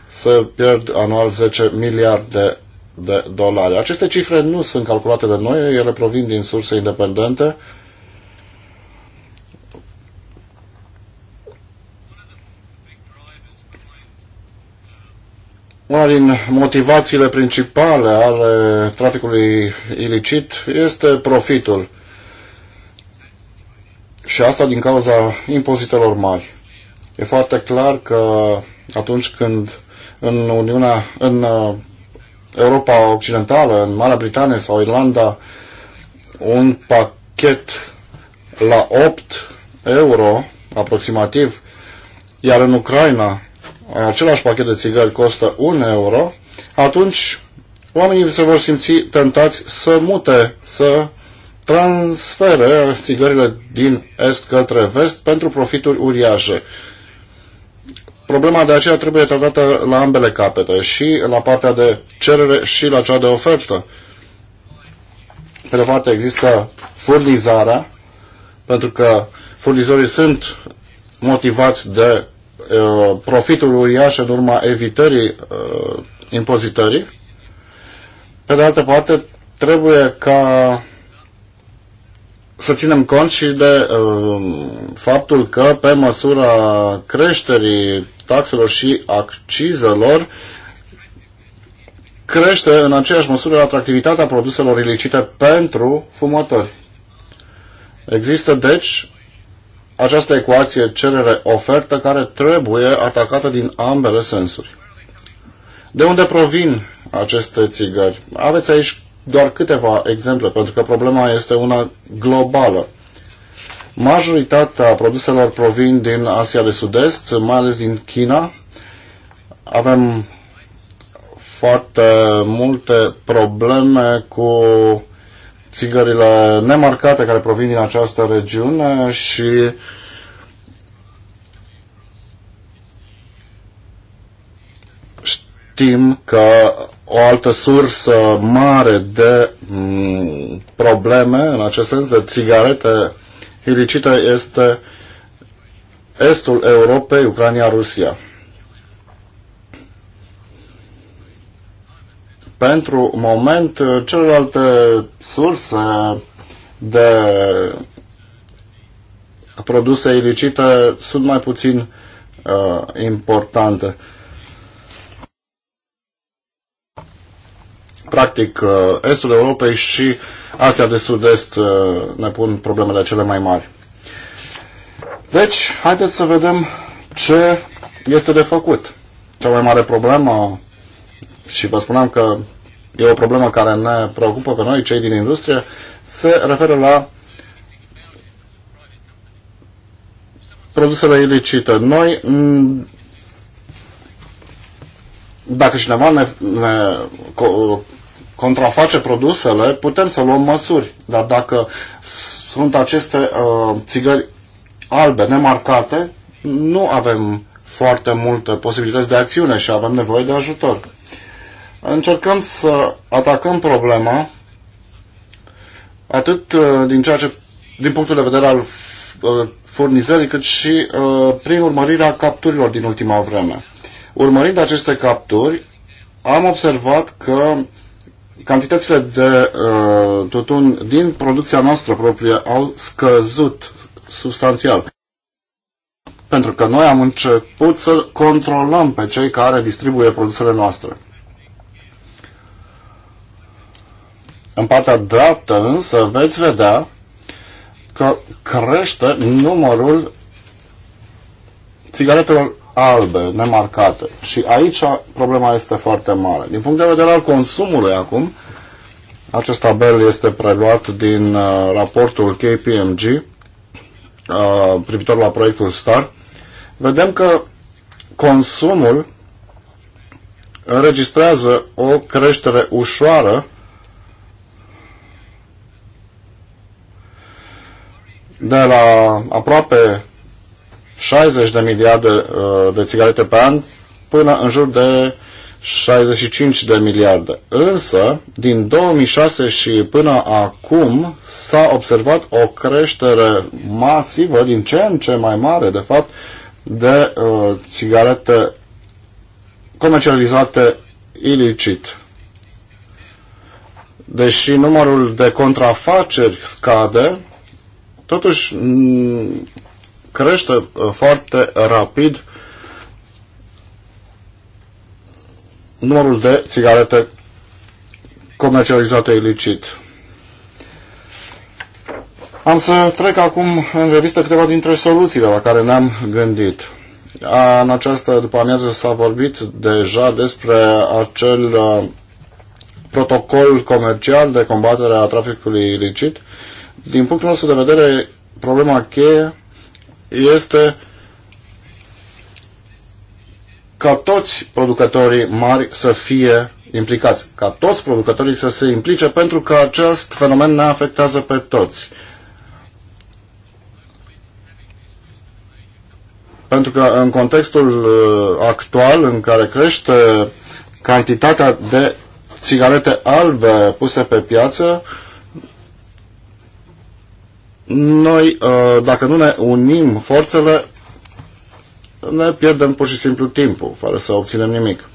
se pierd anual 10 miliarde de dolari. Aceste cifre nu sunt calculate de noi, ele provin din surse independente. Uh, Una din motivațiile principale ale traficului ilicit este profitul. Și asta din cauza impozitelor mari. E foarte clar că atunci când în Uniunea, în uh, Europa Occidentală, în Marea Britanie sau Irlanda, un pachet la 8 euro aproximativ, iar în Ucraina același pachet de țigări costă 1 euro, atunci oamenii se vor simți tentați să mute, să transfere țigările din est către vest pentru profituri uriașe. Problema de aceea trebuie tratată la ambele capete, și la partea de cerere și la cea de ofertă. Pe de parte există furnizarea, pentru că furnizorii sunt motivați de Uh, profitul uriaș în urma evitării uh, impozitării. Pe de altă parte, trebuie ca să ținem cont și de uh, faptul că pe măsura creșterii taxelor și accizelor crește în aceeași măsură atractivitatea produselor ilicite pentru fumători. Există deci această ecuație cerere-ofertă care trebuie atacată din ambele sensuri. De unde provin aceste țigări? Aveți aici doar câteva exemple, pentru că problema este una globală. Majoritatea produselor provin din Asia de Sud-Est, mai ales din China. Avem foarte multe probleme cu țigările nemarcate care provin din această regiune și știm că o altă sursă mare de mm, probleme în acest sens de țigarete ilicite este estul Europei, Ucraina, Rusia. Pentru moment, uh, celelalte surse de produse ilicite sunt mai puțin uh, importante. Practic, uh, estul Europei și Asia de Sud-Est uh, ne pun problemele cele mai mari. Deci, haideți să vedem ce este de făcut. Cea mai mare problemă, și vă spuneam că e o problemă care ne preocupă pe noi, cei din industrie, se referă la produsele ilicite. Noi, mm, dacă cineva ne, ne contraface produsele, putem să luăm măsuri. Dar dacă sunt aceste uh, țigări albe, nemarcate, nu avem foarte multe posibilități de acțiune și avem nevoie de ajutor încercăm să atacăm problema atât uh, din, ceea ce, din punctul de vedere al uh, furnizării, cât și uh, prin urmărirea capturilor din ultima vreme. Urmărind aceste capturi, am observat că cantitățile de uh, tutun din producția noastră proprie au scăzut substanțial. Pentru că noi am început să controlăm pe cei care distribuie produsele noastre. În partea dreaptă însă veți vedea că crește numărul țigaretelor albe, nemarcate. Și aici problema este foarte mare. Din punct de vedere al consumului acum, acest tabel este preluat din uh, raportul KPMG uh, privitor la proiectul STAR. Vedem că consumul înregistrează o creștere ușoară de la aproape 60 de miliarde uh, de țigarete pe an până în jur de 65 de miliarde. Însă, din 2006 și până acum s-a observat o creștere masivă, din ce în ce mai mare, de fapt, de uh, țigarete comercializate ilicit. Deși numărul de contrafaceri scade, totuși crește uh, foarte rapid numărul de țigarete comercializate ilicit. Am să trec acum în revistă câteva dintre soluțiile la care ne-am gândit. A, în această după amiază s-a vorbit deja despre acel uh, protocol comercial de combatere a traficului ilicit. Uh, din punctul nostru de vedere, problema cheie este ca toți producătorii mari să fie implicați, ca toți producătorii să se implice, pentru că acest fenomen ne afectează pe toți. Pentru că în contextul uh, actual în care crește cantitatea de țigarete albe puse pe piață, uh, noi, uh, dacă nu ne unim forțele, ne pierdem pur și simplu timpul, fără să obținem nimic.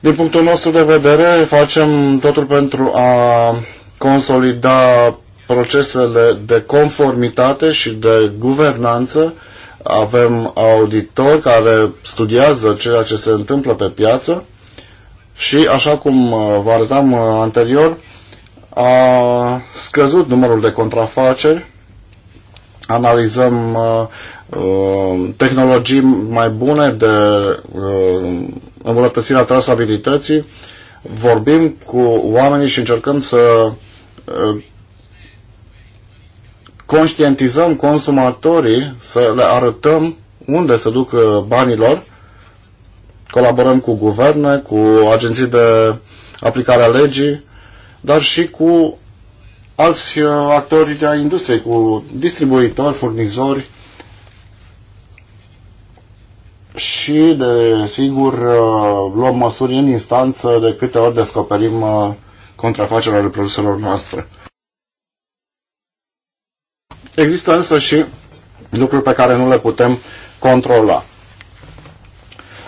Din punctul nostru de vedere, facem totul pentru a consolida procesele de conformitate și de guvernanță. Avem auditori care studiază ceea ce se întâmplă pe piață și, așa cum vă arătam uh, anterior, a scăzut numărul de contrafaceri, analizăm uh, uh, tehnologii mai bune de uh, îmbunătățirea trasabilității, vorbim cu oamenii și încercăm să uh, conștientizăm consumatorii, să le arătăm unde se duc uh, banilor. Colaborăm cu guverne, cu agenții de aplicare a legii, dar și cu alți uh, actori a industriei, cu distribuitori, furnizori și, de sigur, uh, luăm măsuri în instanță de câte ori descoperim uh, contrafacerea ale produselor noastre. Există însă și lucruri pe care nu le putem controla.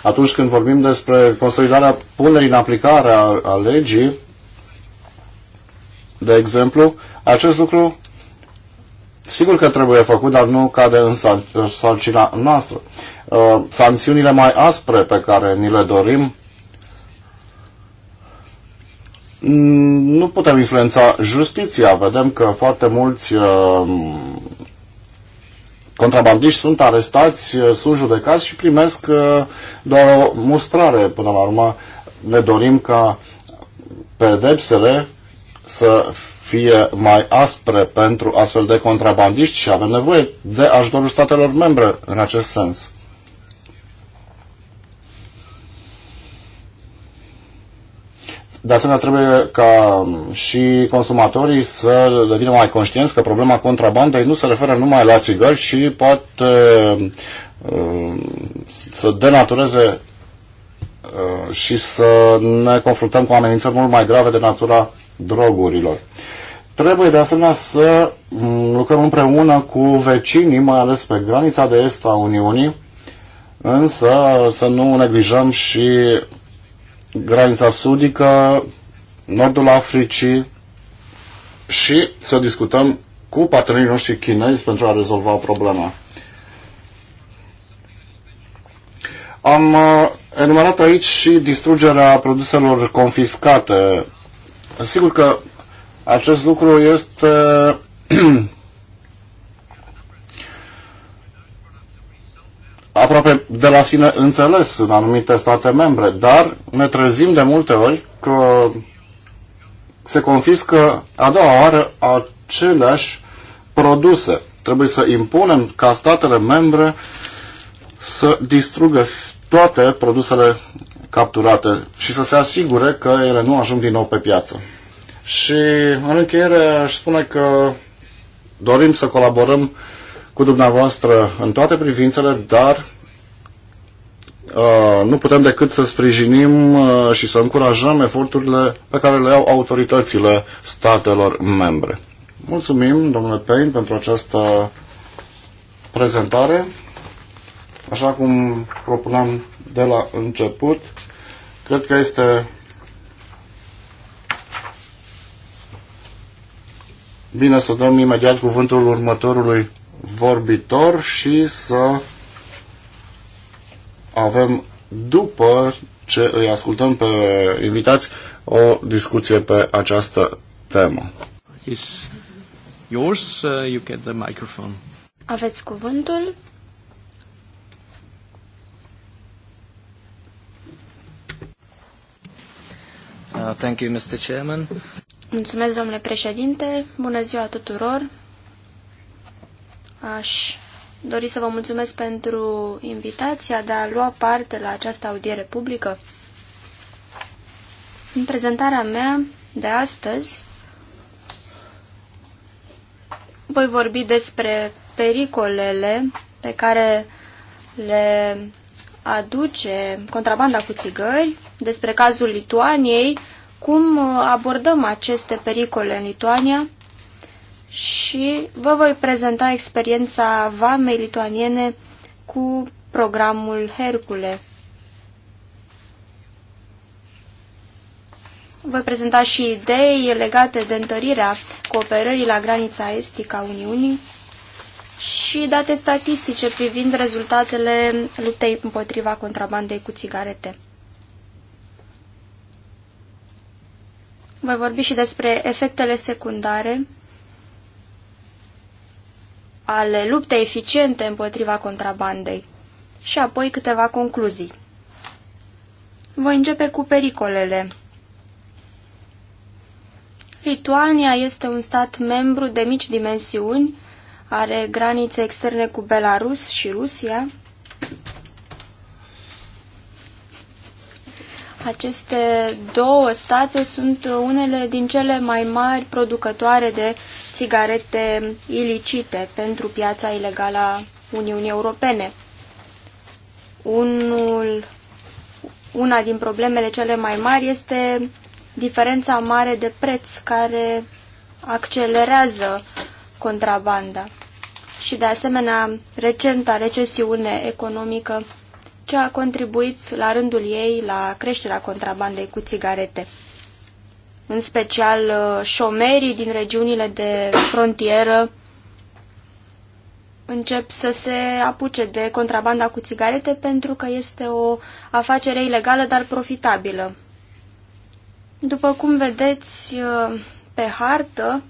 Atunci când vorbim despre consolidarea punerii în aplicare a, a legii, de exemplu, acest lucru sigur că trebuie făcut, dar nu cade în sarcina noastră. Uh, sancțiunile mai aspre pe care ni le dorim nu putem influența justiția. Vedem că foarte mulți uh, contrabandiști sunt arestați, uh, sunt judecați și primesc doar o mustrare până la urmă. Ne dorim ca pedepsele să fie mai aspre pentru astfel de contrabandiști și avem nevoie de ajutorul statelor membre în acest sens. De asemenea, trebuie ca și consumatorii să devină mai conștienți că problema contrabandei nu se referă numai la țigări și poate uh, să denatureze Uh, și să ne confruntăm cu amenințări mult mai grave de natura drogurilor. Trebuie de asemenea să lucrăm împreună cu vecinii, mai ales pe granița de est a Uniunii, însă să nu neglijăm și granița sudică, nordul Africii și să discutăm cu partenerii noștri chinezi pentru a rezolva problema. Am uh, enumerat aici și distrugerea produselor confiscate. Sigur că acest lucru este aproape de la sine înțeles în anumite state membre, dar ne trezim de multe ori că se confiscă a doua oară aceleași produse. Trebuie să impunem ca statele membre să distrugă toate produsele capturate și să se asigure că ele nu ajung din nou pe piață. Și în încheiere aș spune că dorim să colaborăm cu dumneavoastră în toate privințele, dar uh, nu putem decât să sprijinim uh, și să încurajăm eforturile pe care le au autoritățile statelor membre. Mulțumim, domnule Payne, pentru această prezentare așa cum propuneam de la început. Cred că este bine să dăm imediat cuvântul următorului vorbitor și să avem, după ce îi ascultăm pe invitați, o discuție pe această temă. yours, uh, you get the microphone. Aveți cuvântul, Uh, thank you, Mr. Chairman. Mulțumesc, domnule președinte. Bună ziua tuturor. Aș dori să vă mulțumesc pentru invitația de a lua parte la această audiere publică. În prezentarea mea de astăzi voi vorbi despre pericolele pe care le aduce contrabanda cu țigări, despre cazul Lituaniei cum uh, abordăm aceste pericole în Lituania și vă voi prezenta experiența vamei lituaniene cu programul Hercule. Voi prezenta și idei legate de întărirea cooperării la granița estică a Uniunii și date statistice privind rezultatele luptei împotriva contrabandei cu țigarete. Voi vorbi și despre efectele secundare ale luptei eficiente împotriva contrabandei și apoi câteva concluzii. Voi începe cu pericolele. Lituania este un stat membru de mici dimensiuni, are granițe externe cu Belarus și Rusia, Aceste două state sunt unele din cele mai mari producătoare de țigarete ilicite pentru piața ilegală a Uniunii Europene. Unul, una din problemele cele mai mari este diferența mare de preț care accelerează contrabanda și de asemenea recenta recesiune economică ce a contribuit la rândul ei la creșterea contrabandei cu țigarete. În special uh, șomerii din regiunile de frontieră încep să se apuce de contrabanda cu țigarete pentru că este o afacere ilegală, dar profitabilă. După cum vedeți uh, pe hartă,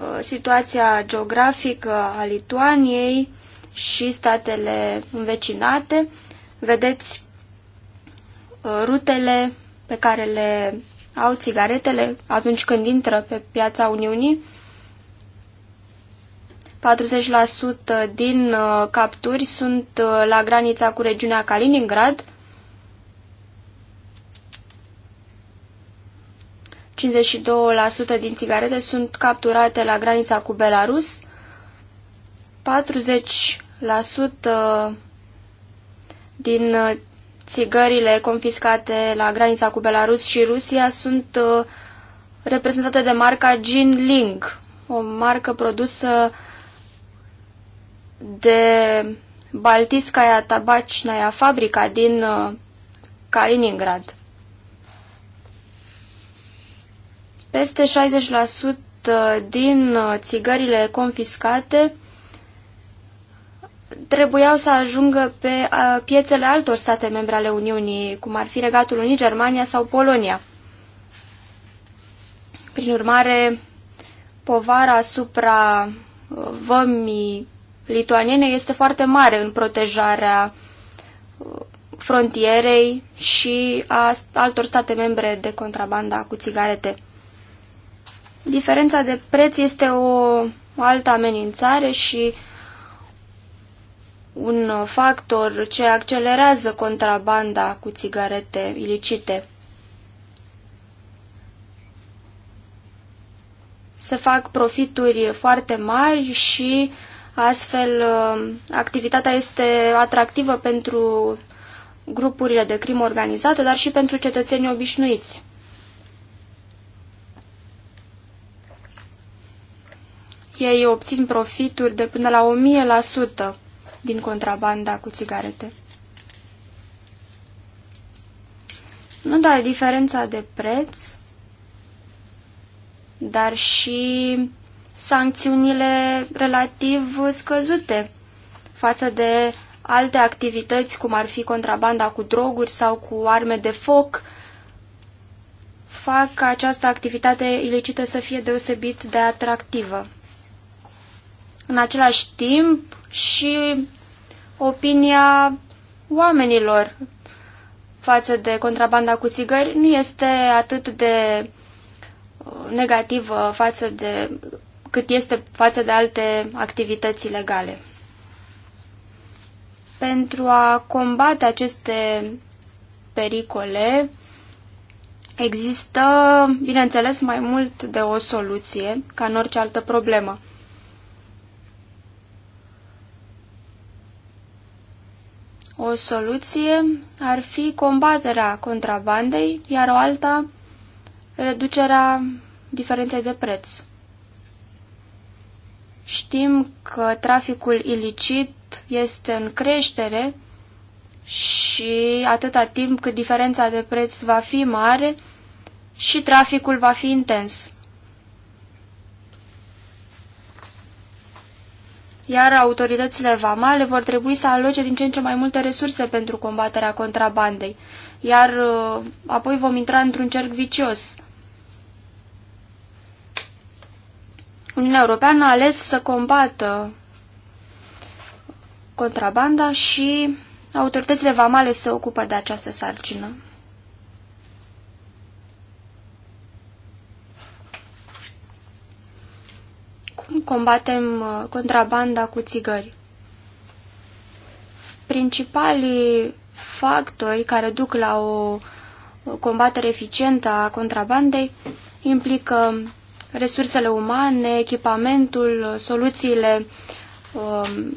uh, situația geografică a Lituaniei și statele învecinate. Vedeți uh, rutele pe care le au țigaretele atunci când intră pe piața Uniunii. 40% din uh, capturi sunt uh, la granița cu regiunea Kaliningrad, 52% din țigarete sunt capturate la granița cu Belarus, 40% din uh, țigările confiscate la granița cu Belarus și Rusia sunt uh, reprezentate de marca Jinling, o marcă produsă de Baltiskaya Tabachnaya fabrica din uh, Kaliningrad. Peste 60% din țigările confiscate trebuiau să ajungă pe piețele altor state membre ale Uniunii, cum ar fi Regatul Unii, Germania sau Polonia. Prin urmare, povara asupra uh, vămii lituaniene este foarte mare în protejarea uh, frontierei și a altor state membre de contrabanda cu țigarete. Diferența de preț este o altă amenințare și un factor ce accelerează contrabanda cu țigarete ilicite. Se fac profituri foarte mari și astfel um, activitatea este atractivă pentru grupurile de crimă organizată, dar și pentru cetățenii obișnuiți. Ei obțin profituri de până la 1000% din contrabanda cu țigarete. Nu doar diferența de preț, dar și sancțiunile relativ scăzute față de alte activități, cum ar fi contrabanda cu droguri sau cu arme de foc, fac ca această activitate ilicită să fie deosebit de atractivă. În același timp, și opinia oamenilor față de contrabanda cu țigări nu este atât de uh, negativă față de, cât este față de alte activități legale. Pentru a combate aceste pericole, există, bineînțeles, mai mult de o soluție ca în orice altă problemă. O soluție ar fi combaterea contrabandei, iar o alta reducerea diferenței de preț. Știm că traficul ilicit este în creștere și atâta timp cât diferența de preț va fi mare și traficul va fi intens. iar autoritățile vamale vor trebui să aloce din ce în ce mai multe resurse pentru combaterea contrabandei, iar uh, apoi vom intra într-un cerc vicios. Uniunea Europeană a ales să combată contrabanda și autoritățile vamale se ocupă de această sarcină. combatem uh, contrabanda cu țigări. Principalii factori care duc la o combatere eficientă a contrabandei implică resursele umane, echipamentul, soluțiile um,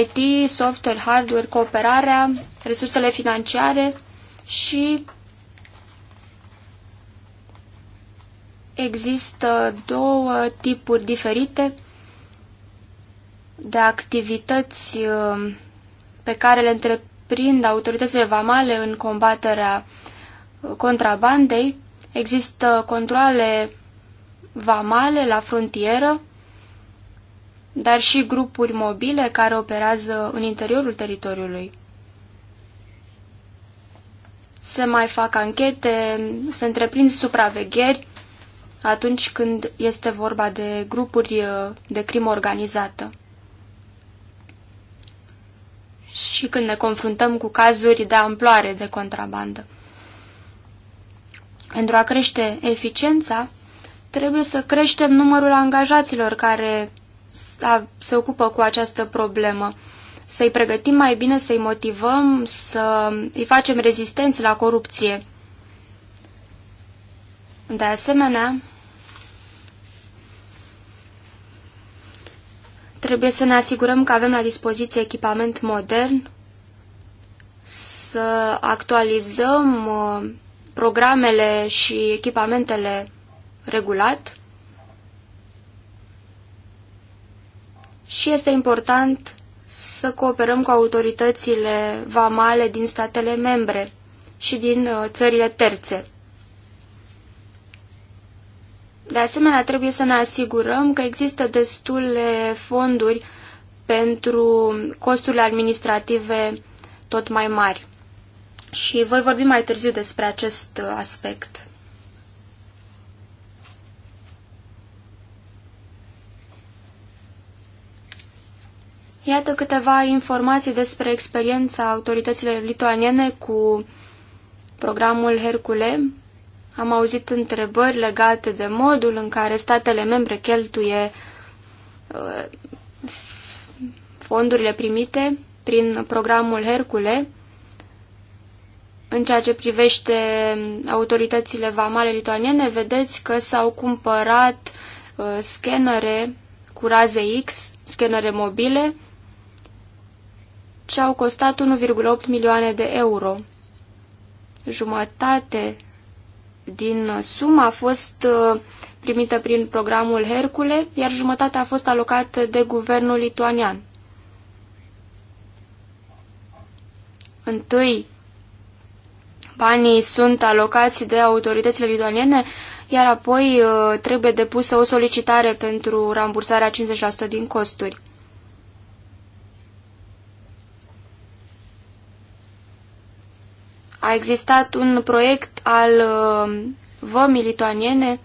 IT, software, hardware, cooperarea, resursele financiare și există două tipuri diferite de activități uh, pe care le întreprind autoritățile vamale în combaterea uh, contrabandei. Există controle vamale la frontieră, dar și grupuri mobile care operează în interiorul teritoriului. Se mai fac anchete, se întreprind supravegheri atunci când este vorba de grupuri uh, de crimă organizată. Și când ne confruntăm cu cazuri de amploare de contrabandă. Pentru a crește eficiența, trebuie să creștem numărul angajaților care se ocupă cu această problemă. Să-i pregătim mai bine, să-i motivăm, să i facem rezistenți la corupție. De asemenea, Trebuie să ne asigurăm că avem la dispoziție echipament modern, să actualizăm uh, programele și echipamentele regulat și este important să cooperăm cu autoritățile vamale din statele membre și din uh, țările terțe. De asemenea, trebuie să ne asigurăm că există destule fonduri pentru costurile administrative tot mai mari. Și voi vorbi mai târziu despre acest aspect. Iată câteva informații despre experiența autorităților lituaniene cu programul Hercule, am auzit întrebări legate de modul în care statele membre cheltuie uh, fondurile primite prin programul Hercule în ceea ce privește autoritățile vamale lituaniene, vedeți că s-au cumpărat uh, scanere cu raze X, scanere mobile, ce au costat 1,8 milioane de euro. Jumătate din sumă a fost uh, primită prin programul Hercule, iar jumătatea a fost alocată de guvernul lituanian. Întâi, banii sunt alocați de autoritățile lituaniene, iar apoi uh, trebuie depusă o solicitare pentru rambursarea 50% din costuri. A existat un proiect al uh, vămii lituaniene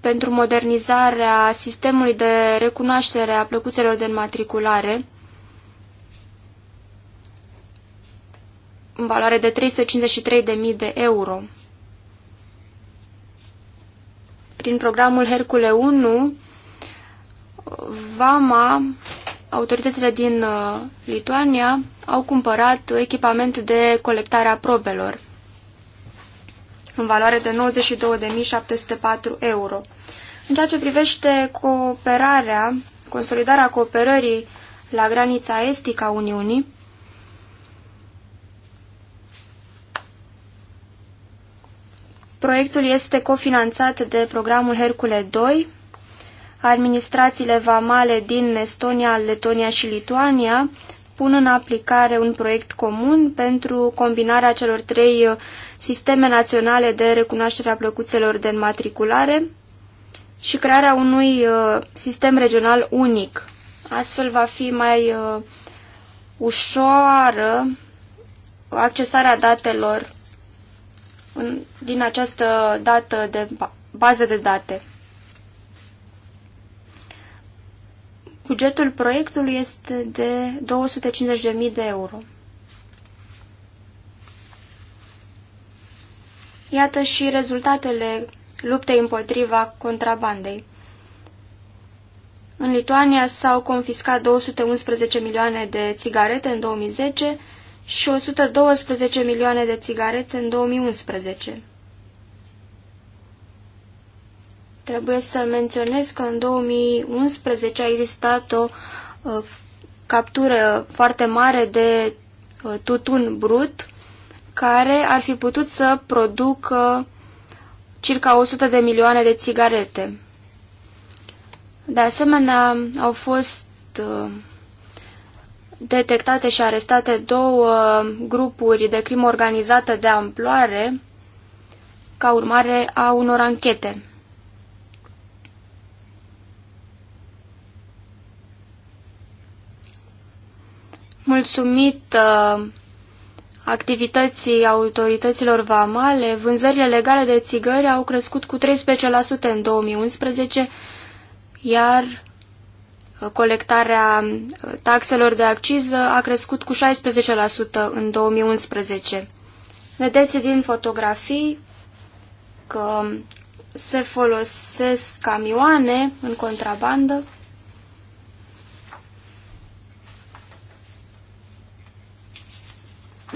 pentru modernizarea sistemului de recunoaștere a plăcuțelor de înmatriculare în valoare de 353.000 de euro. Prin programul Hercule 1, Vama autoritățile din uh, Lituania au cumpărat echipament de colectare a probelor în valoare de 92.704 euro. În ceea ce privește cooperarea, consolidarea cooperării la granița estică a Uniunii, proiectul este cofinanțat de programul Hercule 2 administrațiile vamale din Estonia, Letonia și Lituania pun în aplicare un proiect comun pentru combinarea celor trei uh, sisteme naționale de recunoaștere a plăcuțelor de înmatriculare și crearea unui uh, sistem regional unic. Astfel va fi mai uh, ușoară accesarea datelor din această dată de bază de date. Bugetul proiectului este de 250.000 de euro. Iată și rezultatele luptei împotriva contrabandei. În Lituania s-au confiscat 211 milioane de țigarete în 2010 și 112 milioane de țigarete în 2011. Trebuie să menționez că în 2011 a existat o uh, captură foarte mare de uh, tutun brut care ar fi putut să producă circa 100 de milioane de țigarete. De asemenea, au fost uh, detectate și arestate două grupuri de crimă organizată de amploare ca urmare a unor anchete. Mulțumit uh, activității autorităților vamale, vânzările legale de țigări au crescut cu 13% în 2011, iar uh, colectarea uh, taxelor de acciză a crescut cu 16% în 2011. Vedeți din fotografii că se folosesc camioane în contrabandă.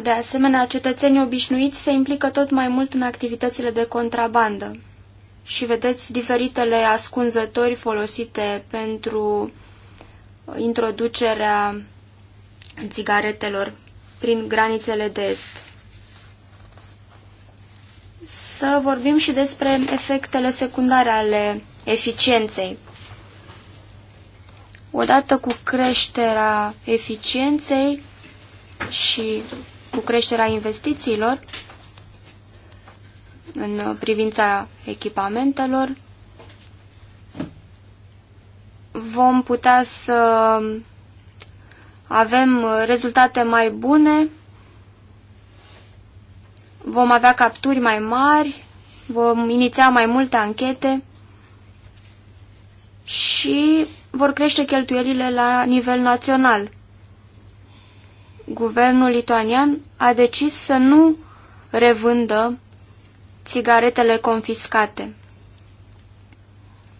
De asemenea, cetățenii obișnuiți se implică tot mai mult în activitățile de contrabandă. Și vedeți diferitele ascunzători folosite pentru introducerea țigaretelor prin granițele de est. Să vorbim și despre efectele secundare ale eficienței. Odată cu creșterea eficienței și cu creșterea investițiilor în privința echipamentelor, vom putea să avem rezultate mai bune, vom avea capturi mai mari, vom iniția mai multe anchete și vor crește cheltuielile la nivel național guvernul lituanian a decis să nu revândă țigaretele confiscate,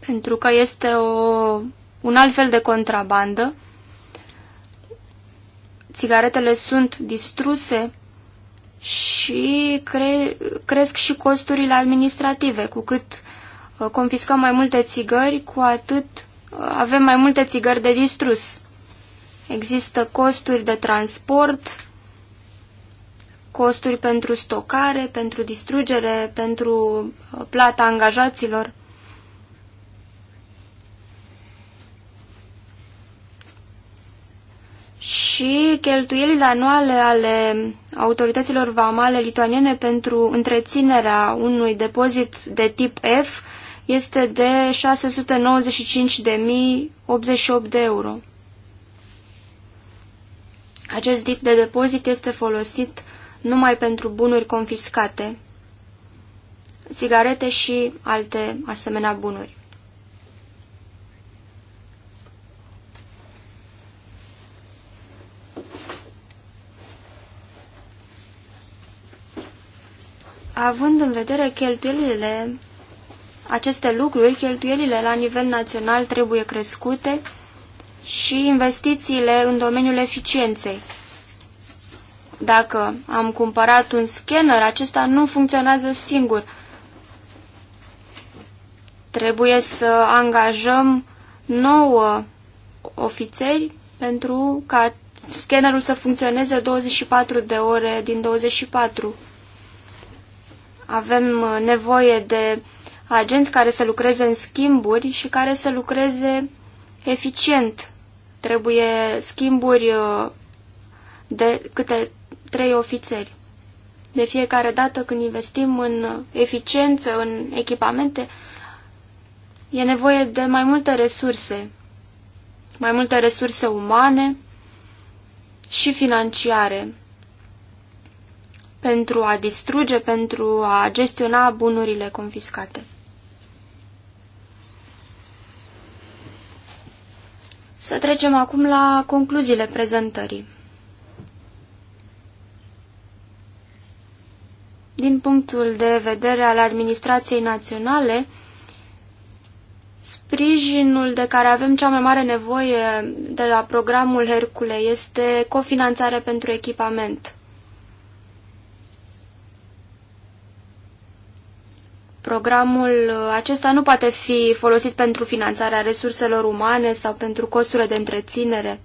pentru că este o, un alt fel de contrabandă. Țigaretele sunt distruse și cre cresc și costurile administrative. Cu cât uh, confiscăm mai multe țigări, cu atât uh, avem mai multe țigări de distrus. Există costuri de transport, costuri pentru stocare, pentru distrugere, pentru uh, plata angajaților. și cheltuielile anuale ale autorităților vamale lituaniene pentru întreținerea unui depozit de tip F este de 695.088 de euro. Acest tip de depozit este folosit numai pentru bunuri confiscate, țigarete și alte asemenea bunuri. Având în vedere cheltuielile, aceste lucruri, cheltuielile la nivel național trebuie crescute și investițiile în domeniul eficienței. Dacă am cumpărat un scanner, acesta nu funcționează singur. Trebuie să angajăm nouă ofițeri pentru ca scannerul să funcționeze 24 de ore din 24. Avem nevoie de agenți care să lucreze în schimburi și care să lucreze eficient. Trebuie schimburi uh, de câte trei ofițeri. De fiecare dată când investim în eficiență, în echipamente, e nevoie de mai multe resurse, mai multe resurse umane și financiare pentru a distruge, pentru a gestiona bunurile confiscate. Să trecem acum la concluziile prezentării. Din punctul de vedere al administrației naționale, sprijinul de care avem cea mai mare nevoie de la programul Hercule este cofinanțare pentru echipament. Programul uh, acesta nu poate fi folosit pentru finanțarea resurselor umane sau pentru costurile de întreținere.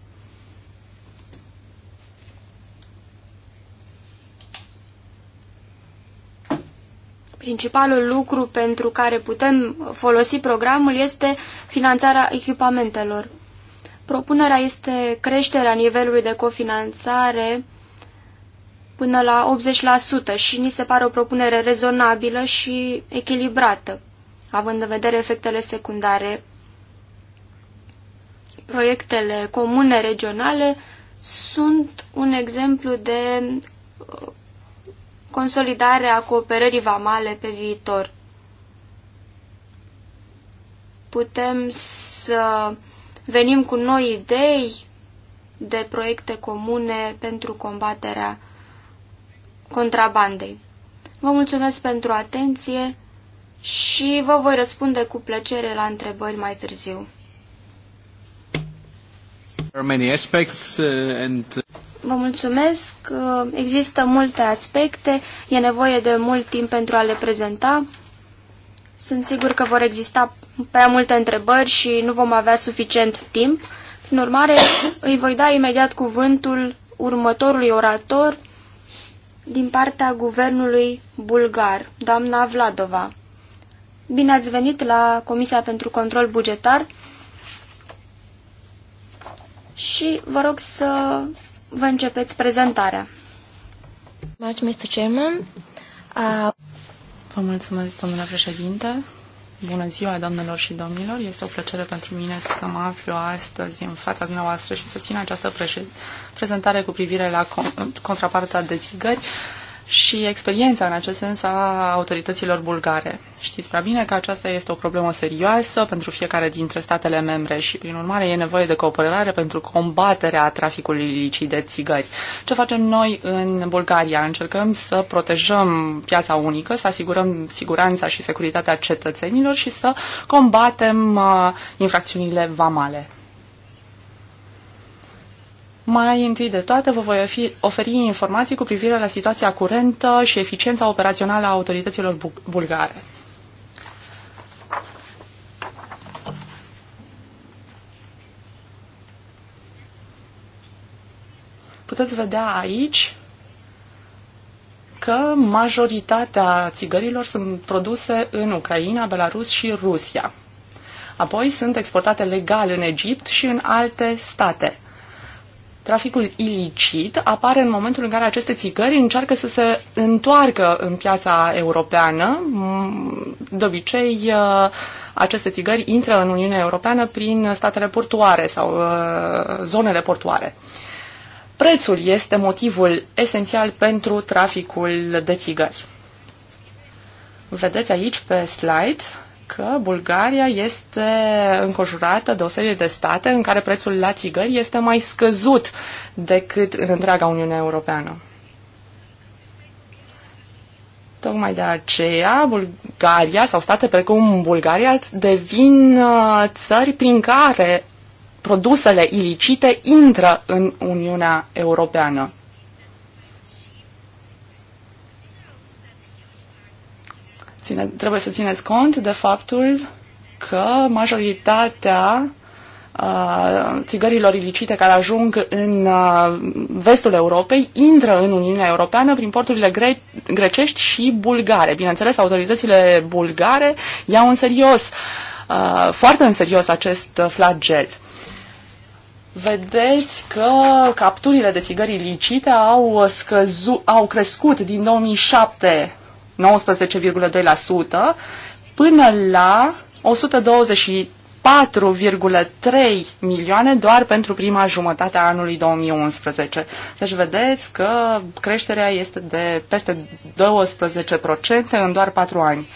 Principalul lucru pentru care putem folosi programul este finanțarea echipamentelor. Propunerea este creșterea nivelului de cofinanțare până la 80% și ni se pare o propunere rezonabilă și echilibrată, având în vedere efectele secundare. Proiectele comune regionale sunt un exemplu de uh, consolidare a cooperării vamale pe viitor. Putem să venim cu noi idei de proiecte comune pentru combaterea contrabandei. Vă mulțumesc pentru atenție și vă voi răspunde cu plăcere la întrebări mai târziu. Uh, uh, vă mulțumesc, uh, există multe aspecte, e nevoie de mult timp pentru a le prezenta. Sunt sigur că vor exista prea multe întrebări și nu vom avea suficient timp. În urmare, îi voi da imediat cuvântul următorului orator, din partea guvernului bulgar, doamna Vladova. Bine ați venit la Comisia pentru Control Bugetar și vă rog să vă începeți prezentarea. Mulțumesc, Chairman. Vă mulțumesc, domnule președinte. Bună ziua, doamnelor și domnilor! Este o plăcere pentru mine să mă aflu astăzi în fața dumneavoastră și să țin această prezentare cu privire la contraparta de țigări și experiența în acest sens a autorităților bulgare. Știți prea bine că aceasta este o problemă serioasă pentru fiecare dintre statele membre și, prin urmare, e nevoie de cooperare pentru combaterea traficului ilicit de țigări. Ce facem noi în Bulgaria? Încercăm să protejăm piața unică, să asigurăm siguranța și securitatea cetățenilor și să combatem uh, infracțiunile vamale. Mai întâi de toate vă voi oferi informații cu privire la situația curentă și eficiența operațională a autorităților bu bulgare. Puteți vedea aici că majoritatea țigărilor sunt produse în Ucraina, Belarus și Rusia. Apoi sunt exportate legal în Egipt și în alte state traficul ilicit apare în momentul în care aceste țigări încearcă să se întoarcă în piața europeană. Mm, de obicei, uh, aceste țigări intră în Uniunea Europeană prin statele portoare sau uh, zonele portoare. Prețul este motivul esențial pentru traficul de țigări. Vedeți aici pe slide că Bulgaria este înconjurată de o serie de state în care prețul la țigări este mai scăzut decât în întreaga Uniune Europeană. Tocmai de aceea, Bulgaria sau state precum Bulgaria devin uh, țări prin care produsele ilicite intră în Uniunea Europeană. ține, trebuie să țineți cont de faptul că majoritatea țigărilor ilicite care ajung în vestul Europei intră în Uniunea Europeană prin porturile gre- grecești și bulgare. Bineînțeles, autoritățile bulgare iau în serios, foarte în serios acest flagel. Vedeți că capturile de țigări ilicite au, scăzu- au crescut din 2007 19,2%, până la 124,3 milioane doar pentru prima jumătate a anului 2011. Deci vedeți că creșterea este de peste 12% în doar 4 ani.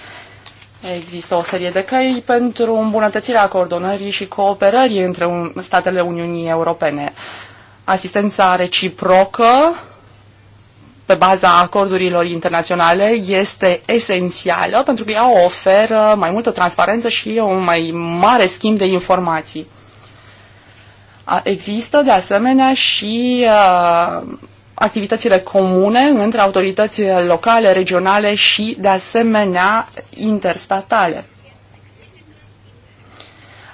Există o serie de căi pentru îmbunătățirea coordonării și cooperării între statele Uniunii Europene. Asistența reciprocă pe baza acordurilor internaționale este esențială pentru că ea oferă mai multă transparență și un mai mare schimb de informații. Există de asemenea și uh, activitățile comune între autorități locale, regionale și de asemenea interstatale.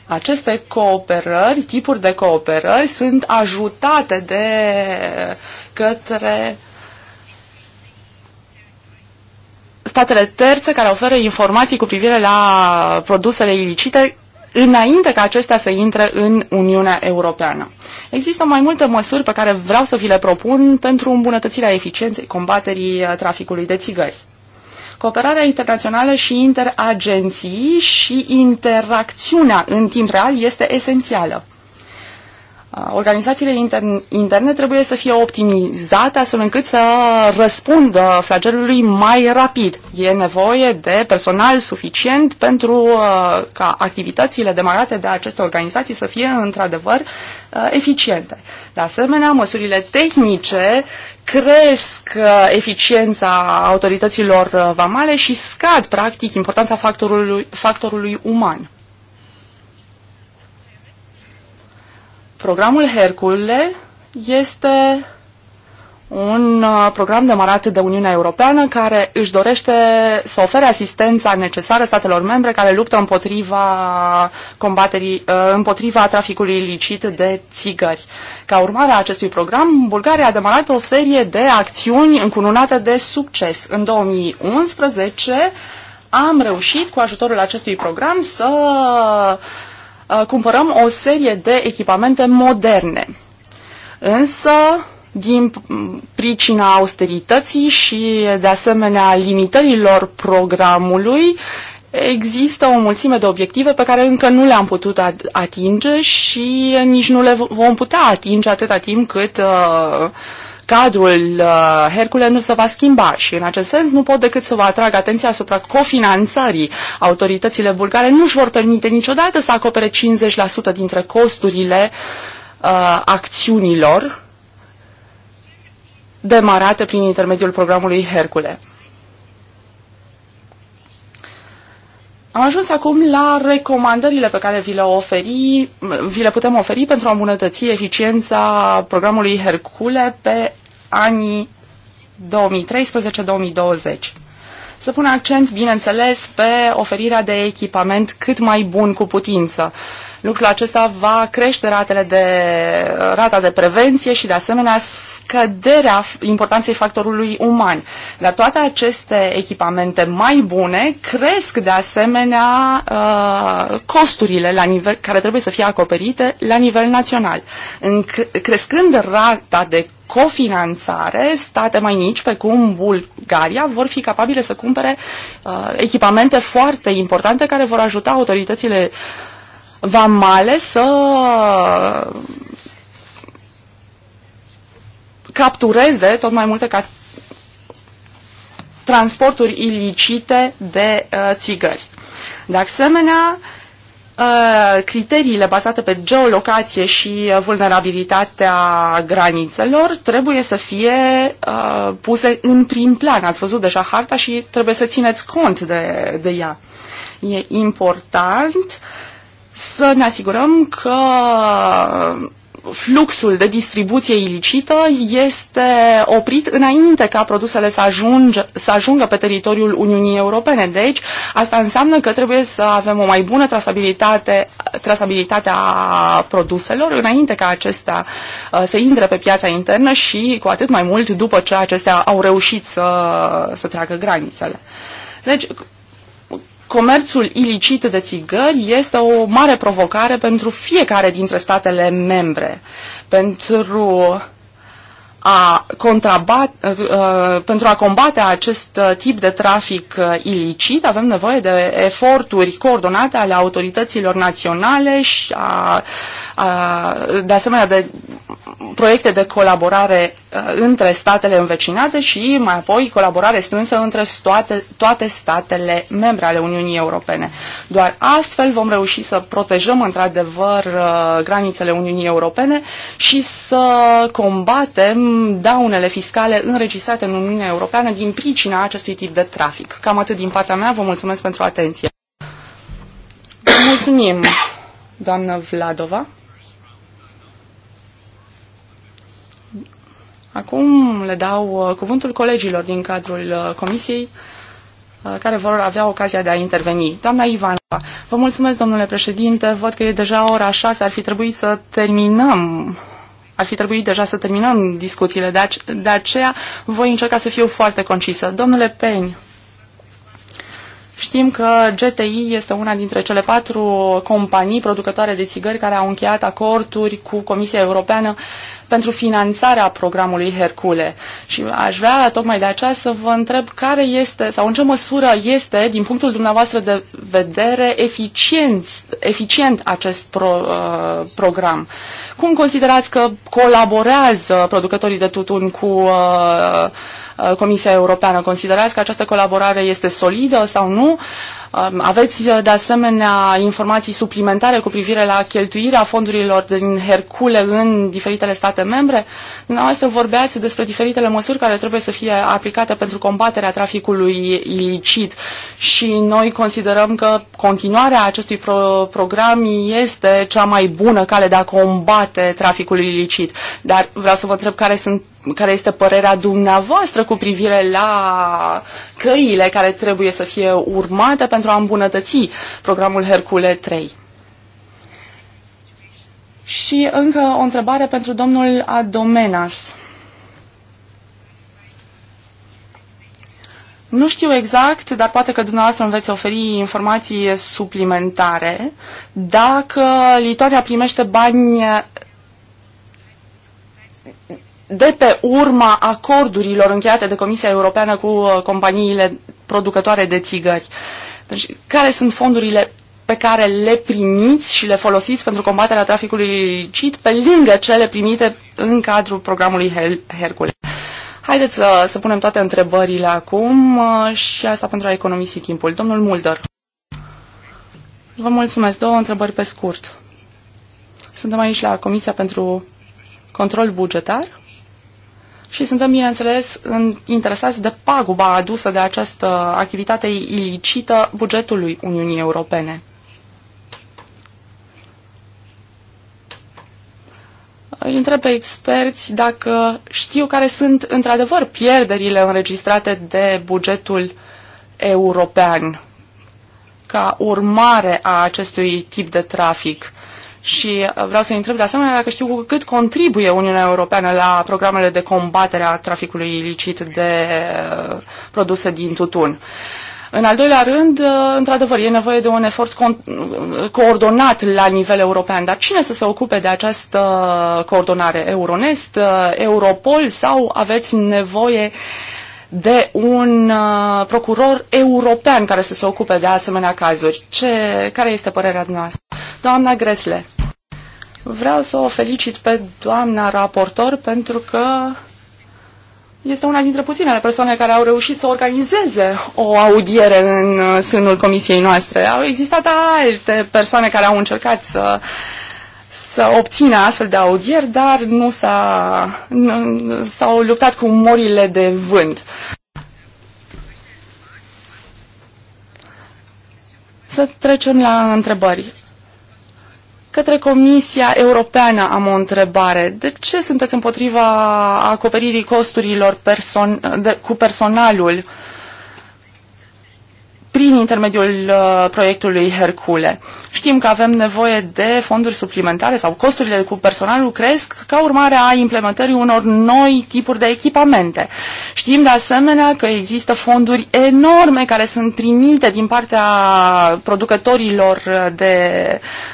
Aceste cooperări, tipuri de cooperări, sunt ajutate de către statele terțe care oferă informații cu privire la produsele ilicite înainte ca acestea să intre în Uniunea Europeană. Există mai multe măsuri pe care vreau să vi le propun pentru îmbunătățirea eficienței combaterii uh, traficului de țigări. Cooperarea internațională și interagenții și interacțiunea în timp real este esențială. Organizațiile interne, trebuie să fie optimizate astfel încât să răspundă flagelului mai rapid. E nevoie de personal suficient pentru uh, ca activitățile demarate de aceste organizații să fie într-adevăr uh, eficiente. De asemenea, măsurile tehnice cresc uh, eficiența autorităților vamale și scad, practic, importanța factorului, factorului uman. Programul Hercule este un uh, program demarat de Uniunea Europeană care își dorește să ofere asistența necesară statelor membre care luptă împotriva, combaterii, uh, împotriva traficului ilicit de țigări. Ca urmare a acestui program, Bulgaria a demarat o serie de acțiuni încununate de succes. În 2011 am reușit cu ajutorul acestui program să Uh, cumpărăm o serie de echipamente moderne. Însă, din pricina austerității și, de asemenea, limitărilor programului, există o mulțime de obiective pe care încă nu le-am putut atinge și nici nu le vom putea atinge atâta timp cât uh, Cadrul uh, Hercule nu se va schimba și în acest sens nu pot decât să vă atrag atenția asupra cofinanțării. Autoritățile bulgare nu își vor permite niciodată să acopere 50% dintre costurile uh, acțiunilor demarate prin intermediul programului Hercule. Am ajuns acum la recomandările pe care vi le, oferi, vi le putem oferi pentru a îmbunătăți eficiența programului Hercule pe anii 2013-2020. Să pun accent, bineînțeles, pe oferirea de echipament cât mai bun cu putință. Uh, Lucrul acesta va crește ratele de, rata de prevenție și, de asemenea, scăderea importanței factorului uman. Dar toate aceste echipamente mai bune cresc, de asemenea, uh, costurile la nivel, care trebuie să fie acoperite la nivel național. În, crescând rata de cofinanțare, state mai mici, cum Bulgaria, vor fi capabile să cumpere uh, echipamente foarte importante care vor ajuta autoritățile uh, vamale să captureze tot mai multe ca transporturi ilicite de uh, țigări. De asemenea, uh, criteriile bazate pe geolocație și uh, vulnerabilitatea granițelor trebuie să fie uh, puse în prim plan. Ați văzut deja harta și trebuie să țineți cont de, de ea. E important uh, să ne asigurăm că fluxul de distribuție ilicită este oprit înainte ca produsele să, ajunge, să ajungă pe teritoriul Uniunii Europene. Deci, asta înseamnă că trebuie să avem o mai bună trasabilitate, trasabilitate a produselor înainte ca acestea uh, să intre pe piața internă și cu atât mai mult după ce acestea au reușit să, să treacă granițele. Deci, comerțul ilicit de țigări este o mare provocare pentru fiecare dintre statele membre. Pentru a, contrabat, uh, uh, pentru a combate acest uh, tip de trafic ilicit avem nevoie de eforturi coordonate ale autorităților naționale și a, a, de asemenea de proiecte de colaborare între statele învecinate și mai apoi colaborare strânsă între toate, toate statele membre ale Uniunii Europene. Doar astfel vom reuși să protejăm într-adevăr granițele Uniunii Europene și să combatem daunele fiscale înregistrate în Uniunea Europeană din pricina acestui tip de trafic. Cam atât din partea mea, vă mulțumesc pentru atenție. Vă mulțumim, doamnă Vladova. Acum le dau uh, cuvântul colegilor din cadrul uh, comisiei uh, care vor avea ocazia de a interveni. Doamna Ivanova, vă mulțumesc, domnule președinte, văd că e deja ora 6, ar fi trebuit să terminăm ar fi trebuit deja să terminăm discuțiile, de, ace- de aceea voi încerca să fiu foarte concisă. Domnule Payne, Știm că GTI este una dintre cele patru companii producătoare de țigări care au încheiat acorduri cu Comisia Europeană pentru finanțarea programului Hercule. Și aș vrea tocmai de aceea să vă întreb care este sau în ce măsură este, din punctul dumneavoastră de vedere, eficient, eficient acest pro, uh, program. Cum considerați că colaborează producătorii de tutun cu uh, Comisia Europeană. Considerați că această colaborare este solidă sau nu? Uh, Um, aveți uh, de asemenea informații suplimentare cu privire la cheltuirea fondurilor din Hercule în diferitele state membre? Dumneavoastră vorbeați despre diferitele măsuri care trebuie să fie aplicate pentru combaterea traficului ilicit și noi considerăm că continuarea acestui pro program este cea mai bună cale de a combate traficul ilicit. Dar vreau să vă întreb care sunt care este părerea dumneavoastră cu privire la căile care trebuie să fie urmate pentru a îmbunătăți programul Hercule 3. Și încă o întrebare pentru domnul Adomenas. Nu știu exact, dar poate că dumneavoastră îmi veți oferi informații suplimentare. Dacă Litoria primește bani de pe urma acordurilor încheiate de Comisia Europeană cu uh, companiile producătoare de țigări. Deci, care sunt fondurile pe care le primiți și le folosiți pentru combaterea traficului ilicit pe lângă cele primite în cadrul programului Her- Hercule? Haideți să, să punem toate întrebările acum uh, și asta pentru a economisi timpul. Domnul Mulder. Vă mulțumesc. Două întrebări pe scurt. Suntem aici la Comisia pentru Control Bugetar și suntem, bineînțeles, interesați de paguba adusă de această activitate ilicită bugetului Uniunii Europene. Întreb pe experți dacă știu care sunt într-adevăr pierderile înregistrate de bugetul european ca urmare a acestui tip de trafic. Și uh, vreau să întreb de asemenea dacă știu cu cât contribuie Uniunea Europeană la programele de combatere a traficului ilicit de uh, produse din tutun. În al doilea rând, uh, într-adevăr, e nevoie de un efort coordonat la nivel european, dar cine să se ocupe de această coordonare? Euronest, Europol sau aveți nevoie uh, de un uh, procuror european care să se ocupe de asemenea cazuri. Ce, care este părerea dumneavoastră? Doamna Gresle, vreau să o felicit pe doamna raportor pentru că este una dintre puținele persoane care au reușit să organizeze o audiere în uh, sânul comisiei noastre. Au existat alte persoane care au încercat să uh, să obțină astfel de audieri, dar nu s-a, s-au luptat cu morile de vânt. Să trecem la întrebări. Către Comisia Europeană am o întrebare. De ce sunteți împotriva acoperirii costurilor person- de, cu personalul uh, prin intermediul uh, proiectului Hercule. Știm că avem nevoie de fonduri suplimentare sau costurile cu personalul cresc ca urmare a implementării unor noi tipuri de echipamente. Știm de asemenea că există fonduri enorme care sunt primite din partea producătorilor uh, de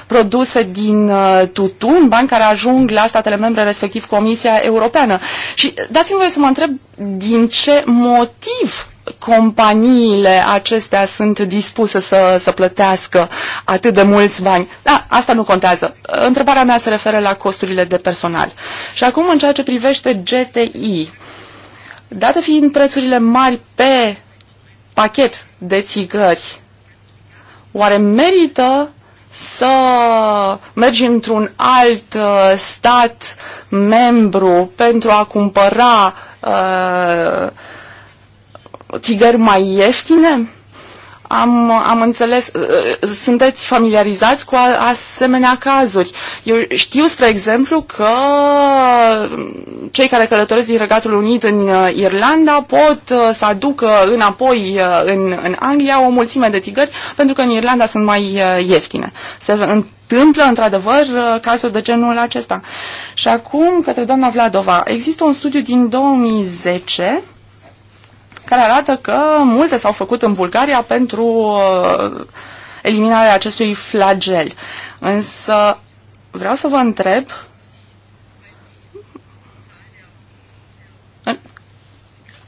produse din uh, tutun, bani care ajung la statele membre, respectiv Comisia Europeană. Și dați-mi voie să mă întreb din ce motiv companiile acestea sunt dispuse să, să plătească atât de mulți bani. Da, asta nu contează. Întrebarea mea se referă la costurile de personal. Și acum, în ceea ce privește GTI, dată fiind prețurile mari pe pachet de țigări, oare merită să mergi într-un alt uh, stat membru pentru a cumpăra uh, țigări mai ieftine? Am, am înțeles, uh, uh, sunteți familiarizați cu asemenea cazuri. Eu știu, spre exemplu, că cei care călătoresc din Regatul Unit în uh, Irlanda pot să aducă înapoi în, în Anglia o mulțime de țigări, pentru că în Irlanda sunt mai ieftine. Se întâmplă, într-adevăr, cazuri de genul acesta. Și acum, către doamna Vladova, există un studiu din 2010 care arată că multe s-au făcut în Bulgaria pentru uh, eliminarea acestui flagel. Însă vreau să vă întreb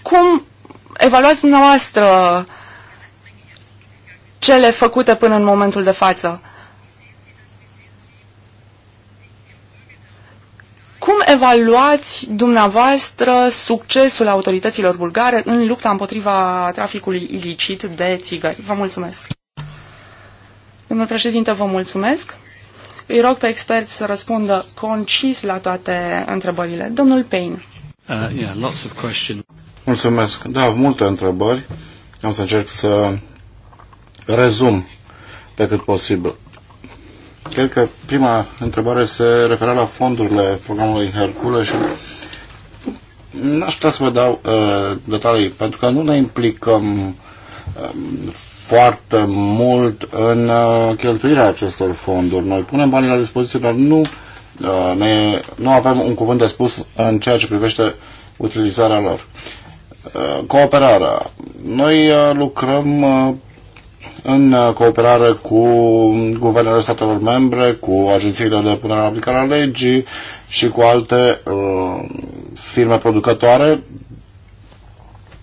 cum evaluați dumneavoastră cele făcute până în momentul de față? Cum evaluați dumneavoastră succesul autorităților bulgare în lupta împotriva traficului ilicit de țigări? Vă mulțumesc. Domnul președinte, vă mulțumesc. Îi rog pe experți să răspundă concis la toate întrebările. Domnul Payne. Uh, yeah, lots of questions. Mulțumesc. Da, multe întrebări. Am să încerc să rezum pe cât posibil. Cred că prima întrebare se referea la fondurile programului Hercule și n-aș putea să vă dau uh, detalii, pentru că nu ne implicăm uh, foarte mult în uh, cheltuirea acestor fonduri. Noi punem banii la dispoziție, dar nu, uh, ne, nu avem un cuvânt de spus în ceea ce privește utilizarea lor. Uh, cooperarea. Noi uh, lucrăm uh, în uh, cooperare cu guvernele statelor membre, cu agențiile de punere în aplicare a legii și cu alte uh, firme producătoare,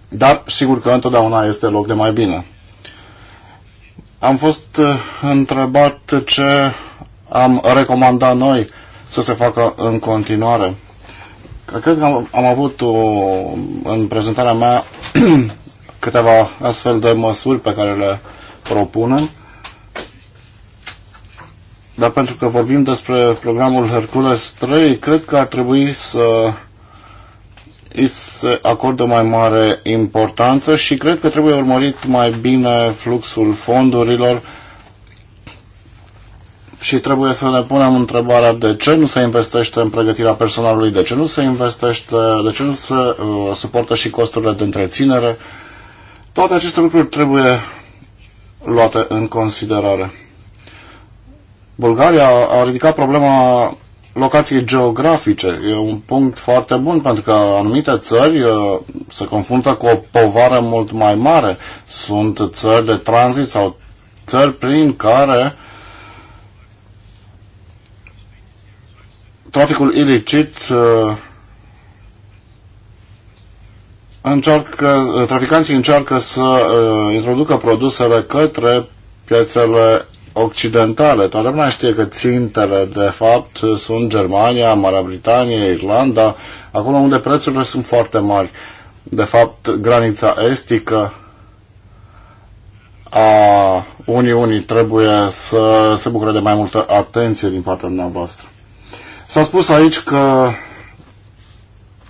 dar sigur că întotdeauna este loc de mai bine. Am fost uh, întrebat ce am recomandat noi să se facă în continuare. Cred că am, am avut o, în prezentarea mea câteva astfel de măsuri pe care le propunem, dar pentru că vorbim despre programul Hercules 3, cred că ar trebui să îi se acordă mai mare importanță și cred că trebuie urmărit mai bine fluxul fondurilor și trebuie să ne punem întrebarea de ce nu se investește în pregătirea personalului, de ce nu se investește, de ce nu se uh, suportă și costurile de întreținere. Toate aceste lucruri trebuie luate în considerare. Bulgaria a ridicat problema locației geografice. E un punct foarte bun pentru că anumite țări uh, se confruntă cu o povară mult mai mare. Sunt țări de tranzit sau țări prin care traficul ilicit uh, încearcă, traficanții încearcă să uh, introducă produsele către piețele occidentale. Toată lumea știe că țintele, de fapt, sunt Germania, Marea Britanie, Irlanda, acolo unde prețurile sunt foarte mari. De fapt, granița estică a Uniunii trebuie să se bucure de mai multă atenție din partea noastră. S-a spus aici că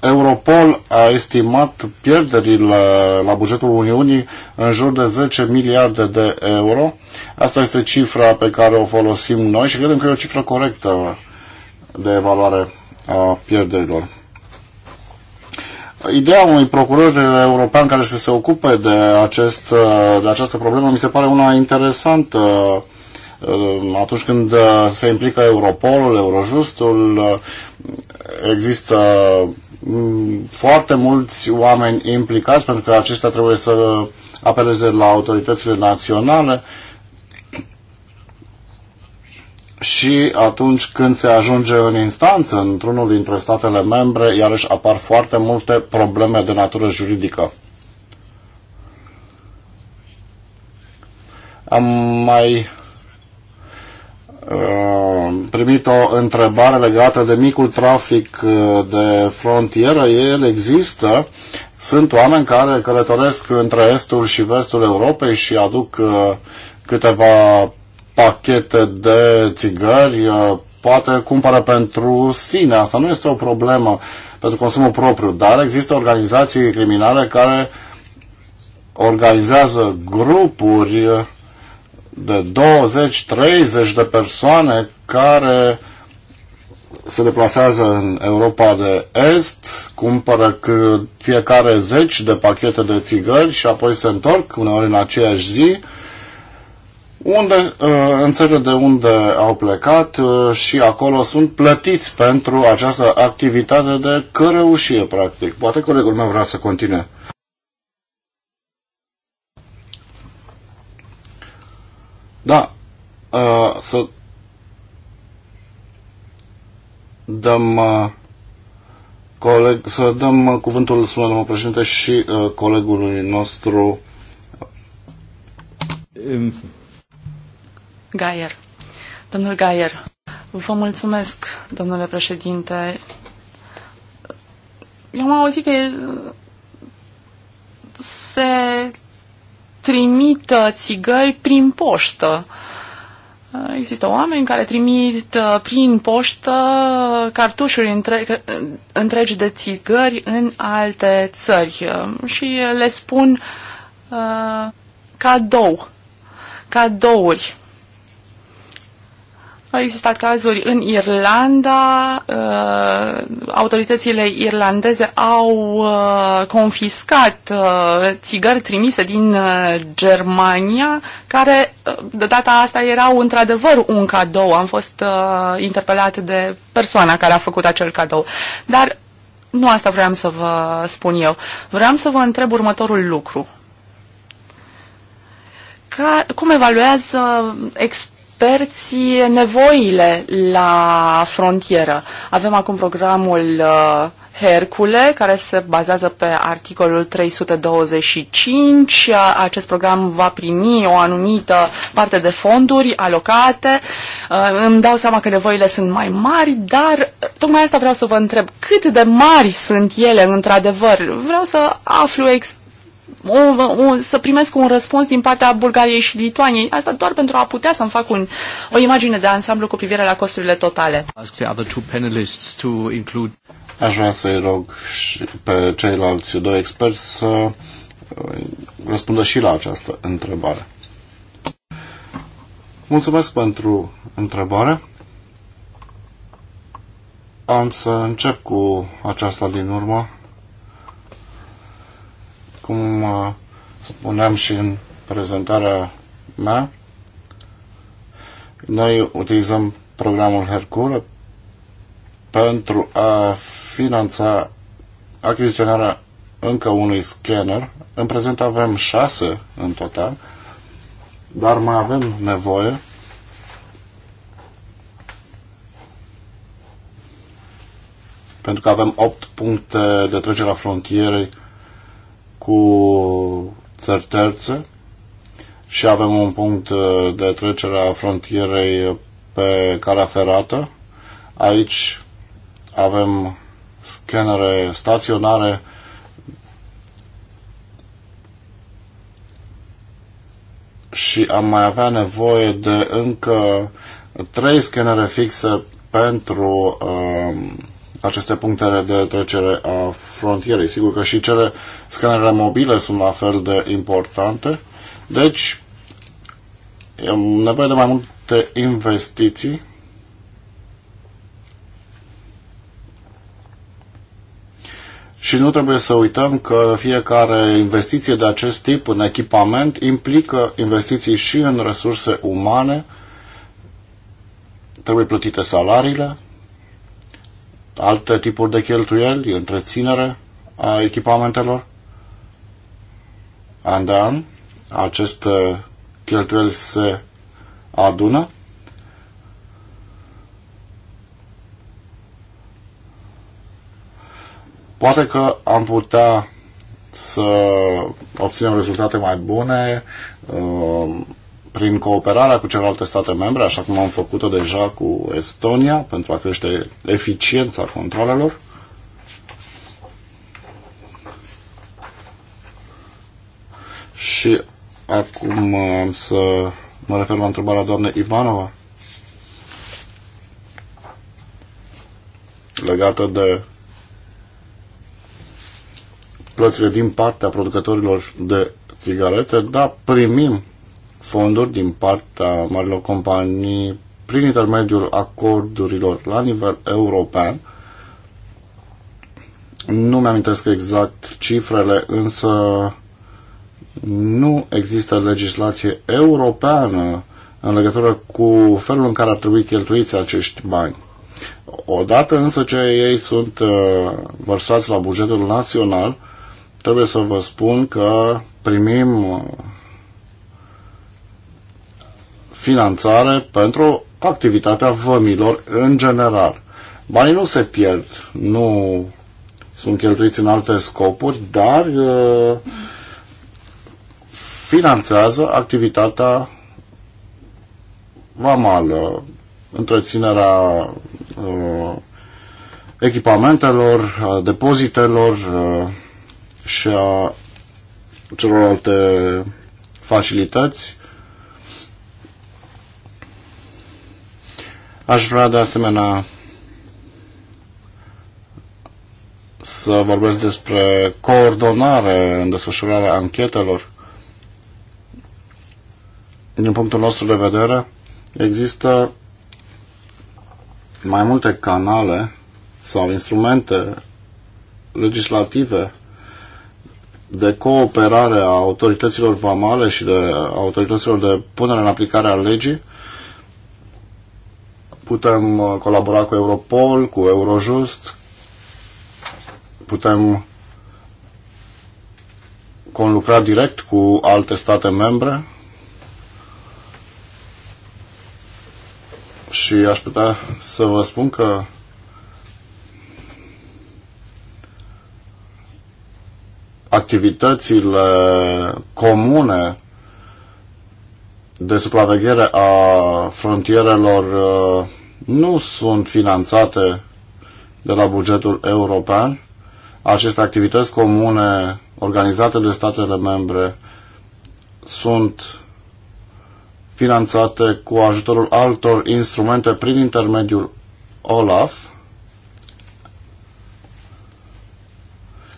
Europol a estimat pierderile la bugetul Uniunii în jur de 10 miliarde de euro. Asta este cifra pe care o folosim noi și credem că e o cifră corectă de evaluare a pierderilor. Ideea unui procuror european care să se ocupe de, acest, de această problemă mi se pare una interesantă atunci când se implică Europolul, Eurojustul, există Mm, foarte mulți oameni implicați, pentru că acesta trebuie să apeleze la autoritățile naționale și atunci când se ajunge în instanță într-unul dintre statele membre, iarăși apar foarte multe probleme de natură juridică. Am mai Uh, primit o întrebare legată de micul trafic uh, de frontieră. El există. Sunt oameni care călătoresc între estul și vestul Europei și aduc uh, câteva pachete de țigări, poate cumpără pentru sine. Asta nu este o problemă pentru consumul propriu, dar există organizații criminale care organizează grupuri de 20-30 de persoane care se deplasează în Europa de Est, cumpără fiecare 10 de pachete de țigări și apoi se întorc uneori în aceeași zi, unde, uh, în țările de unde au plecat uh, și acolo sunt plătiți pentru această activitate de cărăușie, practic. Poate colegul meu vrea să continue. Da, uh, să dăm uh, coleg, să dăm uh, cuvântul, spune domnul președinte, și uh, colegului nostru um. Gaier. Domnul Gaier, vă mulțumesc, domnule președinte. Eu am auzit că se trimită țigări prin poștă. Există oameni care trimit uh, prin poștă cartușuri între, întregi de țigări în alte țări uh, și le spun uh, cadou, cadouri. Au existat cazuri în Irlanda, uh, autoritățile irlandeze au uh, confiscat uh, țigări trimise din Germania, care de data asta erau într-adevăr un cadou. Am fost interpelat de persoana care a făcut acel cadou. Dar nu asta vreau să vă spun eu. Vreau să vă întreb următorul lucru. Ca, cum evaluează ex experți nevoile la frontieră. Avem acum programul uh, Hercule, care se bazează pe articolul 325. Acest program va primi o anumită parte de fonduri alocate. Uh, îmi dau seama că nevoile sunt mai mari, dar uh, tocmai asta vreau să vă întreb. Cât de mari sunt ele, într-adevăr? Vreau să aflu ex- o, o, să primesc un răspuns din partea Bulgariei și Lituaniei, asta doar pentru a putea să-mi fac un, o imagine de ansamblu cu privire la costurile totale. Aș vrea să-i rog și pe ceilalți doi experți să uh, răspundă și la această întrebare. Mulțumesc pentru întrebare. Am să încep cu aceasta din urmă cum uh, spuneam și în prezentarea mea, noi utilizăm programul Hercule pentru a finanța achiziționarea încă unui scanner. În prezent avem șase în total, dar mai avem nevoie pentru că avem 8 puncte de trecere a frontierei cu țări terțe și avem un punct uh, de trecere a frontierei pe calea ferată. Aici avem scanere staționare și am mai avea nevoie de încă trei scanere fixe pentru uh, aceste puncte de trecere a frontierei. Sigur că și cele scanerele mobile sunt la fel de importante. Deci, e nevoie de mai multe investiții Și nu trebuie să uităm că fiecare investiție de acest tip în echipament implică investiții și în resurse umane, trebuie plătite salariile alte tipuri de cheltuieli, întreținere a echipamentelor. An de an, aceste cheltuieli se adună Poate că am putea să obținem rezultate mai bune uh, prin cooperarea cu celelalte state membre, așa cum am făcut-o deja cu Estonia, pentru a crește eficiența controlelor. Și acum am să mă refer la întrebarea doamnei Ivanova legată de plățile din partea producătorilor de țigarete, da, primim fonduri din partea marilor companii prin intermediul acordurilor la nivel european. Nu mi-amintesc exact cifrele, însă nu există legislație europeană în legătură cu felul în care ar trebui cheltuiți acești bani. Odată însă ce ei sunt uh, vărsați la bugetul național, trebuie să vă spun că primim uh, finanțare pentru activitatea vămilor în general. Banii nu se pierd, nu sunt cheltuiți în alte scopuri, dar uh, finanțează activitatea vamală, întreținerea uh, echipamentelor, a depozitelor uh, și a celorlalte facilități Aș vrea de asemenea să vorbesc despre coordonare în desfășurarea anchetelor. Din punctul nostru de vedere, există mai multe canale sau instrumente legislative de cooperare a autorităților vamale și de autorităților de punere în aplicare a legii Putem uh, colabora cu Europol, cu Eurojust, putem conlucra direct cu alte state membre și aș putea să vă spun că activitățile comune de supraveghere a frontierelor uh, nu sunt finanțate de la bugetul european. Aceste activități comune organizate de statele membre sunt finanțate cu ajutorul altor instrumente prin intermediul OLAF,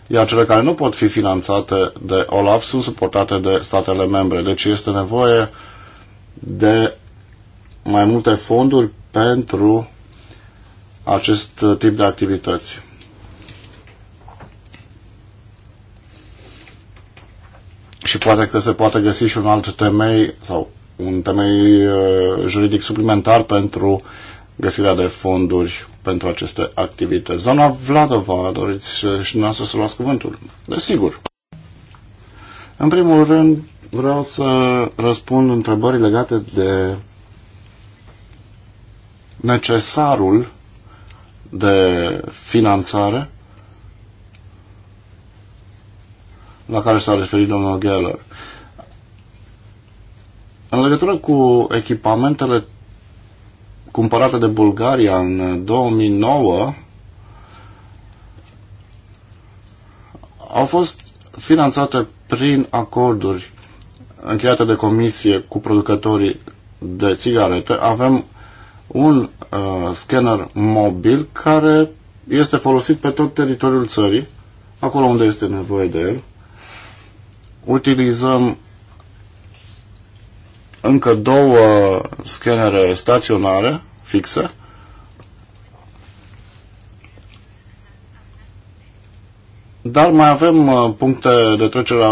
iar cele care nu pot fi finanțate de OLAF sunt suportate de statele membre. Deci este nevoie de mai multe fonduri pentru acest tip de activități. Și poate că se poate găsi și un alt temei sau un temei uh, juridic suplimentar pentru găsirea de fonduri pentru aceste activități. Doamna Vladova, doriți uh, și dumneavoastră să luați cuvântul? Desigur. În primul rând, vreau să răspund întrebări legate de necesarul de finanțare la care s-a referit domnul Geller. În legătură cu echipamentele cumpărate de Bulgaria în 2009, au fost finanțate prin acorduri încheiate de comisie cu producătorii de țigarete. Avem un uh, scanner mobil care este folosit pe tot teritoriul țării, acolo unde este nevoie de el. Utilizăm încă două scanere staționare fixe. Dar mai avem uh, puncte de trecere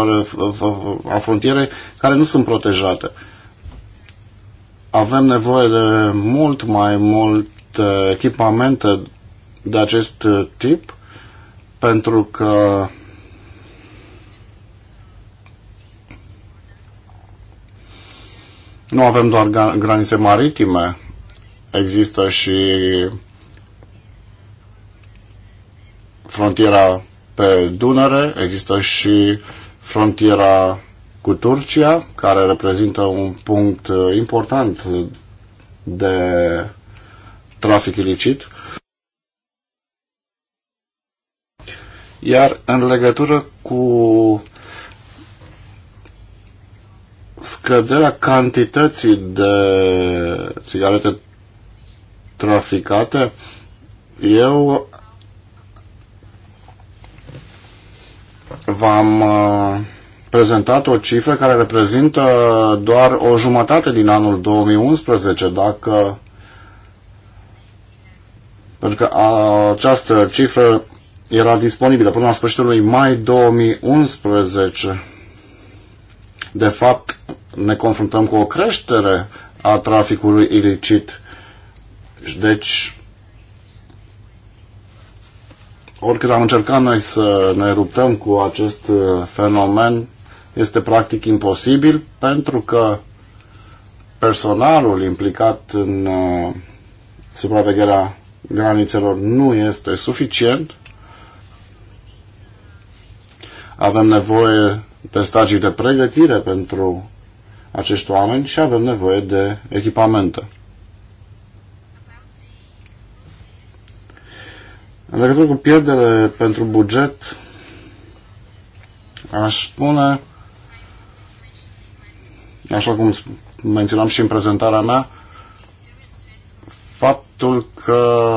a frontierei care nu sunt protejate avem nevoie de mult mai mult uh, echipamente de acest uh, tip pentru că nu avem doar granițe maritime, există și frontiera pe Dunăre, există și frontiera cu Turcia, care reprezintă un punct uh, important de trafic ilicit. Iar în legătură cu scăderea cantității de țigarete traficate, eu v-am uh, prezentat o cifră care reprezintă doar o jumătate din anul 2011, dacă pentru că această cifră era disponibilă până la sfârșitul lui mai 2011. De fapt, ne confruntăm cu o creștere a traficului ilicit. Deci, oricât am încercat noi să ne ruptăm cu acest fenomen, este practic imposibil pentru că personalul implicat în uh, supravegherea granițelor nu este suficient. Avem nevoie de stagii de pregătire pentru acești oameni și avem nevoie de echipamente. În legătură cu pierdere pentru buget, aș spune așa cum menționam și în prezentarea mea, faptul că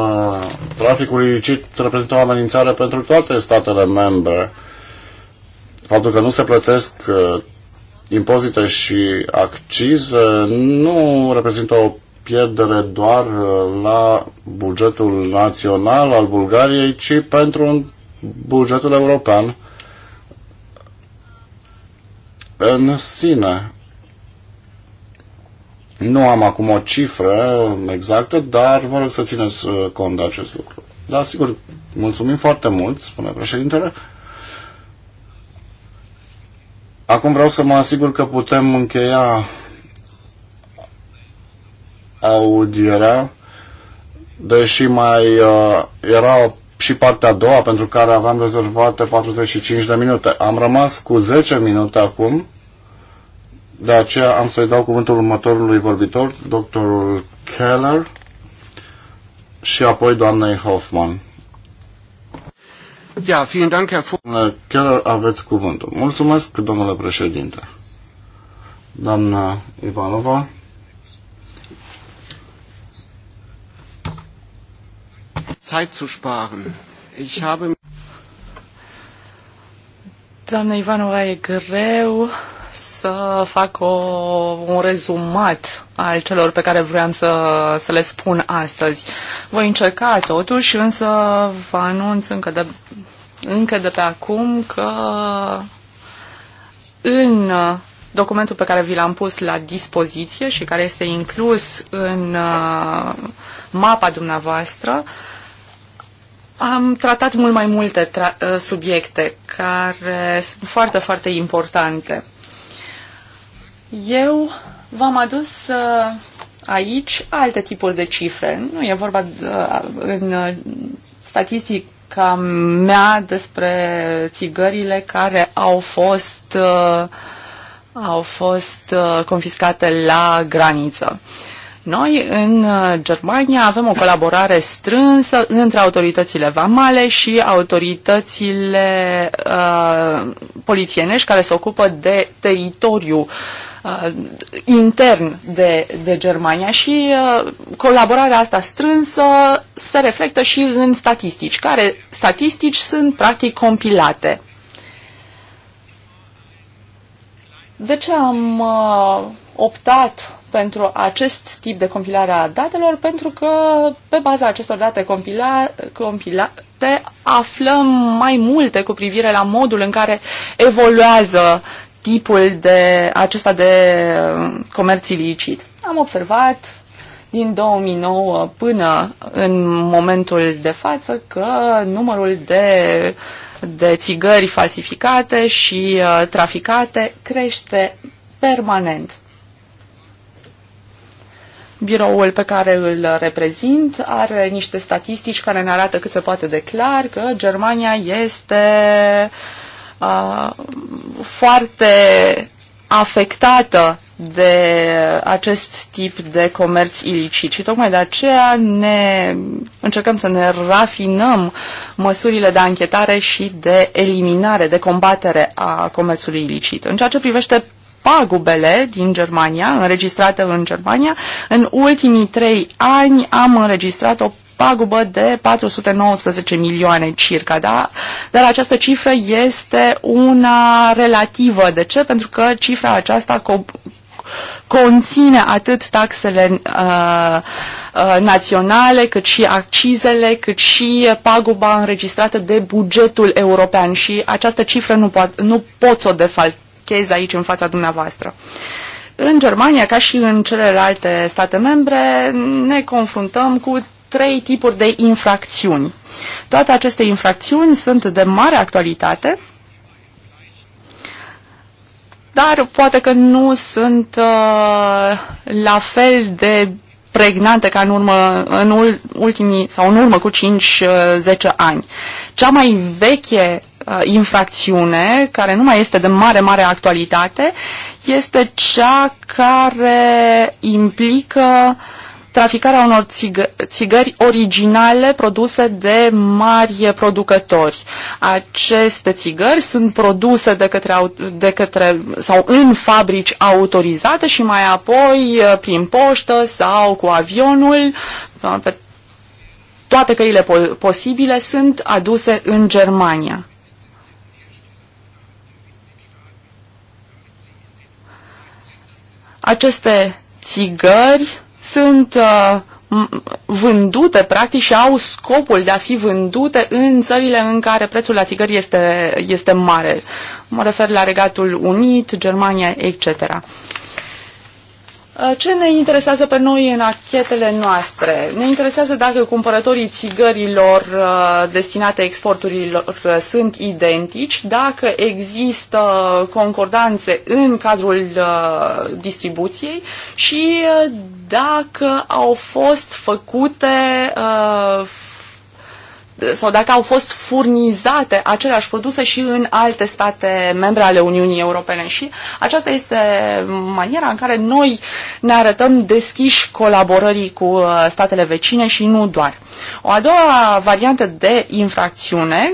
traficul ilicit reprezintă o amenințare pentru toate statele membre, faptul că nu se plătesc uh, impozite și accize nu reprezintă o pierdere doar uh, la bugetul național al Bulgariei, ci pentru un bugetul european în sine. Nu am acum o cifră exactă, dar vă rog să țineți uh, cont de acest lucru. Da, sigur, mulțumim foarte mult, spune președintele. Acum vreau să mă asigur că putem încheia audierea, deși mai uh, era și partea a doua pentru care aveam rezervate 45 de minute. Am rămas cu 10 minute acum de aceea am să-i dau cuvântul următorului vorbitor, doctorul Keller și apoi doamnei Hoffman. Da, vielen Dank, Herr Domnule Keller, aveți cuvântul. Mulțumesc, domnule președinte. Doamna Ivanova. Zeit zu sparen. Ich habe... Doamna Ivanova, e greu să fac o, un rezumat al celor pe care vreau să, să le spun astăzi. Voi încerca totuși, însă vă anunț încă de, încă de pe acum că în documentul pe care vi l-am pus la dispoziție și care este inclus în uh, mapa dumneavoastră, am tratat mult mai multe uh, subiecte care sunt foarte, foarte importante. Eu v-am adus uh, aici alte tipuri de cifre. Nu e vorba uh, în uh, statistica mea despre țigările care au fost, au fost confiscate la graniță. Noi, în Germania, avem o colaborare strânsă între autoritățile vamale și autoritățile uh, polițienești care se ocupă de teritoriu uh, intern de, de Germania și uh, colaborarea asta strânsă se reflectă și în statistici, care statistici sunt practic compilate. De ce am uh, optat pentru acest tip de compilare a datelor? Pentru că pe baza acestor date compila, compilate aflăm mai multe cu privire la modul în care evoluează tipul de, acesta de um, comerț ilicit. Am observat din 2009 până în momentul de față că numărul de, de țigări falsificate și uh, traficate crește permanent. Biroul pe care îl reprezint are niște statistici care ne arată cât se poate de clar că Germania este uh, Uh, foarte afectată de acest tip de comerț ilicit și tocmai de aceea ne încercăm să ne rafinăm măsurile de anchetare și de eliminare, de combatere a comerțului ilicit. În ceea ce privește pagubele din Germania, înregistrate în Germania, în ultimii trei ani am înregistrat o pagubă de 419 milioane circa, da? Dar această cifră este una relativă. De ce? Pentru că cifra aceasta conține atât taxele uh, uh, naționale, cât și accizele, cât și paguba înregistrată de bugetul european și această cifră nu, po- nu pot să o defalchez aici în fața dumneavoastră. În Germania, ca și în celelalte state membre, ne confruntăm cu trei tipuri de infracțiuni. Toate aceste infracțiuni sunt de mare actualitate, dar poate că nu sunt uh, la fel de pregnante ca în urmă, în ultimii, sau în urmă cu 5-10 uh, ani. Cea mai veche uh, infracțiune, care nu mai este de mare, mare actualitate, este cea care implică uh, traficarea unor țigă, țigări originale produse de mari producători. Aceste țigări sunt produse de către, de către sau în fabrici autorizate și mai apoi uh, prin poștă sau cu avionul uh, pe toate căile po posibile sunt aduse în Germania. Aceste țigări sunt uh, vândute, practic, și au scopul de a fi vândute în țările în care prețul la țigări este, este mare. Mă refer la Regatul Unit, Germania, etc. Uh, ce ne interesează pe noi în achetele noastre? Ne interesează dacă cumpărătorii țigărilor uh, destinate exporturilor uh, sunt identici, dacă există concordanțe în cadrul distribuției și dacă au fost făcute sau dacă au fost furnizate aceleași produse și în alte state membre ale Uniunii Europene. Și aceasta este maniera în care noi ne arătăm deschiși colaborării cu uh, statele vecine și nu doar. O a doua variantă de infracțiune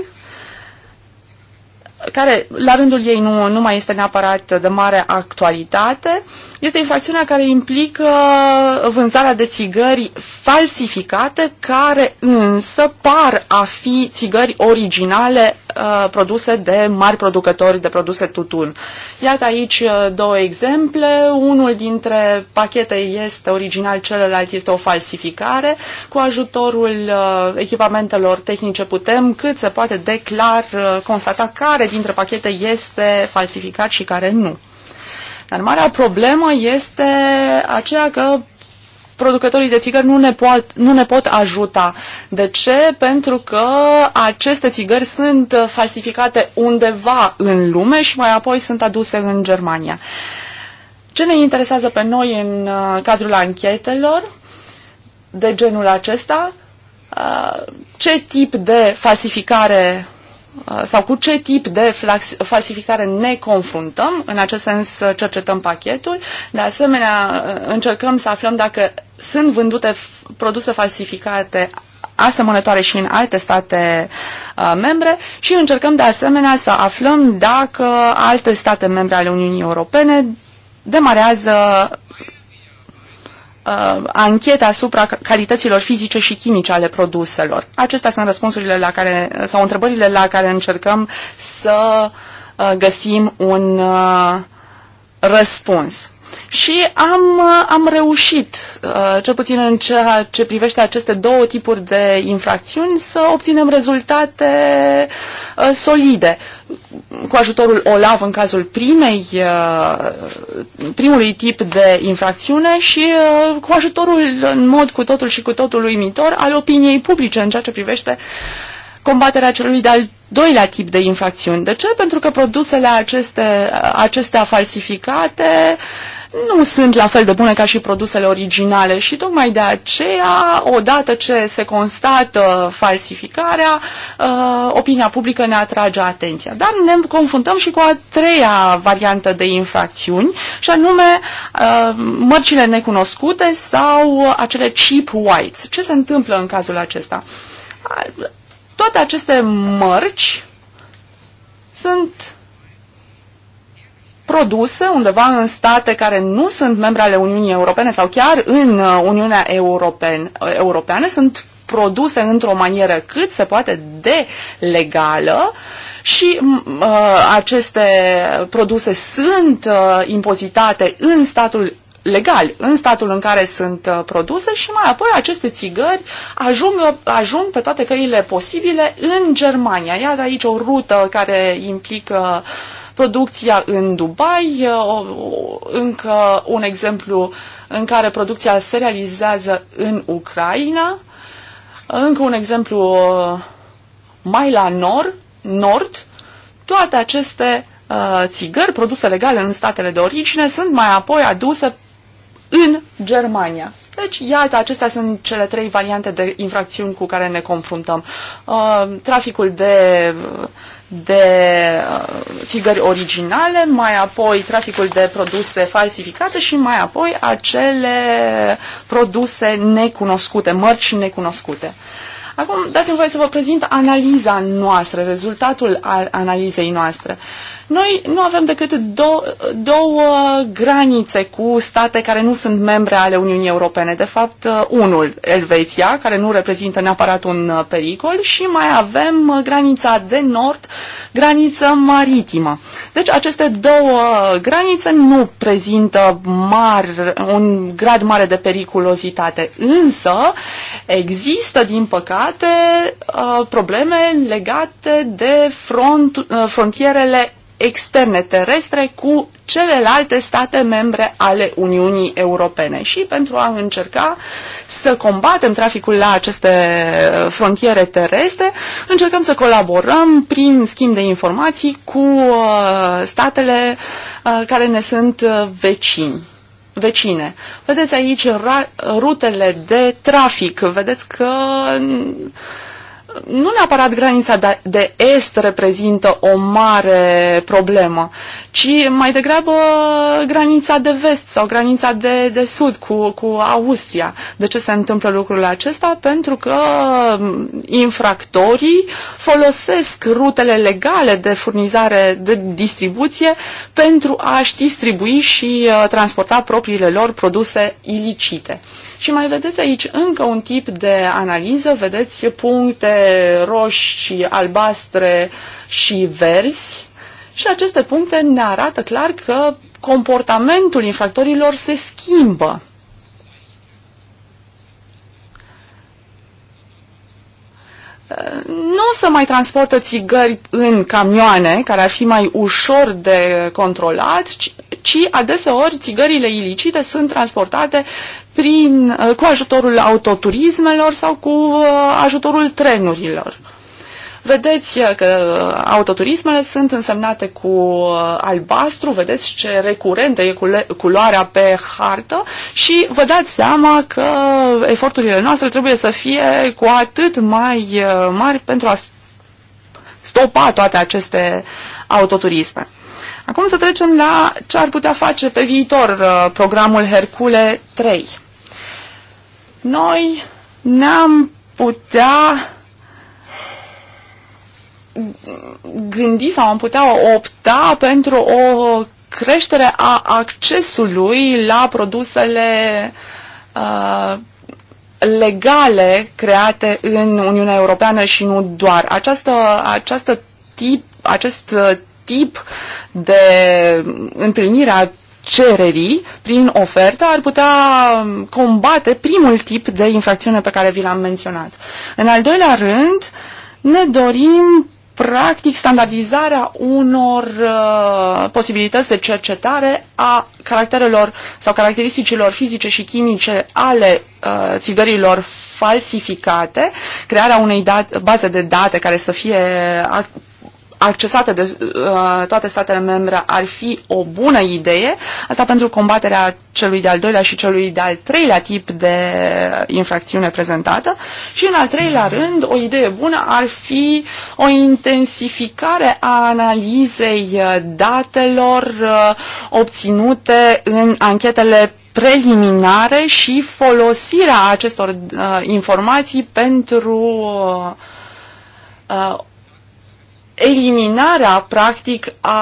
care la rândul ei nu, nu mai este neapărat de mare actualitate, este infracțiunea care implică vânzarea de țigări falsificate, care însă par a fi țigări originale uh, produse de mari producători de produse tutun. Iată aici uh, două exemple. Unul dintre pachete este original, celălalt este o falsificare. Cu ajutorul uh, echipamentelor tehnice putem cât se poate declar uh, constata care dintre pachete este falsificat și care nu. Dar marea problemă este aceea că producătorii de țigări nu ne, pot, nu ne pot ajuta. De ce? Pentru că aceste țigări sunt falsificate undeva în lume și mai apoi sunt aduse în Germania. Ce ne interesează pe noi în uh, cadrul anchetelor de genul acesta? Uh, ce tip de falsificare Uh, sau cu ce tip de falsificare ne confruntăm. În acest sens uh, cercetăm pachetul. De asemenea, uh, încercăm să aflăm dacă sunt vândute produse falsificate asemănătoare și în alte state uh, membre și încercăm de asemenea să aflăm dacă alte state membre ale Uniunii Europene demarează uh, anchete asupra calităților fizice și chimice ale produselor. Acestea sunt răspunsurile la care, uh, sau întrebările la care încercăm să uh, găsim un uh, răspuns. Și am, uh, am reușit, uh, cel puțin în ceea ce privește aceste două tipuri de infracțiuni, să obținem rezultate solide cu ajutorul OLAV în cazul primei, uh, primului tip de infracțiune și uh, cu ajutorul în mod cu totul și cu totul uimitor al opiniei publice în ceea ce privește combaterea celui de-al doilea tip de infracțiuni. De ce? Pentru că produsele aceste, acestea falsificate uh, nu sunt la fel de bune ca și produsele originale și tocmai de aceea, odată ce se constată falsificarea, uh, opinia publică ne atrage atenția. Dar ne confruntăm și cu a treia variantă de infracțiuni și anume uh, mărcile necunoscute sau acele cheap whites. Ce se întâmplă în cazul acesta? Toate aceste mărci sunt produse undeva în state care nu sunt membre ale Uniunii Europene sau chiar în uh, Uniunea European, uh, Europeană, sunt produse într-o manieră cât se poate de legală și uh, aceste produse sunt uh, impozitate în statul legal, în statul în care sunt uh, produse și mai apoi aceste țigări ajung, uh, ajung pe toate căile posibile în Germania. Iată aici o rută care implică uh, producția în Dubai, uh, încă un exemplu în care producția se realizează în Ucraina, încă un exemplu uh, mai la nord, nord toate aceste uh, țigări produse legale în statele de origine sunt mai apoi aduse în Germania. Deci, iată, acestea sunt cele trei variante de infracțiuni cu care ne confruntăm. Uh, traficul de de uh, țigări originale, mai apoi traficul de produse falsificate și mai apoi acele produse necunoscute, mărci necunoscute. Acum dați-mi voie să vă prezint analiza noastră, rezultatul al analizei noastre. Uh, noi nu avem decât dou- două granițe cu state care nu sunt membre ale Uniunii Europene. De fapt, uh, unul, Elveția, care nu reprezintă neapărat un uh, pericol, și mai avem uh, granița de nord, graniță maritimă. Deci aceste două granițe nu prezintă mar, un grad mare de periculozitate, însă există, din păcate, probleme legate de front, frontierele externe terestre cu celelalte state membre ale Uniunii Europene și pentru a încerca să combatem traficul la aceste frontiere terestre, încercăm să colaborăm prin schimb de informații cu uh, statele uh, care ne sunt uh, vecini vecine. Vedeți aici rutele de trafic. Vedeți că nu neapărat granița de est reprezintă o mare problemă, ci mai degrabă granița de vest sau granița de, de sud cu, cu Austria. De ce se întâmplă lucrurile acesta? Pentru că mm, infractorii folosesc rutele legale de furnizare, de distribuție pentru a-și distribui și uh, transporta propriile lor produse ilicite. Uh, și mai vedeți aici încă un tip de analiză, vedeți puncte roșii, albastre și verzi și aceste puncte ne arată clar că comportamentul infractorilor se schimbă. nu o să mai transportă țigări în camioane, care ar fi mai ușor de controlat, ci, ci adeseori țigările ilicite sunt transportate prin, uh, cu ajutorul autoturismelor sau cu uh, ajutorul trenurilor. Vedeți uh, că autoturismele sunt însemnate cu albastru, vedeți ce recurentă e culoarea pe hartă și vă dați seama că eforturile noastre trebuie să fie cu atât mai mari pentru a stopa toate aceste autoturisme. Acum să trecem la ce ar putea face pe viitor uh, programul Hercule 3. Noi ne-am putea gândi sau am putea opta pentru o creștere a accesului la produsele uh, legale create în Uniunea Europeană și nu doar. Această, această tip, acest uh, tip de întâlnire a cererii prin ofertă ar putea combate primul tip de infracțiune pe care vi l-am menționat. În al doilea rând, ne dorim practic standardizarea unor uh, posibilități de cercetare a caracterelor sau caracteristicilor fizice și chimice ale uh, țigărilor falsificate, crearea unei baze de date care să fie accesate de uh, toate statele membre ar fi o bună idee, asta pentru combaterea celui de-al doilea și celui de-al treilea tip de infracțiune prezentată și în al treilea rând o idee bună ar fi o intensificare a analizei uh, datelor uh, obținute în anchetele preliminare și folosirea acestor uh, informații pentru uh, uh eliminarea, practic, a,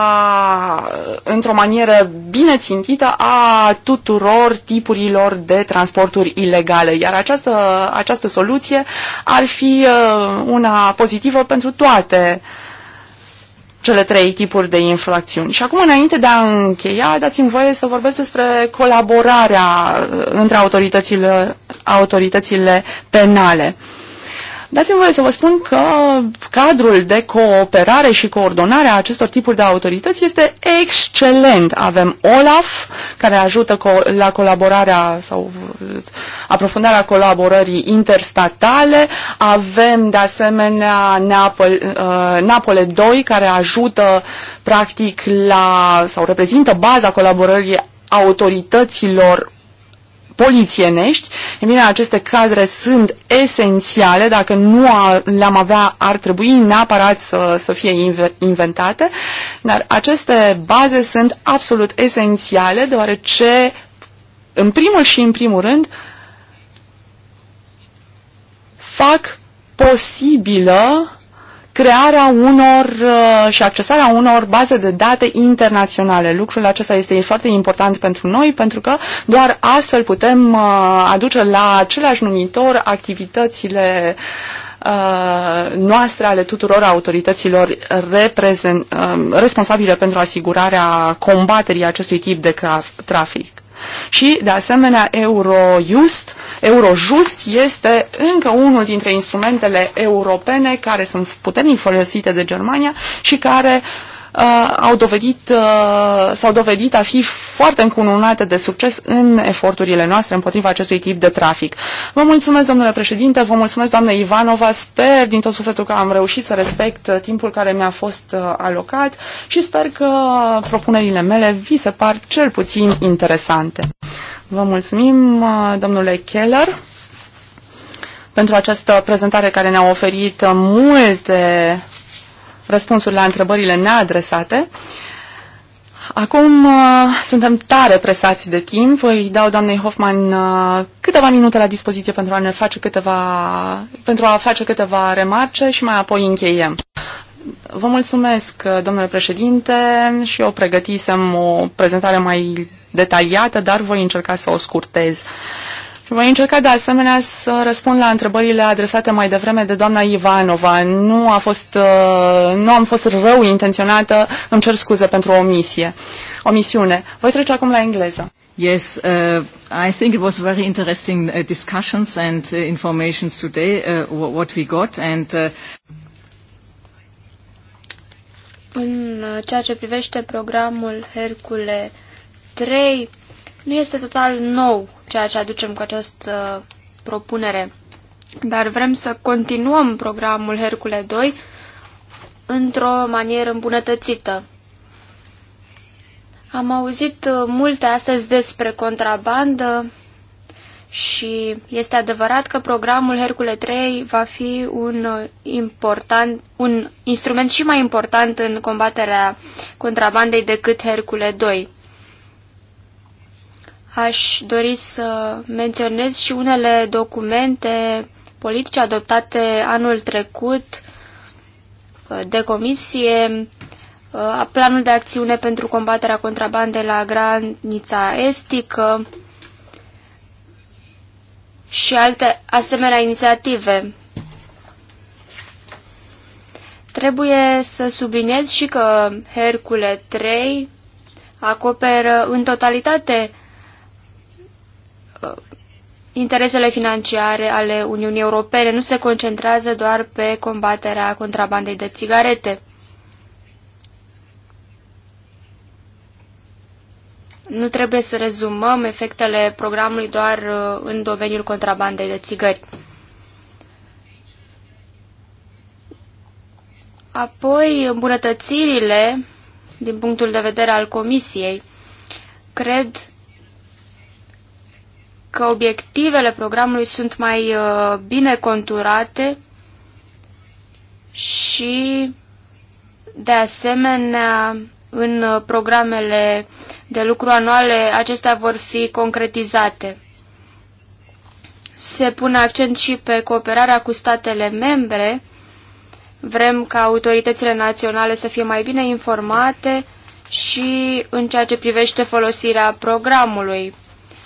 într-o manieră bine țintită a tuturor tipurilor de transporturi ilegale. Iar această, această soluție ar fi uh, una pozitivă pentru toate cele trei tipuri de infracțiuni. Și acum, înainte de a încheia, dați-mi voie să vorbesc despre colaborarea uh, între autoritățile, autoritățile penale. Uh, Dați-mi voie să vă spun că cadrul de cooperare și coordonare a acestor tipuri de autorități este excelent. Avem OLAF, care ajută co- la colaborarea sau aprofundarea colaborării interstatale, avem de asemenea Neapol, uh, Napole 2, care ajută practic la sau reprezintă baza colaborării autorităților polițienești, e bine, aceste cadre sunt esențiale, dacă nu le-am avea, ar trebui neapărat să, să fie inventate, dar aceste baze sunt absolut esențiale, deoarece, în primul și în primul rând, fac posibilă crearea unor uh, și accesarea unor baze de date internaționale. Lucrul acesta este foarte important pentru noi, pentru că doar astfel putem uh, aduce la același numitor activitățile uh, noastre ale tuturor autorităților responsabile pentru asigurarea combaterii acestui tip de trafic. Și, de asemenea, Eurojust, Eurojust este încă unul dintre instrumentele europene care sunt puternic folosite de Germania și care uh, uh, au dovedit, uh, s-au dovedit a fi foarte încununate de succes în eforturile noastre împotriva acestui tip de trafic. Vă mulțumesc, domnule președinte, vă mulțumesc, doamnă Ivanova, sper din tot sufletul că am reușit să respect uh, timpul care mi-a fost uh, alocat și sper că propunerile mele vi se par cel puțin interesante. Vă mulțumim, uh, domnule Keller pentru această prezentare care ne-a oferit uh, multe răspunsuri la întrebările neadresate. Acum uh, suntem tare presați de timp. Voi dau doamnei Hoffman uh, câteva minute la dispoziție pentru a ne face câteva, pentru a face câteva remarce și mai apoi încheiem. Vă mulțumesc, uh, domnule președinte, și eu pregătisem o prezentare mai detaliată, dar voi încerca să o scurtez. Uh, voi încerca de asemenea să răspund la întrebările adresate mai devreme de doamna Ivanova. Nu, a fost, uh, nu am fost rău intenționată, îmi cer scuze pentru omisie, omisiune. Voi trece acum la engleză. Yes, uh, I think it was very interesting uh, discussions and uh, informations today, uh, what we got. And, uh... În uh, ceea ce privește programul Hercule 3, nu este total nou ceea ce aducem cu această propunere. Dar vrem să continuăm programul Hercule 2 într-o manieră îmbunătățită. Am auzit multe astăzi despre contrabandă și este adevărat că programul Hercule 3 va fi un, important, un instrument și mai important în combaterea contrabandei decât Hercule 2. Aș dori să menționez și unele documente politice adoptate anul trecut uh, de comisie, uh, planul de acțiune pentru combaterea contrabandei la granița estică și alte asemenea inițiative. Trebuie să subliniez și că Hercule 3 acoperă în totalitate interesele financiare ale Uniunii Europene nu se concentrează doar pe combaterea contrabandei de țigarete. Nu trebuie să rezumăm efectele programului doar uh, în domeniul contrabandei de țigări. Apoi, îmbunătățirile din punctul de vedere al Comisiei. Cred că obiectivele programului sunt mai uh, bine conturate și, de asemenea, în uh, programele de lucru anuale, acestea vor fi concretizate. Se pune accent și pe cooperarea cu statele membre. Vrem ca autoritățile naționale să fie mai bine informate și în ceea ce privește folosirea programului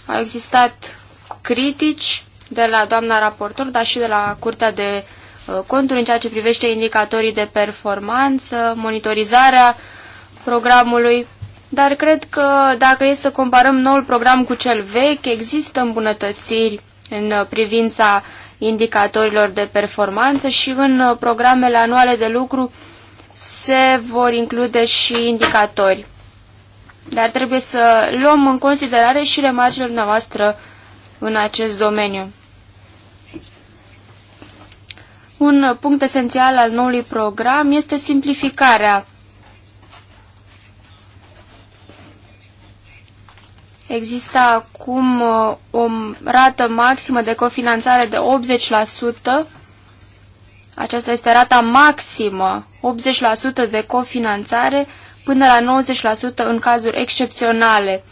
au existat critici de la doamna raportor, dar și de la Curtea de uh, Conturi în ceea ce privește indicatorii de performanță, monitorizarea programului, dar cred că dacă e să comparăm noul program cu cel vechi, există îmbunătățiri în uh, privința indicatorilor de performanță și în uh, programele anuale de lucru se vor include și indicatori. Dar trebuie să luăm în considerare și remarcile noastre în acest domeniu. Un punct esențial al noului program este simplificarea. Există acum uh, o rată maximă de cofinanțare de 80%. Aceasta este rata maximă, 80% de cofinanțare până la 90% în cazuri excepționale.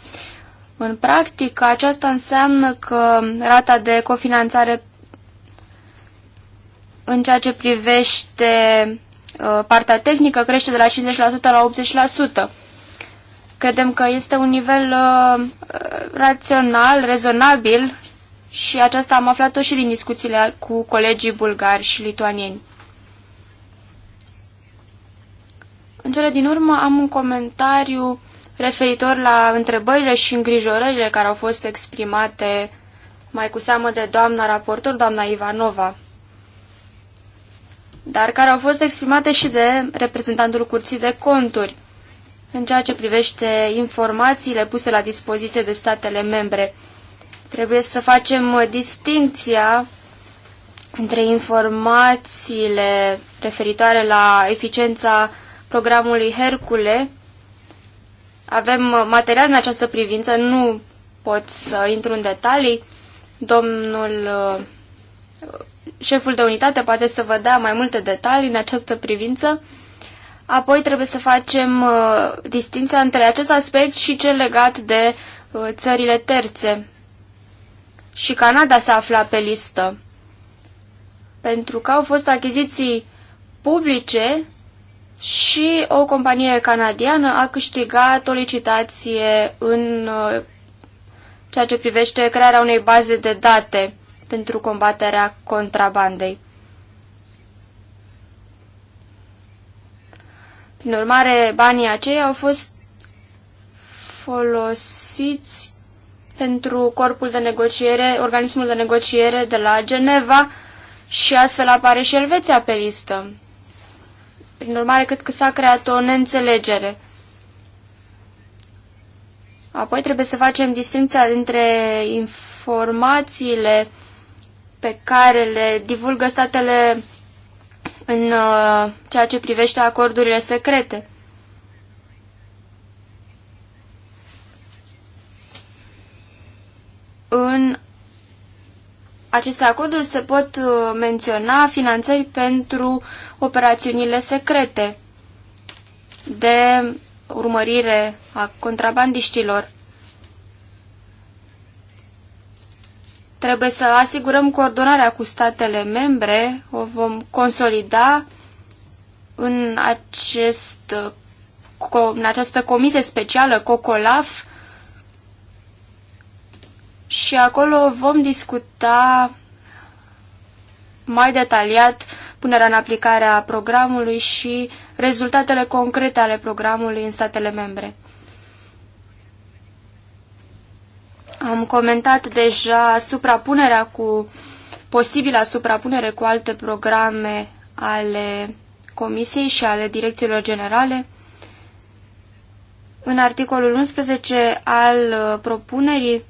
În practică, aceasta înseamnă că rata de cofinanțare în ceea ce privește uh, partea tehnică crește de la 50% la 80%. Credem că este un nivel uh, rațional, rezonabil și aceasta am aflat-o și din discuțiile cu colegii bulgari și lituanieni. În cele din urmă am un comentariu referitor la întrebările și îngrijorările care au fost exprimate mai cu seamă de doamna raportor, doamna Ivanova, dar care au fost exprimate și de reprezentantul Curții de Conturi în ceea ce privește informațiile puse la dispoziție de statele membre. Trebuie să facem distinția între informațiile referitoare la eficiența programului Hercule. Avem uh, material în această privință, nu pot să intru în detalii. Domnul uh, șeful de unitate poate să vă dea mai multe detalii în această privință. Apoi trebuie să facem uh, distinția între acest aspect și cel legat de țările terțe. Și Canada se afla pe listă. Pentru că au fost achiziții publice și o companie canadiană a câștigat o licitație în uh, ceea ce privește crearea unei baze de date pentru combaterea contrabandei. Prin urmare, banii aceia au fost folosiți pentru corpul de negociere, organismul de negociere de la Geneva și astfel apare și Elveția pe listă. Prin urmare, cred că s-a creat o neînțelegere. Apoi trebuie să facem distinția dintre informațiile pe care le divulgă statele în uh, ceea ce privește acordurile secrete. În aceste acorduri se pot uh, menționa finanțări pentru operațiunile secrete de urmărire a contrabandiștilor. Trebuie să asigurăm coordonarea cu statele membre, o vom consolida în, acest, uh, în această comisie specială COCOLAF, și acolo vom discuta mai detaliat punerea în aplicare a programului și rezultatele concrete ale programului în statele membre. Am comentat deja suprapunerea cu posibila suprapunere cu alte programe ale Comisiei și ale direcțiilor generale. În articolul 11 al uh, propunerii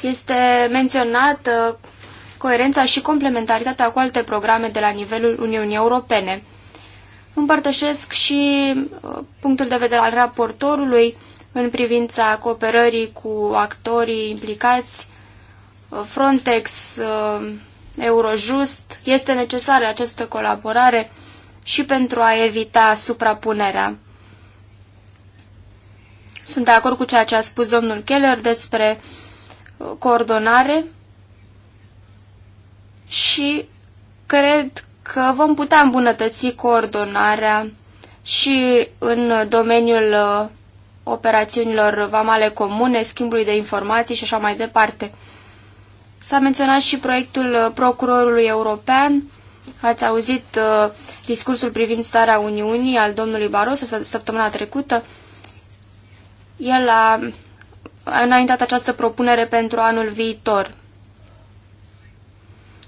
este menționată uh, coerența și complementaritatea cu alte programe de la nivelul Uniunii Europene. Împărtășesc și uh, punctul de vedere al raportorului în privința cooperării cu actorii implicați, uh, Frontex, Eurojust. Este necesară această colaborare și pentru a evita suprapunerea. Sunt de acord cu ceea ce a spus domnul Keller despre uh, coordonare și cred că vom putea îmbunătăți coordonarea și în domeniul uh, operațiunilor vamale comune, schimbului de informații și așa mai departe. S-a menționat și proiectul uh, procurorului european. Ați auzit uh, discursul privind starea Uniunii al domnului Barroso săptămâna trecută. El a înaintat această propunere pentru anul viitor.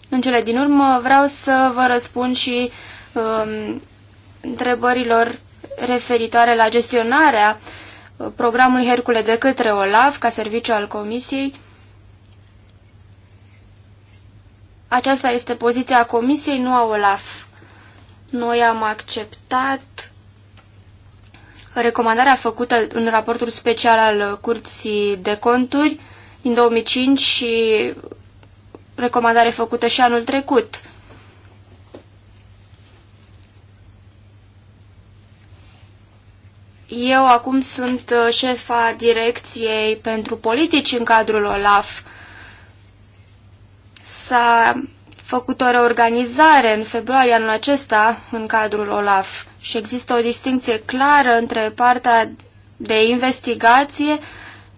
În cele din urmă vreau să vă răspund și um, întrebărilor referitoare la gestionarea uh, programului Hercule de către OLAF ca serviciu al Comisiei. Aceasta este poziția Comisiei, nu a OLAF. Noi am acceptat recomandarea făcută în raportul special al Curții de Conturi din 2005 și recomandare făcută și anul trecut. Eu acum sunt uh, șefa direcției pentru politici în cadrul OLAF. S-a făcut o reorganizare în februarie anul acesta în cadrul OLAF și există o distinție clară între partea de investigație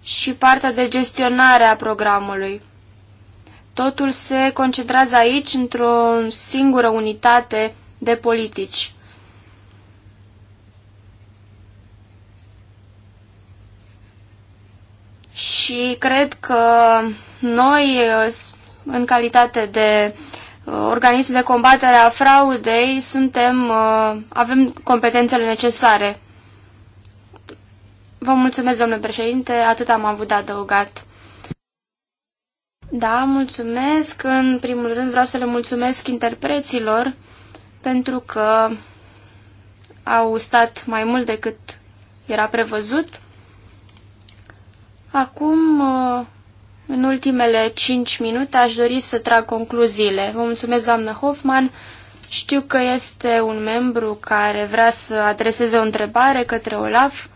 și partea de gestionare a programului. Totul se concentrează aici într-o singură unitate de politici. Și cred că noi, în calitate de uh, organismul de combatere a fraudei, suntem, uh, avem competențele necesare. Vă mulțumesc, domnule președinte, atât am avut de adăugat. Da, mulțumesc. În primul rând vreau să le mulțumesc interpreților pentru că au stat mai mult decât era prevăzut. Acum uh, în ultimele cinci minute aș dori să trag concluziile. Vă mulțumesc, doamnă Hoffman. Știu că este un membru care vrea să adreseze o întrebare către Olaf.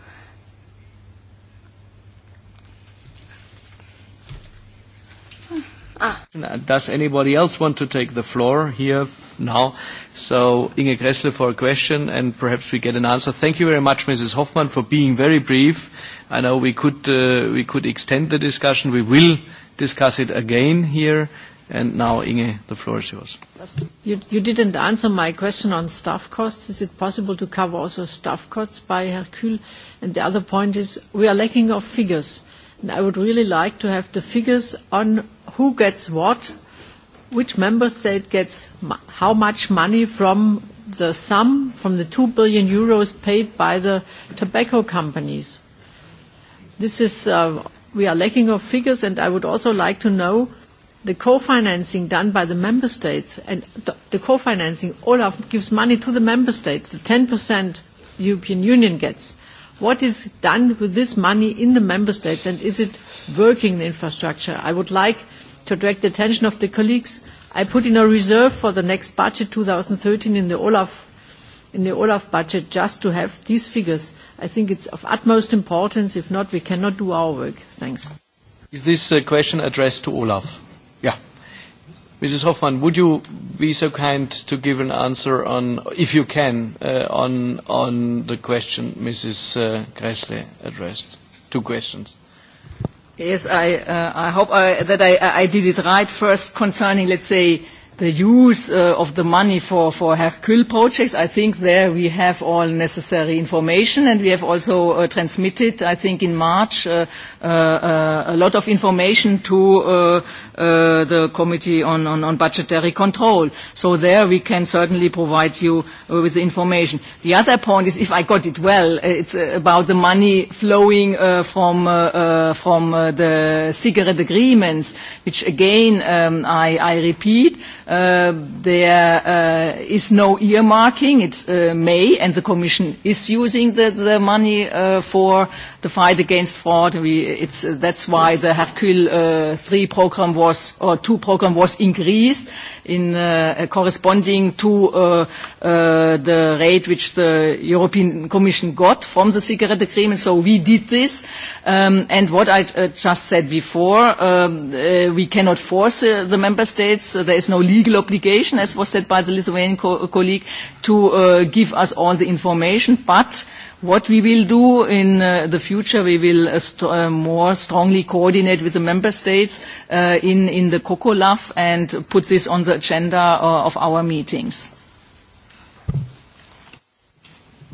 Ah. Does anybody else want to take the floor here now. So Inge Gressle for a question, and perhaps we get an answer. Thank you very much, Mrs. Hoffmann, for being very brief. I know we could, uh, we could extend the discussion. We will discuss it again here. And now, Inge, the floor is yours. You, you didn't answer my question on staff costs. Is it possible to cover also staff costs by Hercule? And the other point is we are lacking of figures. And I would really like to have the figures on who gets what which member state gets how much money from the sum from the 2 billion euros paid by the tobacco companies. This is, uh, we are lacking of figures and I would also like to know the co-financing done by the member states and the, the co-financing, Olaf gives money to the member states, the 10% European Union gets. What is done with this money in the member states and is it working the infrastructure? I would like to direct the attention of the colleagues, I put in a reserve for the next budget 2013 in the Olaf in the Olaf budget just to have these figures. I think it's of utmost importance. If not, we cannot do our work. Thanks. Is this a uh, question addressed to Olaf? Yeah. Mrs. Hoffmann, would you be so kind to give an answer on, if you can, uh, on, on the question Mrs. Uh, Gressle addressed? Two questions. Yes, I, uh, I hope I, uh, that I, I did it right. First, concerning, let's say, the use uh, of the money for, for Hercule projects, I think there we have all necessary information and we have also uh, transmitted, I think in March, uh, uh, uh, a lot of information to uh, uh, the Committee on, on, on Budgetary Control. So there we can certainly provide you uh, with the information. The other point is, if I got it well, uh, it's uh, about the money flowing uh, from, uh, uh, from uh, the cigarette agreements, which again, um, I, I repeat, Uh, there uh, is no earmarking. It uh, may, and the Commission is using the, the money uh, for the fight against fraud. We, it's, uh, that's why the Hercule uh, 3 program was, or 2 program was increased in uh, uh, corresponding to uh, uh, the rate which the European Commission got from the cigarette agreement. So we did this. Um, and what I uh, just said before, um, uh, we cannot force uh, the member states. Uh, there is no legal obligation, as was said by the Lithuanian co colleague, to uh, give us all the information. But What we will do in uh, the future, we will uh, st uh, more strongly coordinate with the member states uh, in, in the COCOLAF and put this on the agenda uh, of our meetings.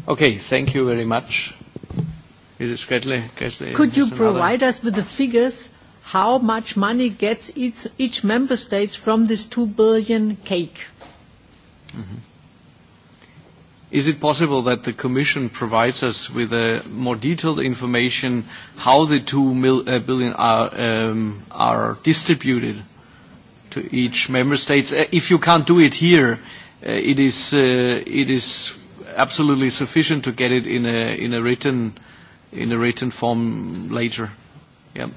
Okay, thank you very much. Is it Gretley Could you provide another? us with the figures how much money gets each, each member state from this two billion cake? Mm -hmm. Is it possible that the Commission provides us with a uh, more detailed information how the two mil, uh, billion are, um, are distributed to each member states? Uh, if you can't do it here, uh, it, is, uh, it is absolutely sufficient to get it in a, in a, written, in a written form later.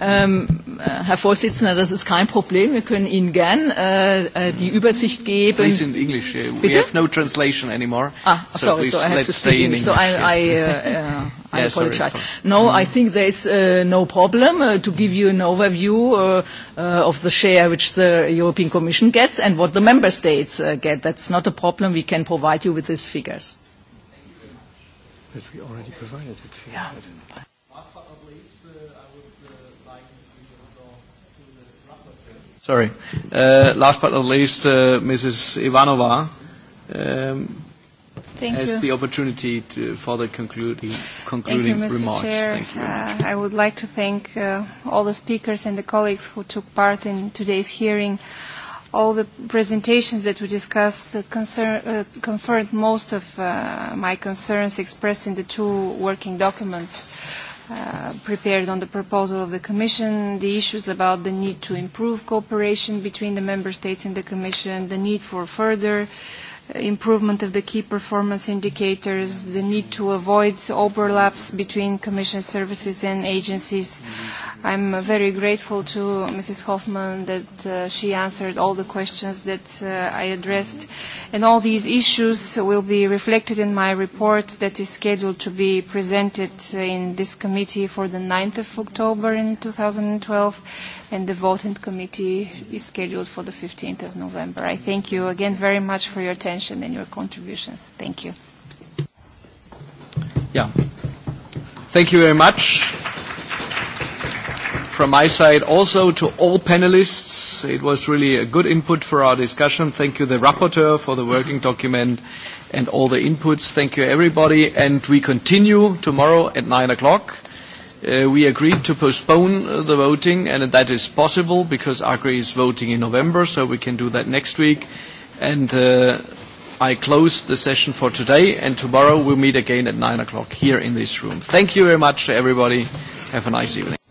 Ähm, äh, Herr Vorsitzender, das ist kein Problem. Wir können Ihnen gern äh, äh die Übersicht geben. Please in English. Uh, Bitte? have no translation anymore. Ah, so sorry, so I have to stay in English. So I, yes. I, uh, uh, I yeah, apologize. Sorry. No, mm. I think there is uh, no problem uh, to give you an overview uh, uh, of the share which the European Commission gets and what the member states uh, get. That's not a problem. We can provide you with these figures. But we already provided it. Yeah. I don't know. Sorry. Uh, last but not least, uh, Mrs. Ivanova um, Thank has you. the opportunity to, for the concluding, concluding thank you, Mr. remarks. Chair. Thank you. Uh, I would like to thank uh, all the speakers and the colleagues who took part in today's hearing. All the presentations that we discussed uh, concern, uh, confirmed most of uh, my concerns expressed in the two working documents. Uh, Uh, prepared on the proposal of the Commission, the issues about the need to improve cooperation between the Member States and the Commission, the need for further uh, improvement of the key performance indicators, the need to avoid overlaps between Commission services and agencies. I'm very grateful to Mrs. Hoffman that uh, she answered all the questions that uh, I addressed. And all these issues will be reflected in my report that is scheduled to be presented uh, in this committee for the 9th of October in 2012 and the vote in committee is scheduled for the 15th of November. I thank you again very much for your attention and your contributions. Thank you. Yeah. Thank you very much. From my side also to all panelists, it was really a good input for our discussion. Thank you the rapporteur for the working document and all the inputs. Thank you everybody and we continue tomorrow at 9 o'clock Uh, we agreed to postpone uh, the voting, and that is possible because AGRI is voting in November, so we can do that next week. And uh, I close the session for today, and tomorrow we'll meet again at nine o'clock here in this room. Thank you very much to everybody. Have a nice evening.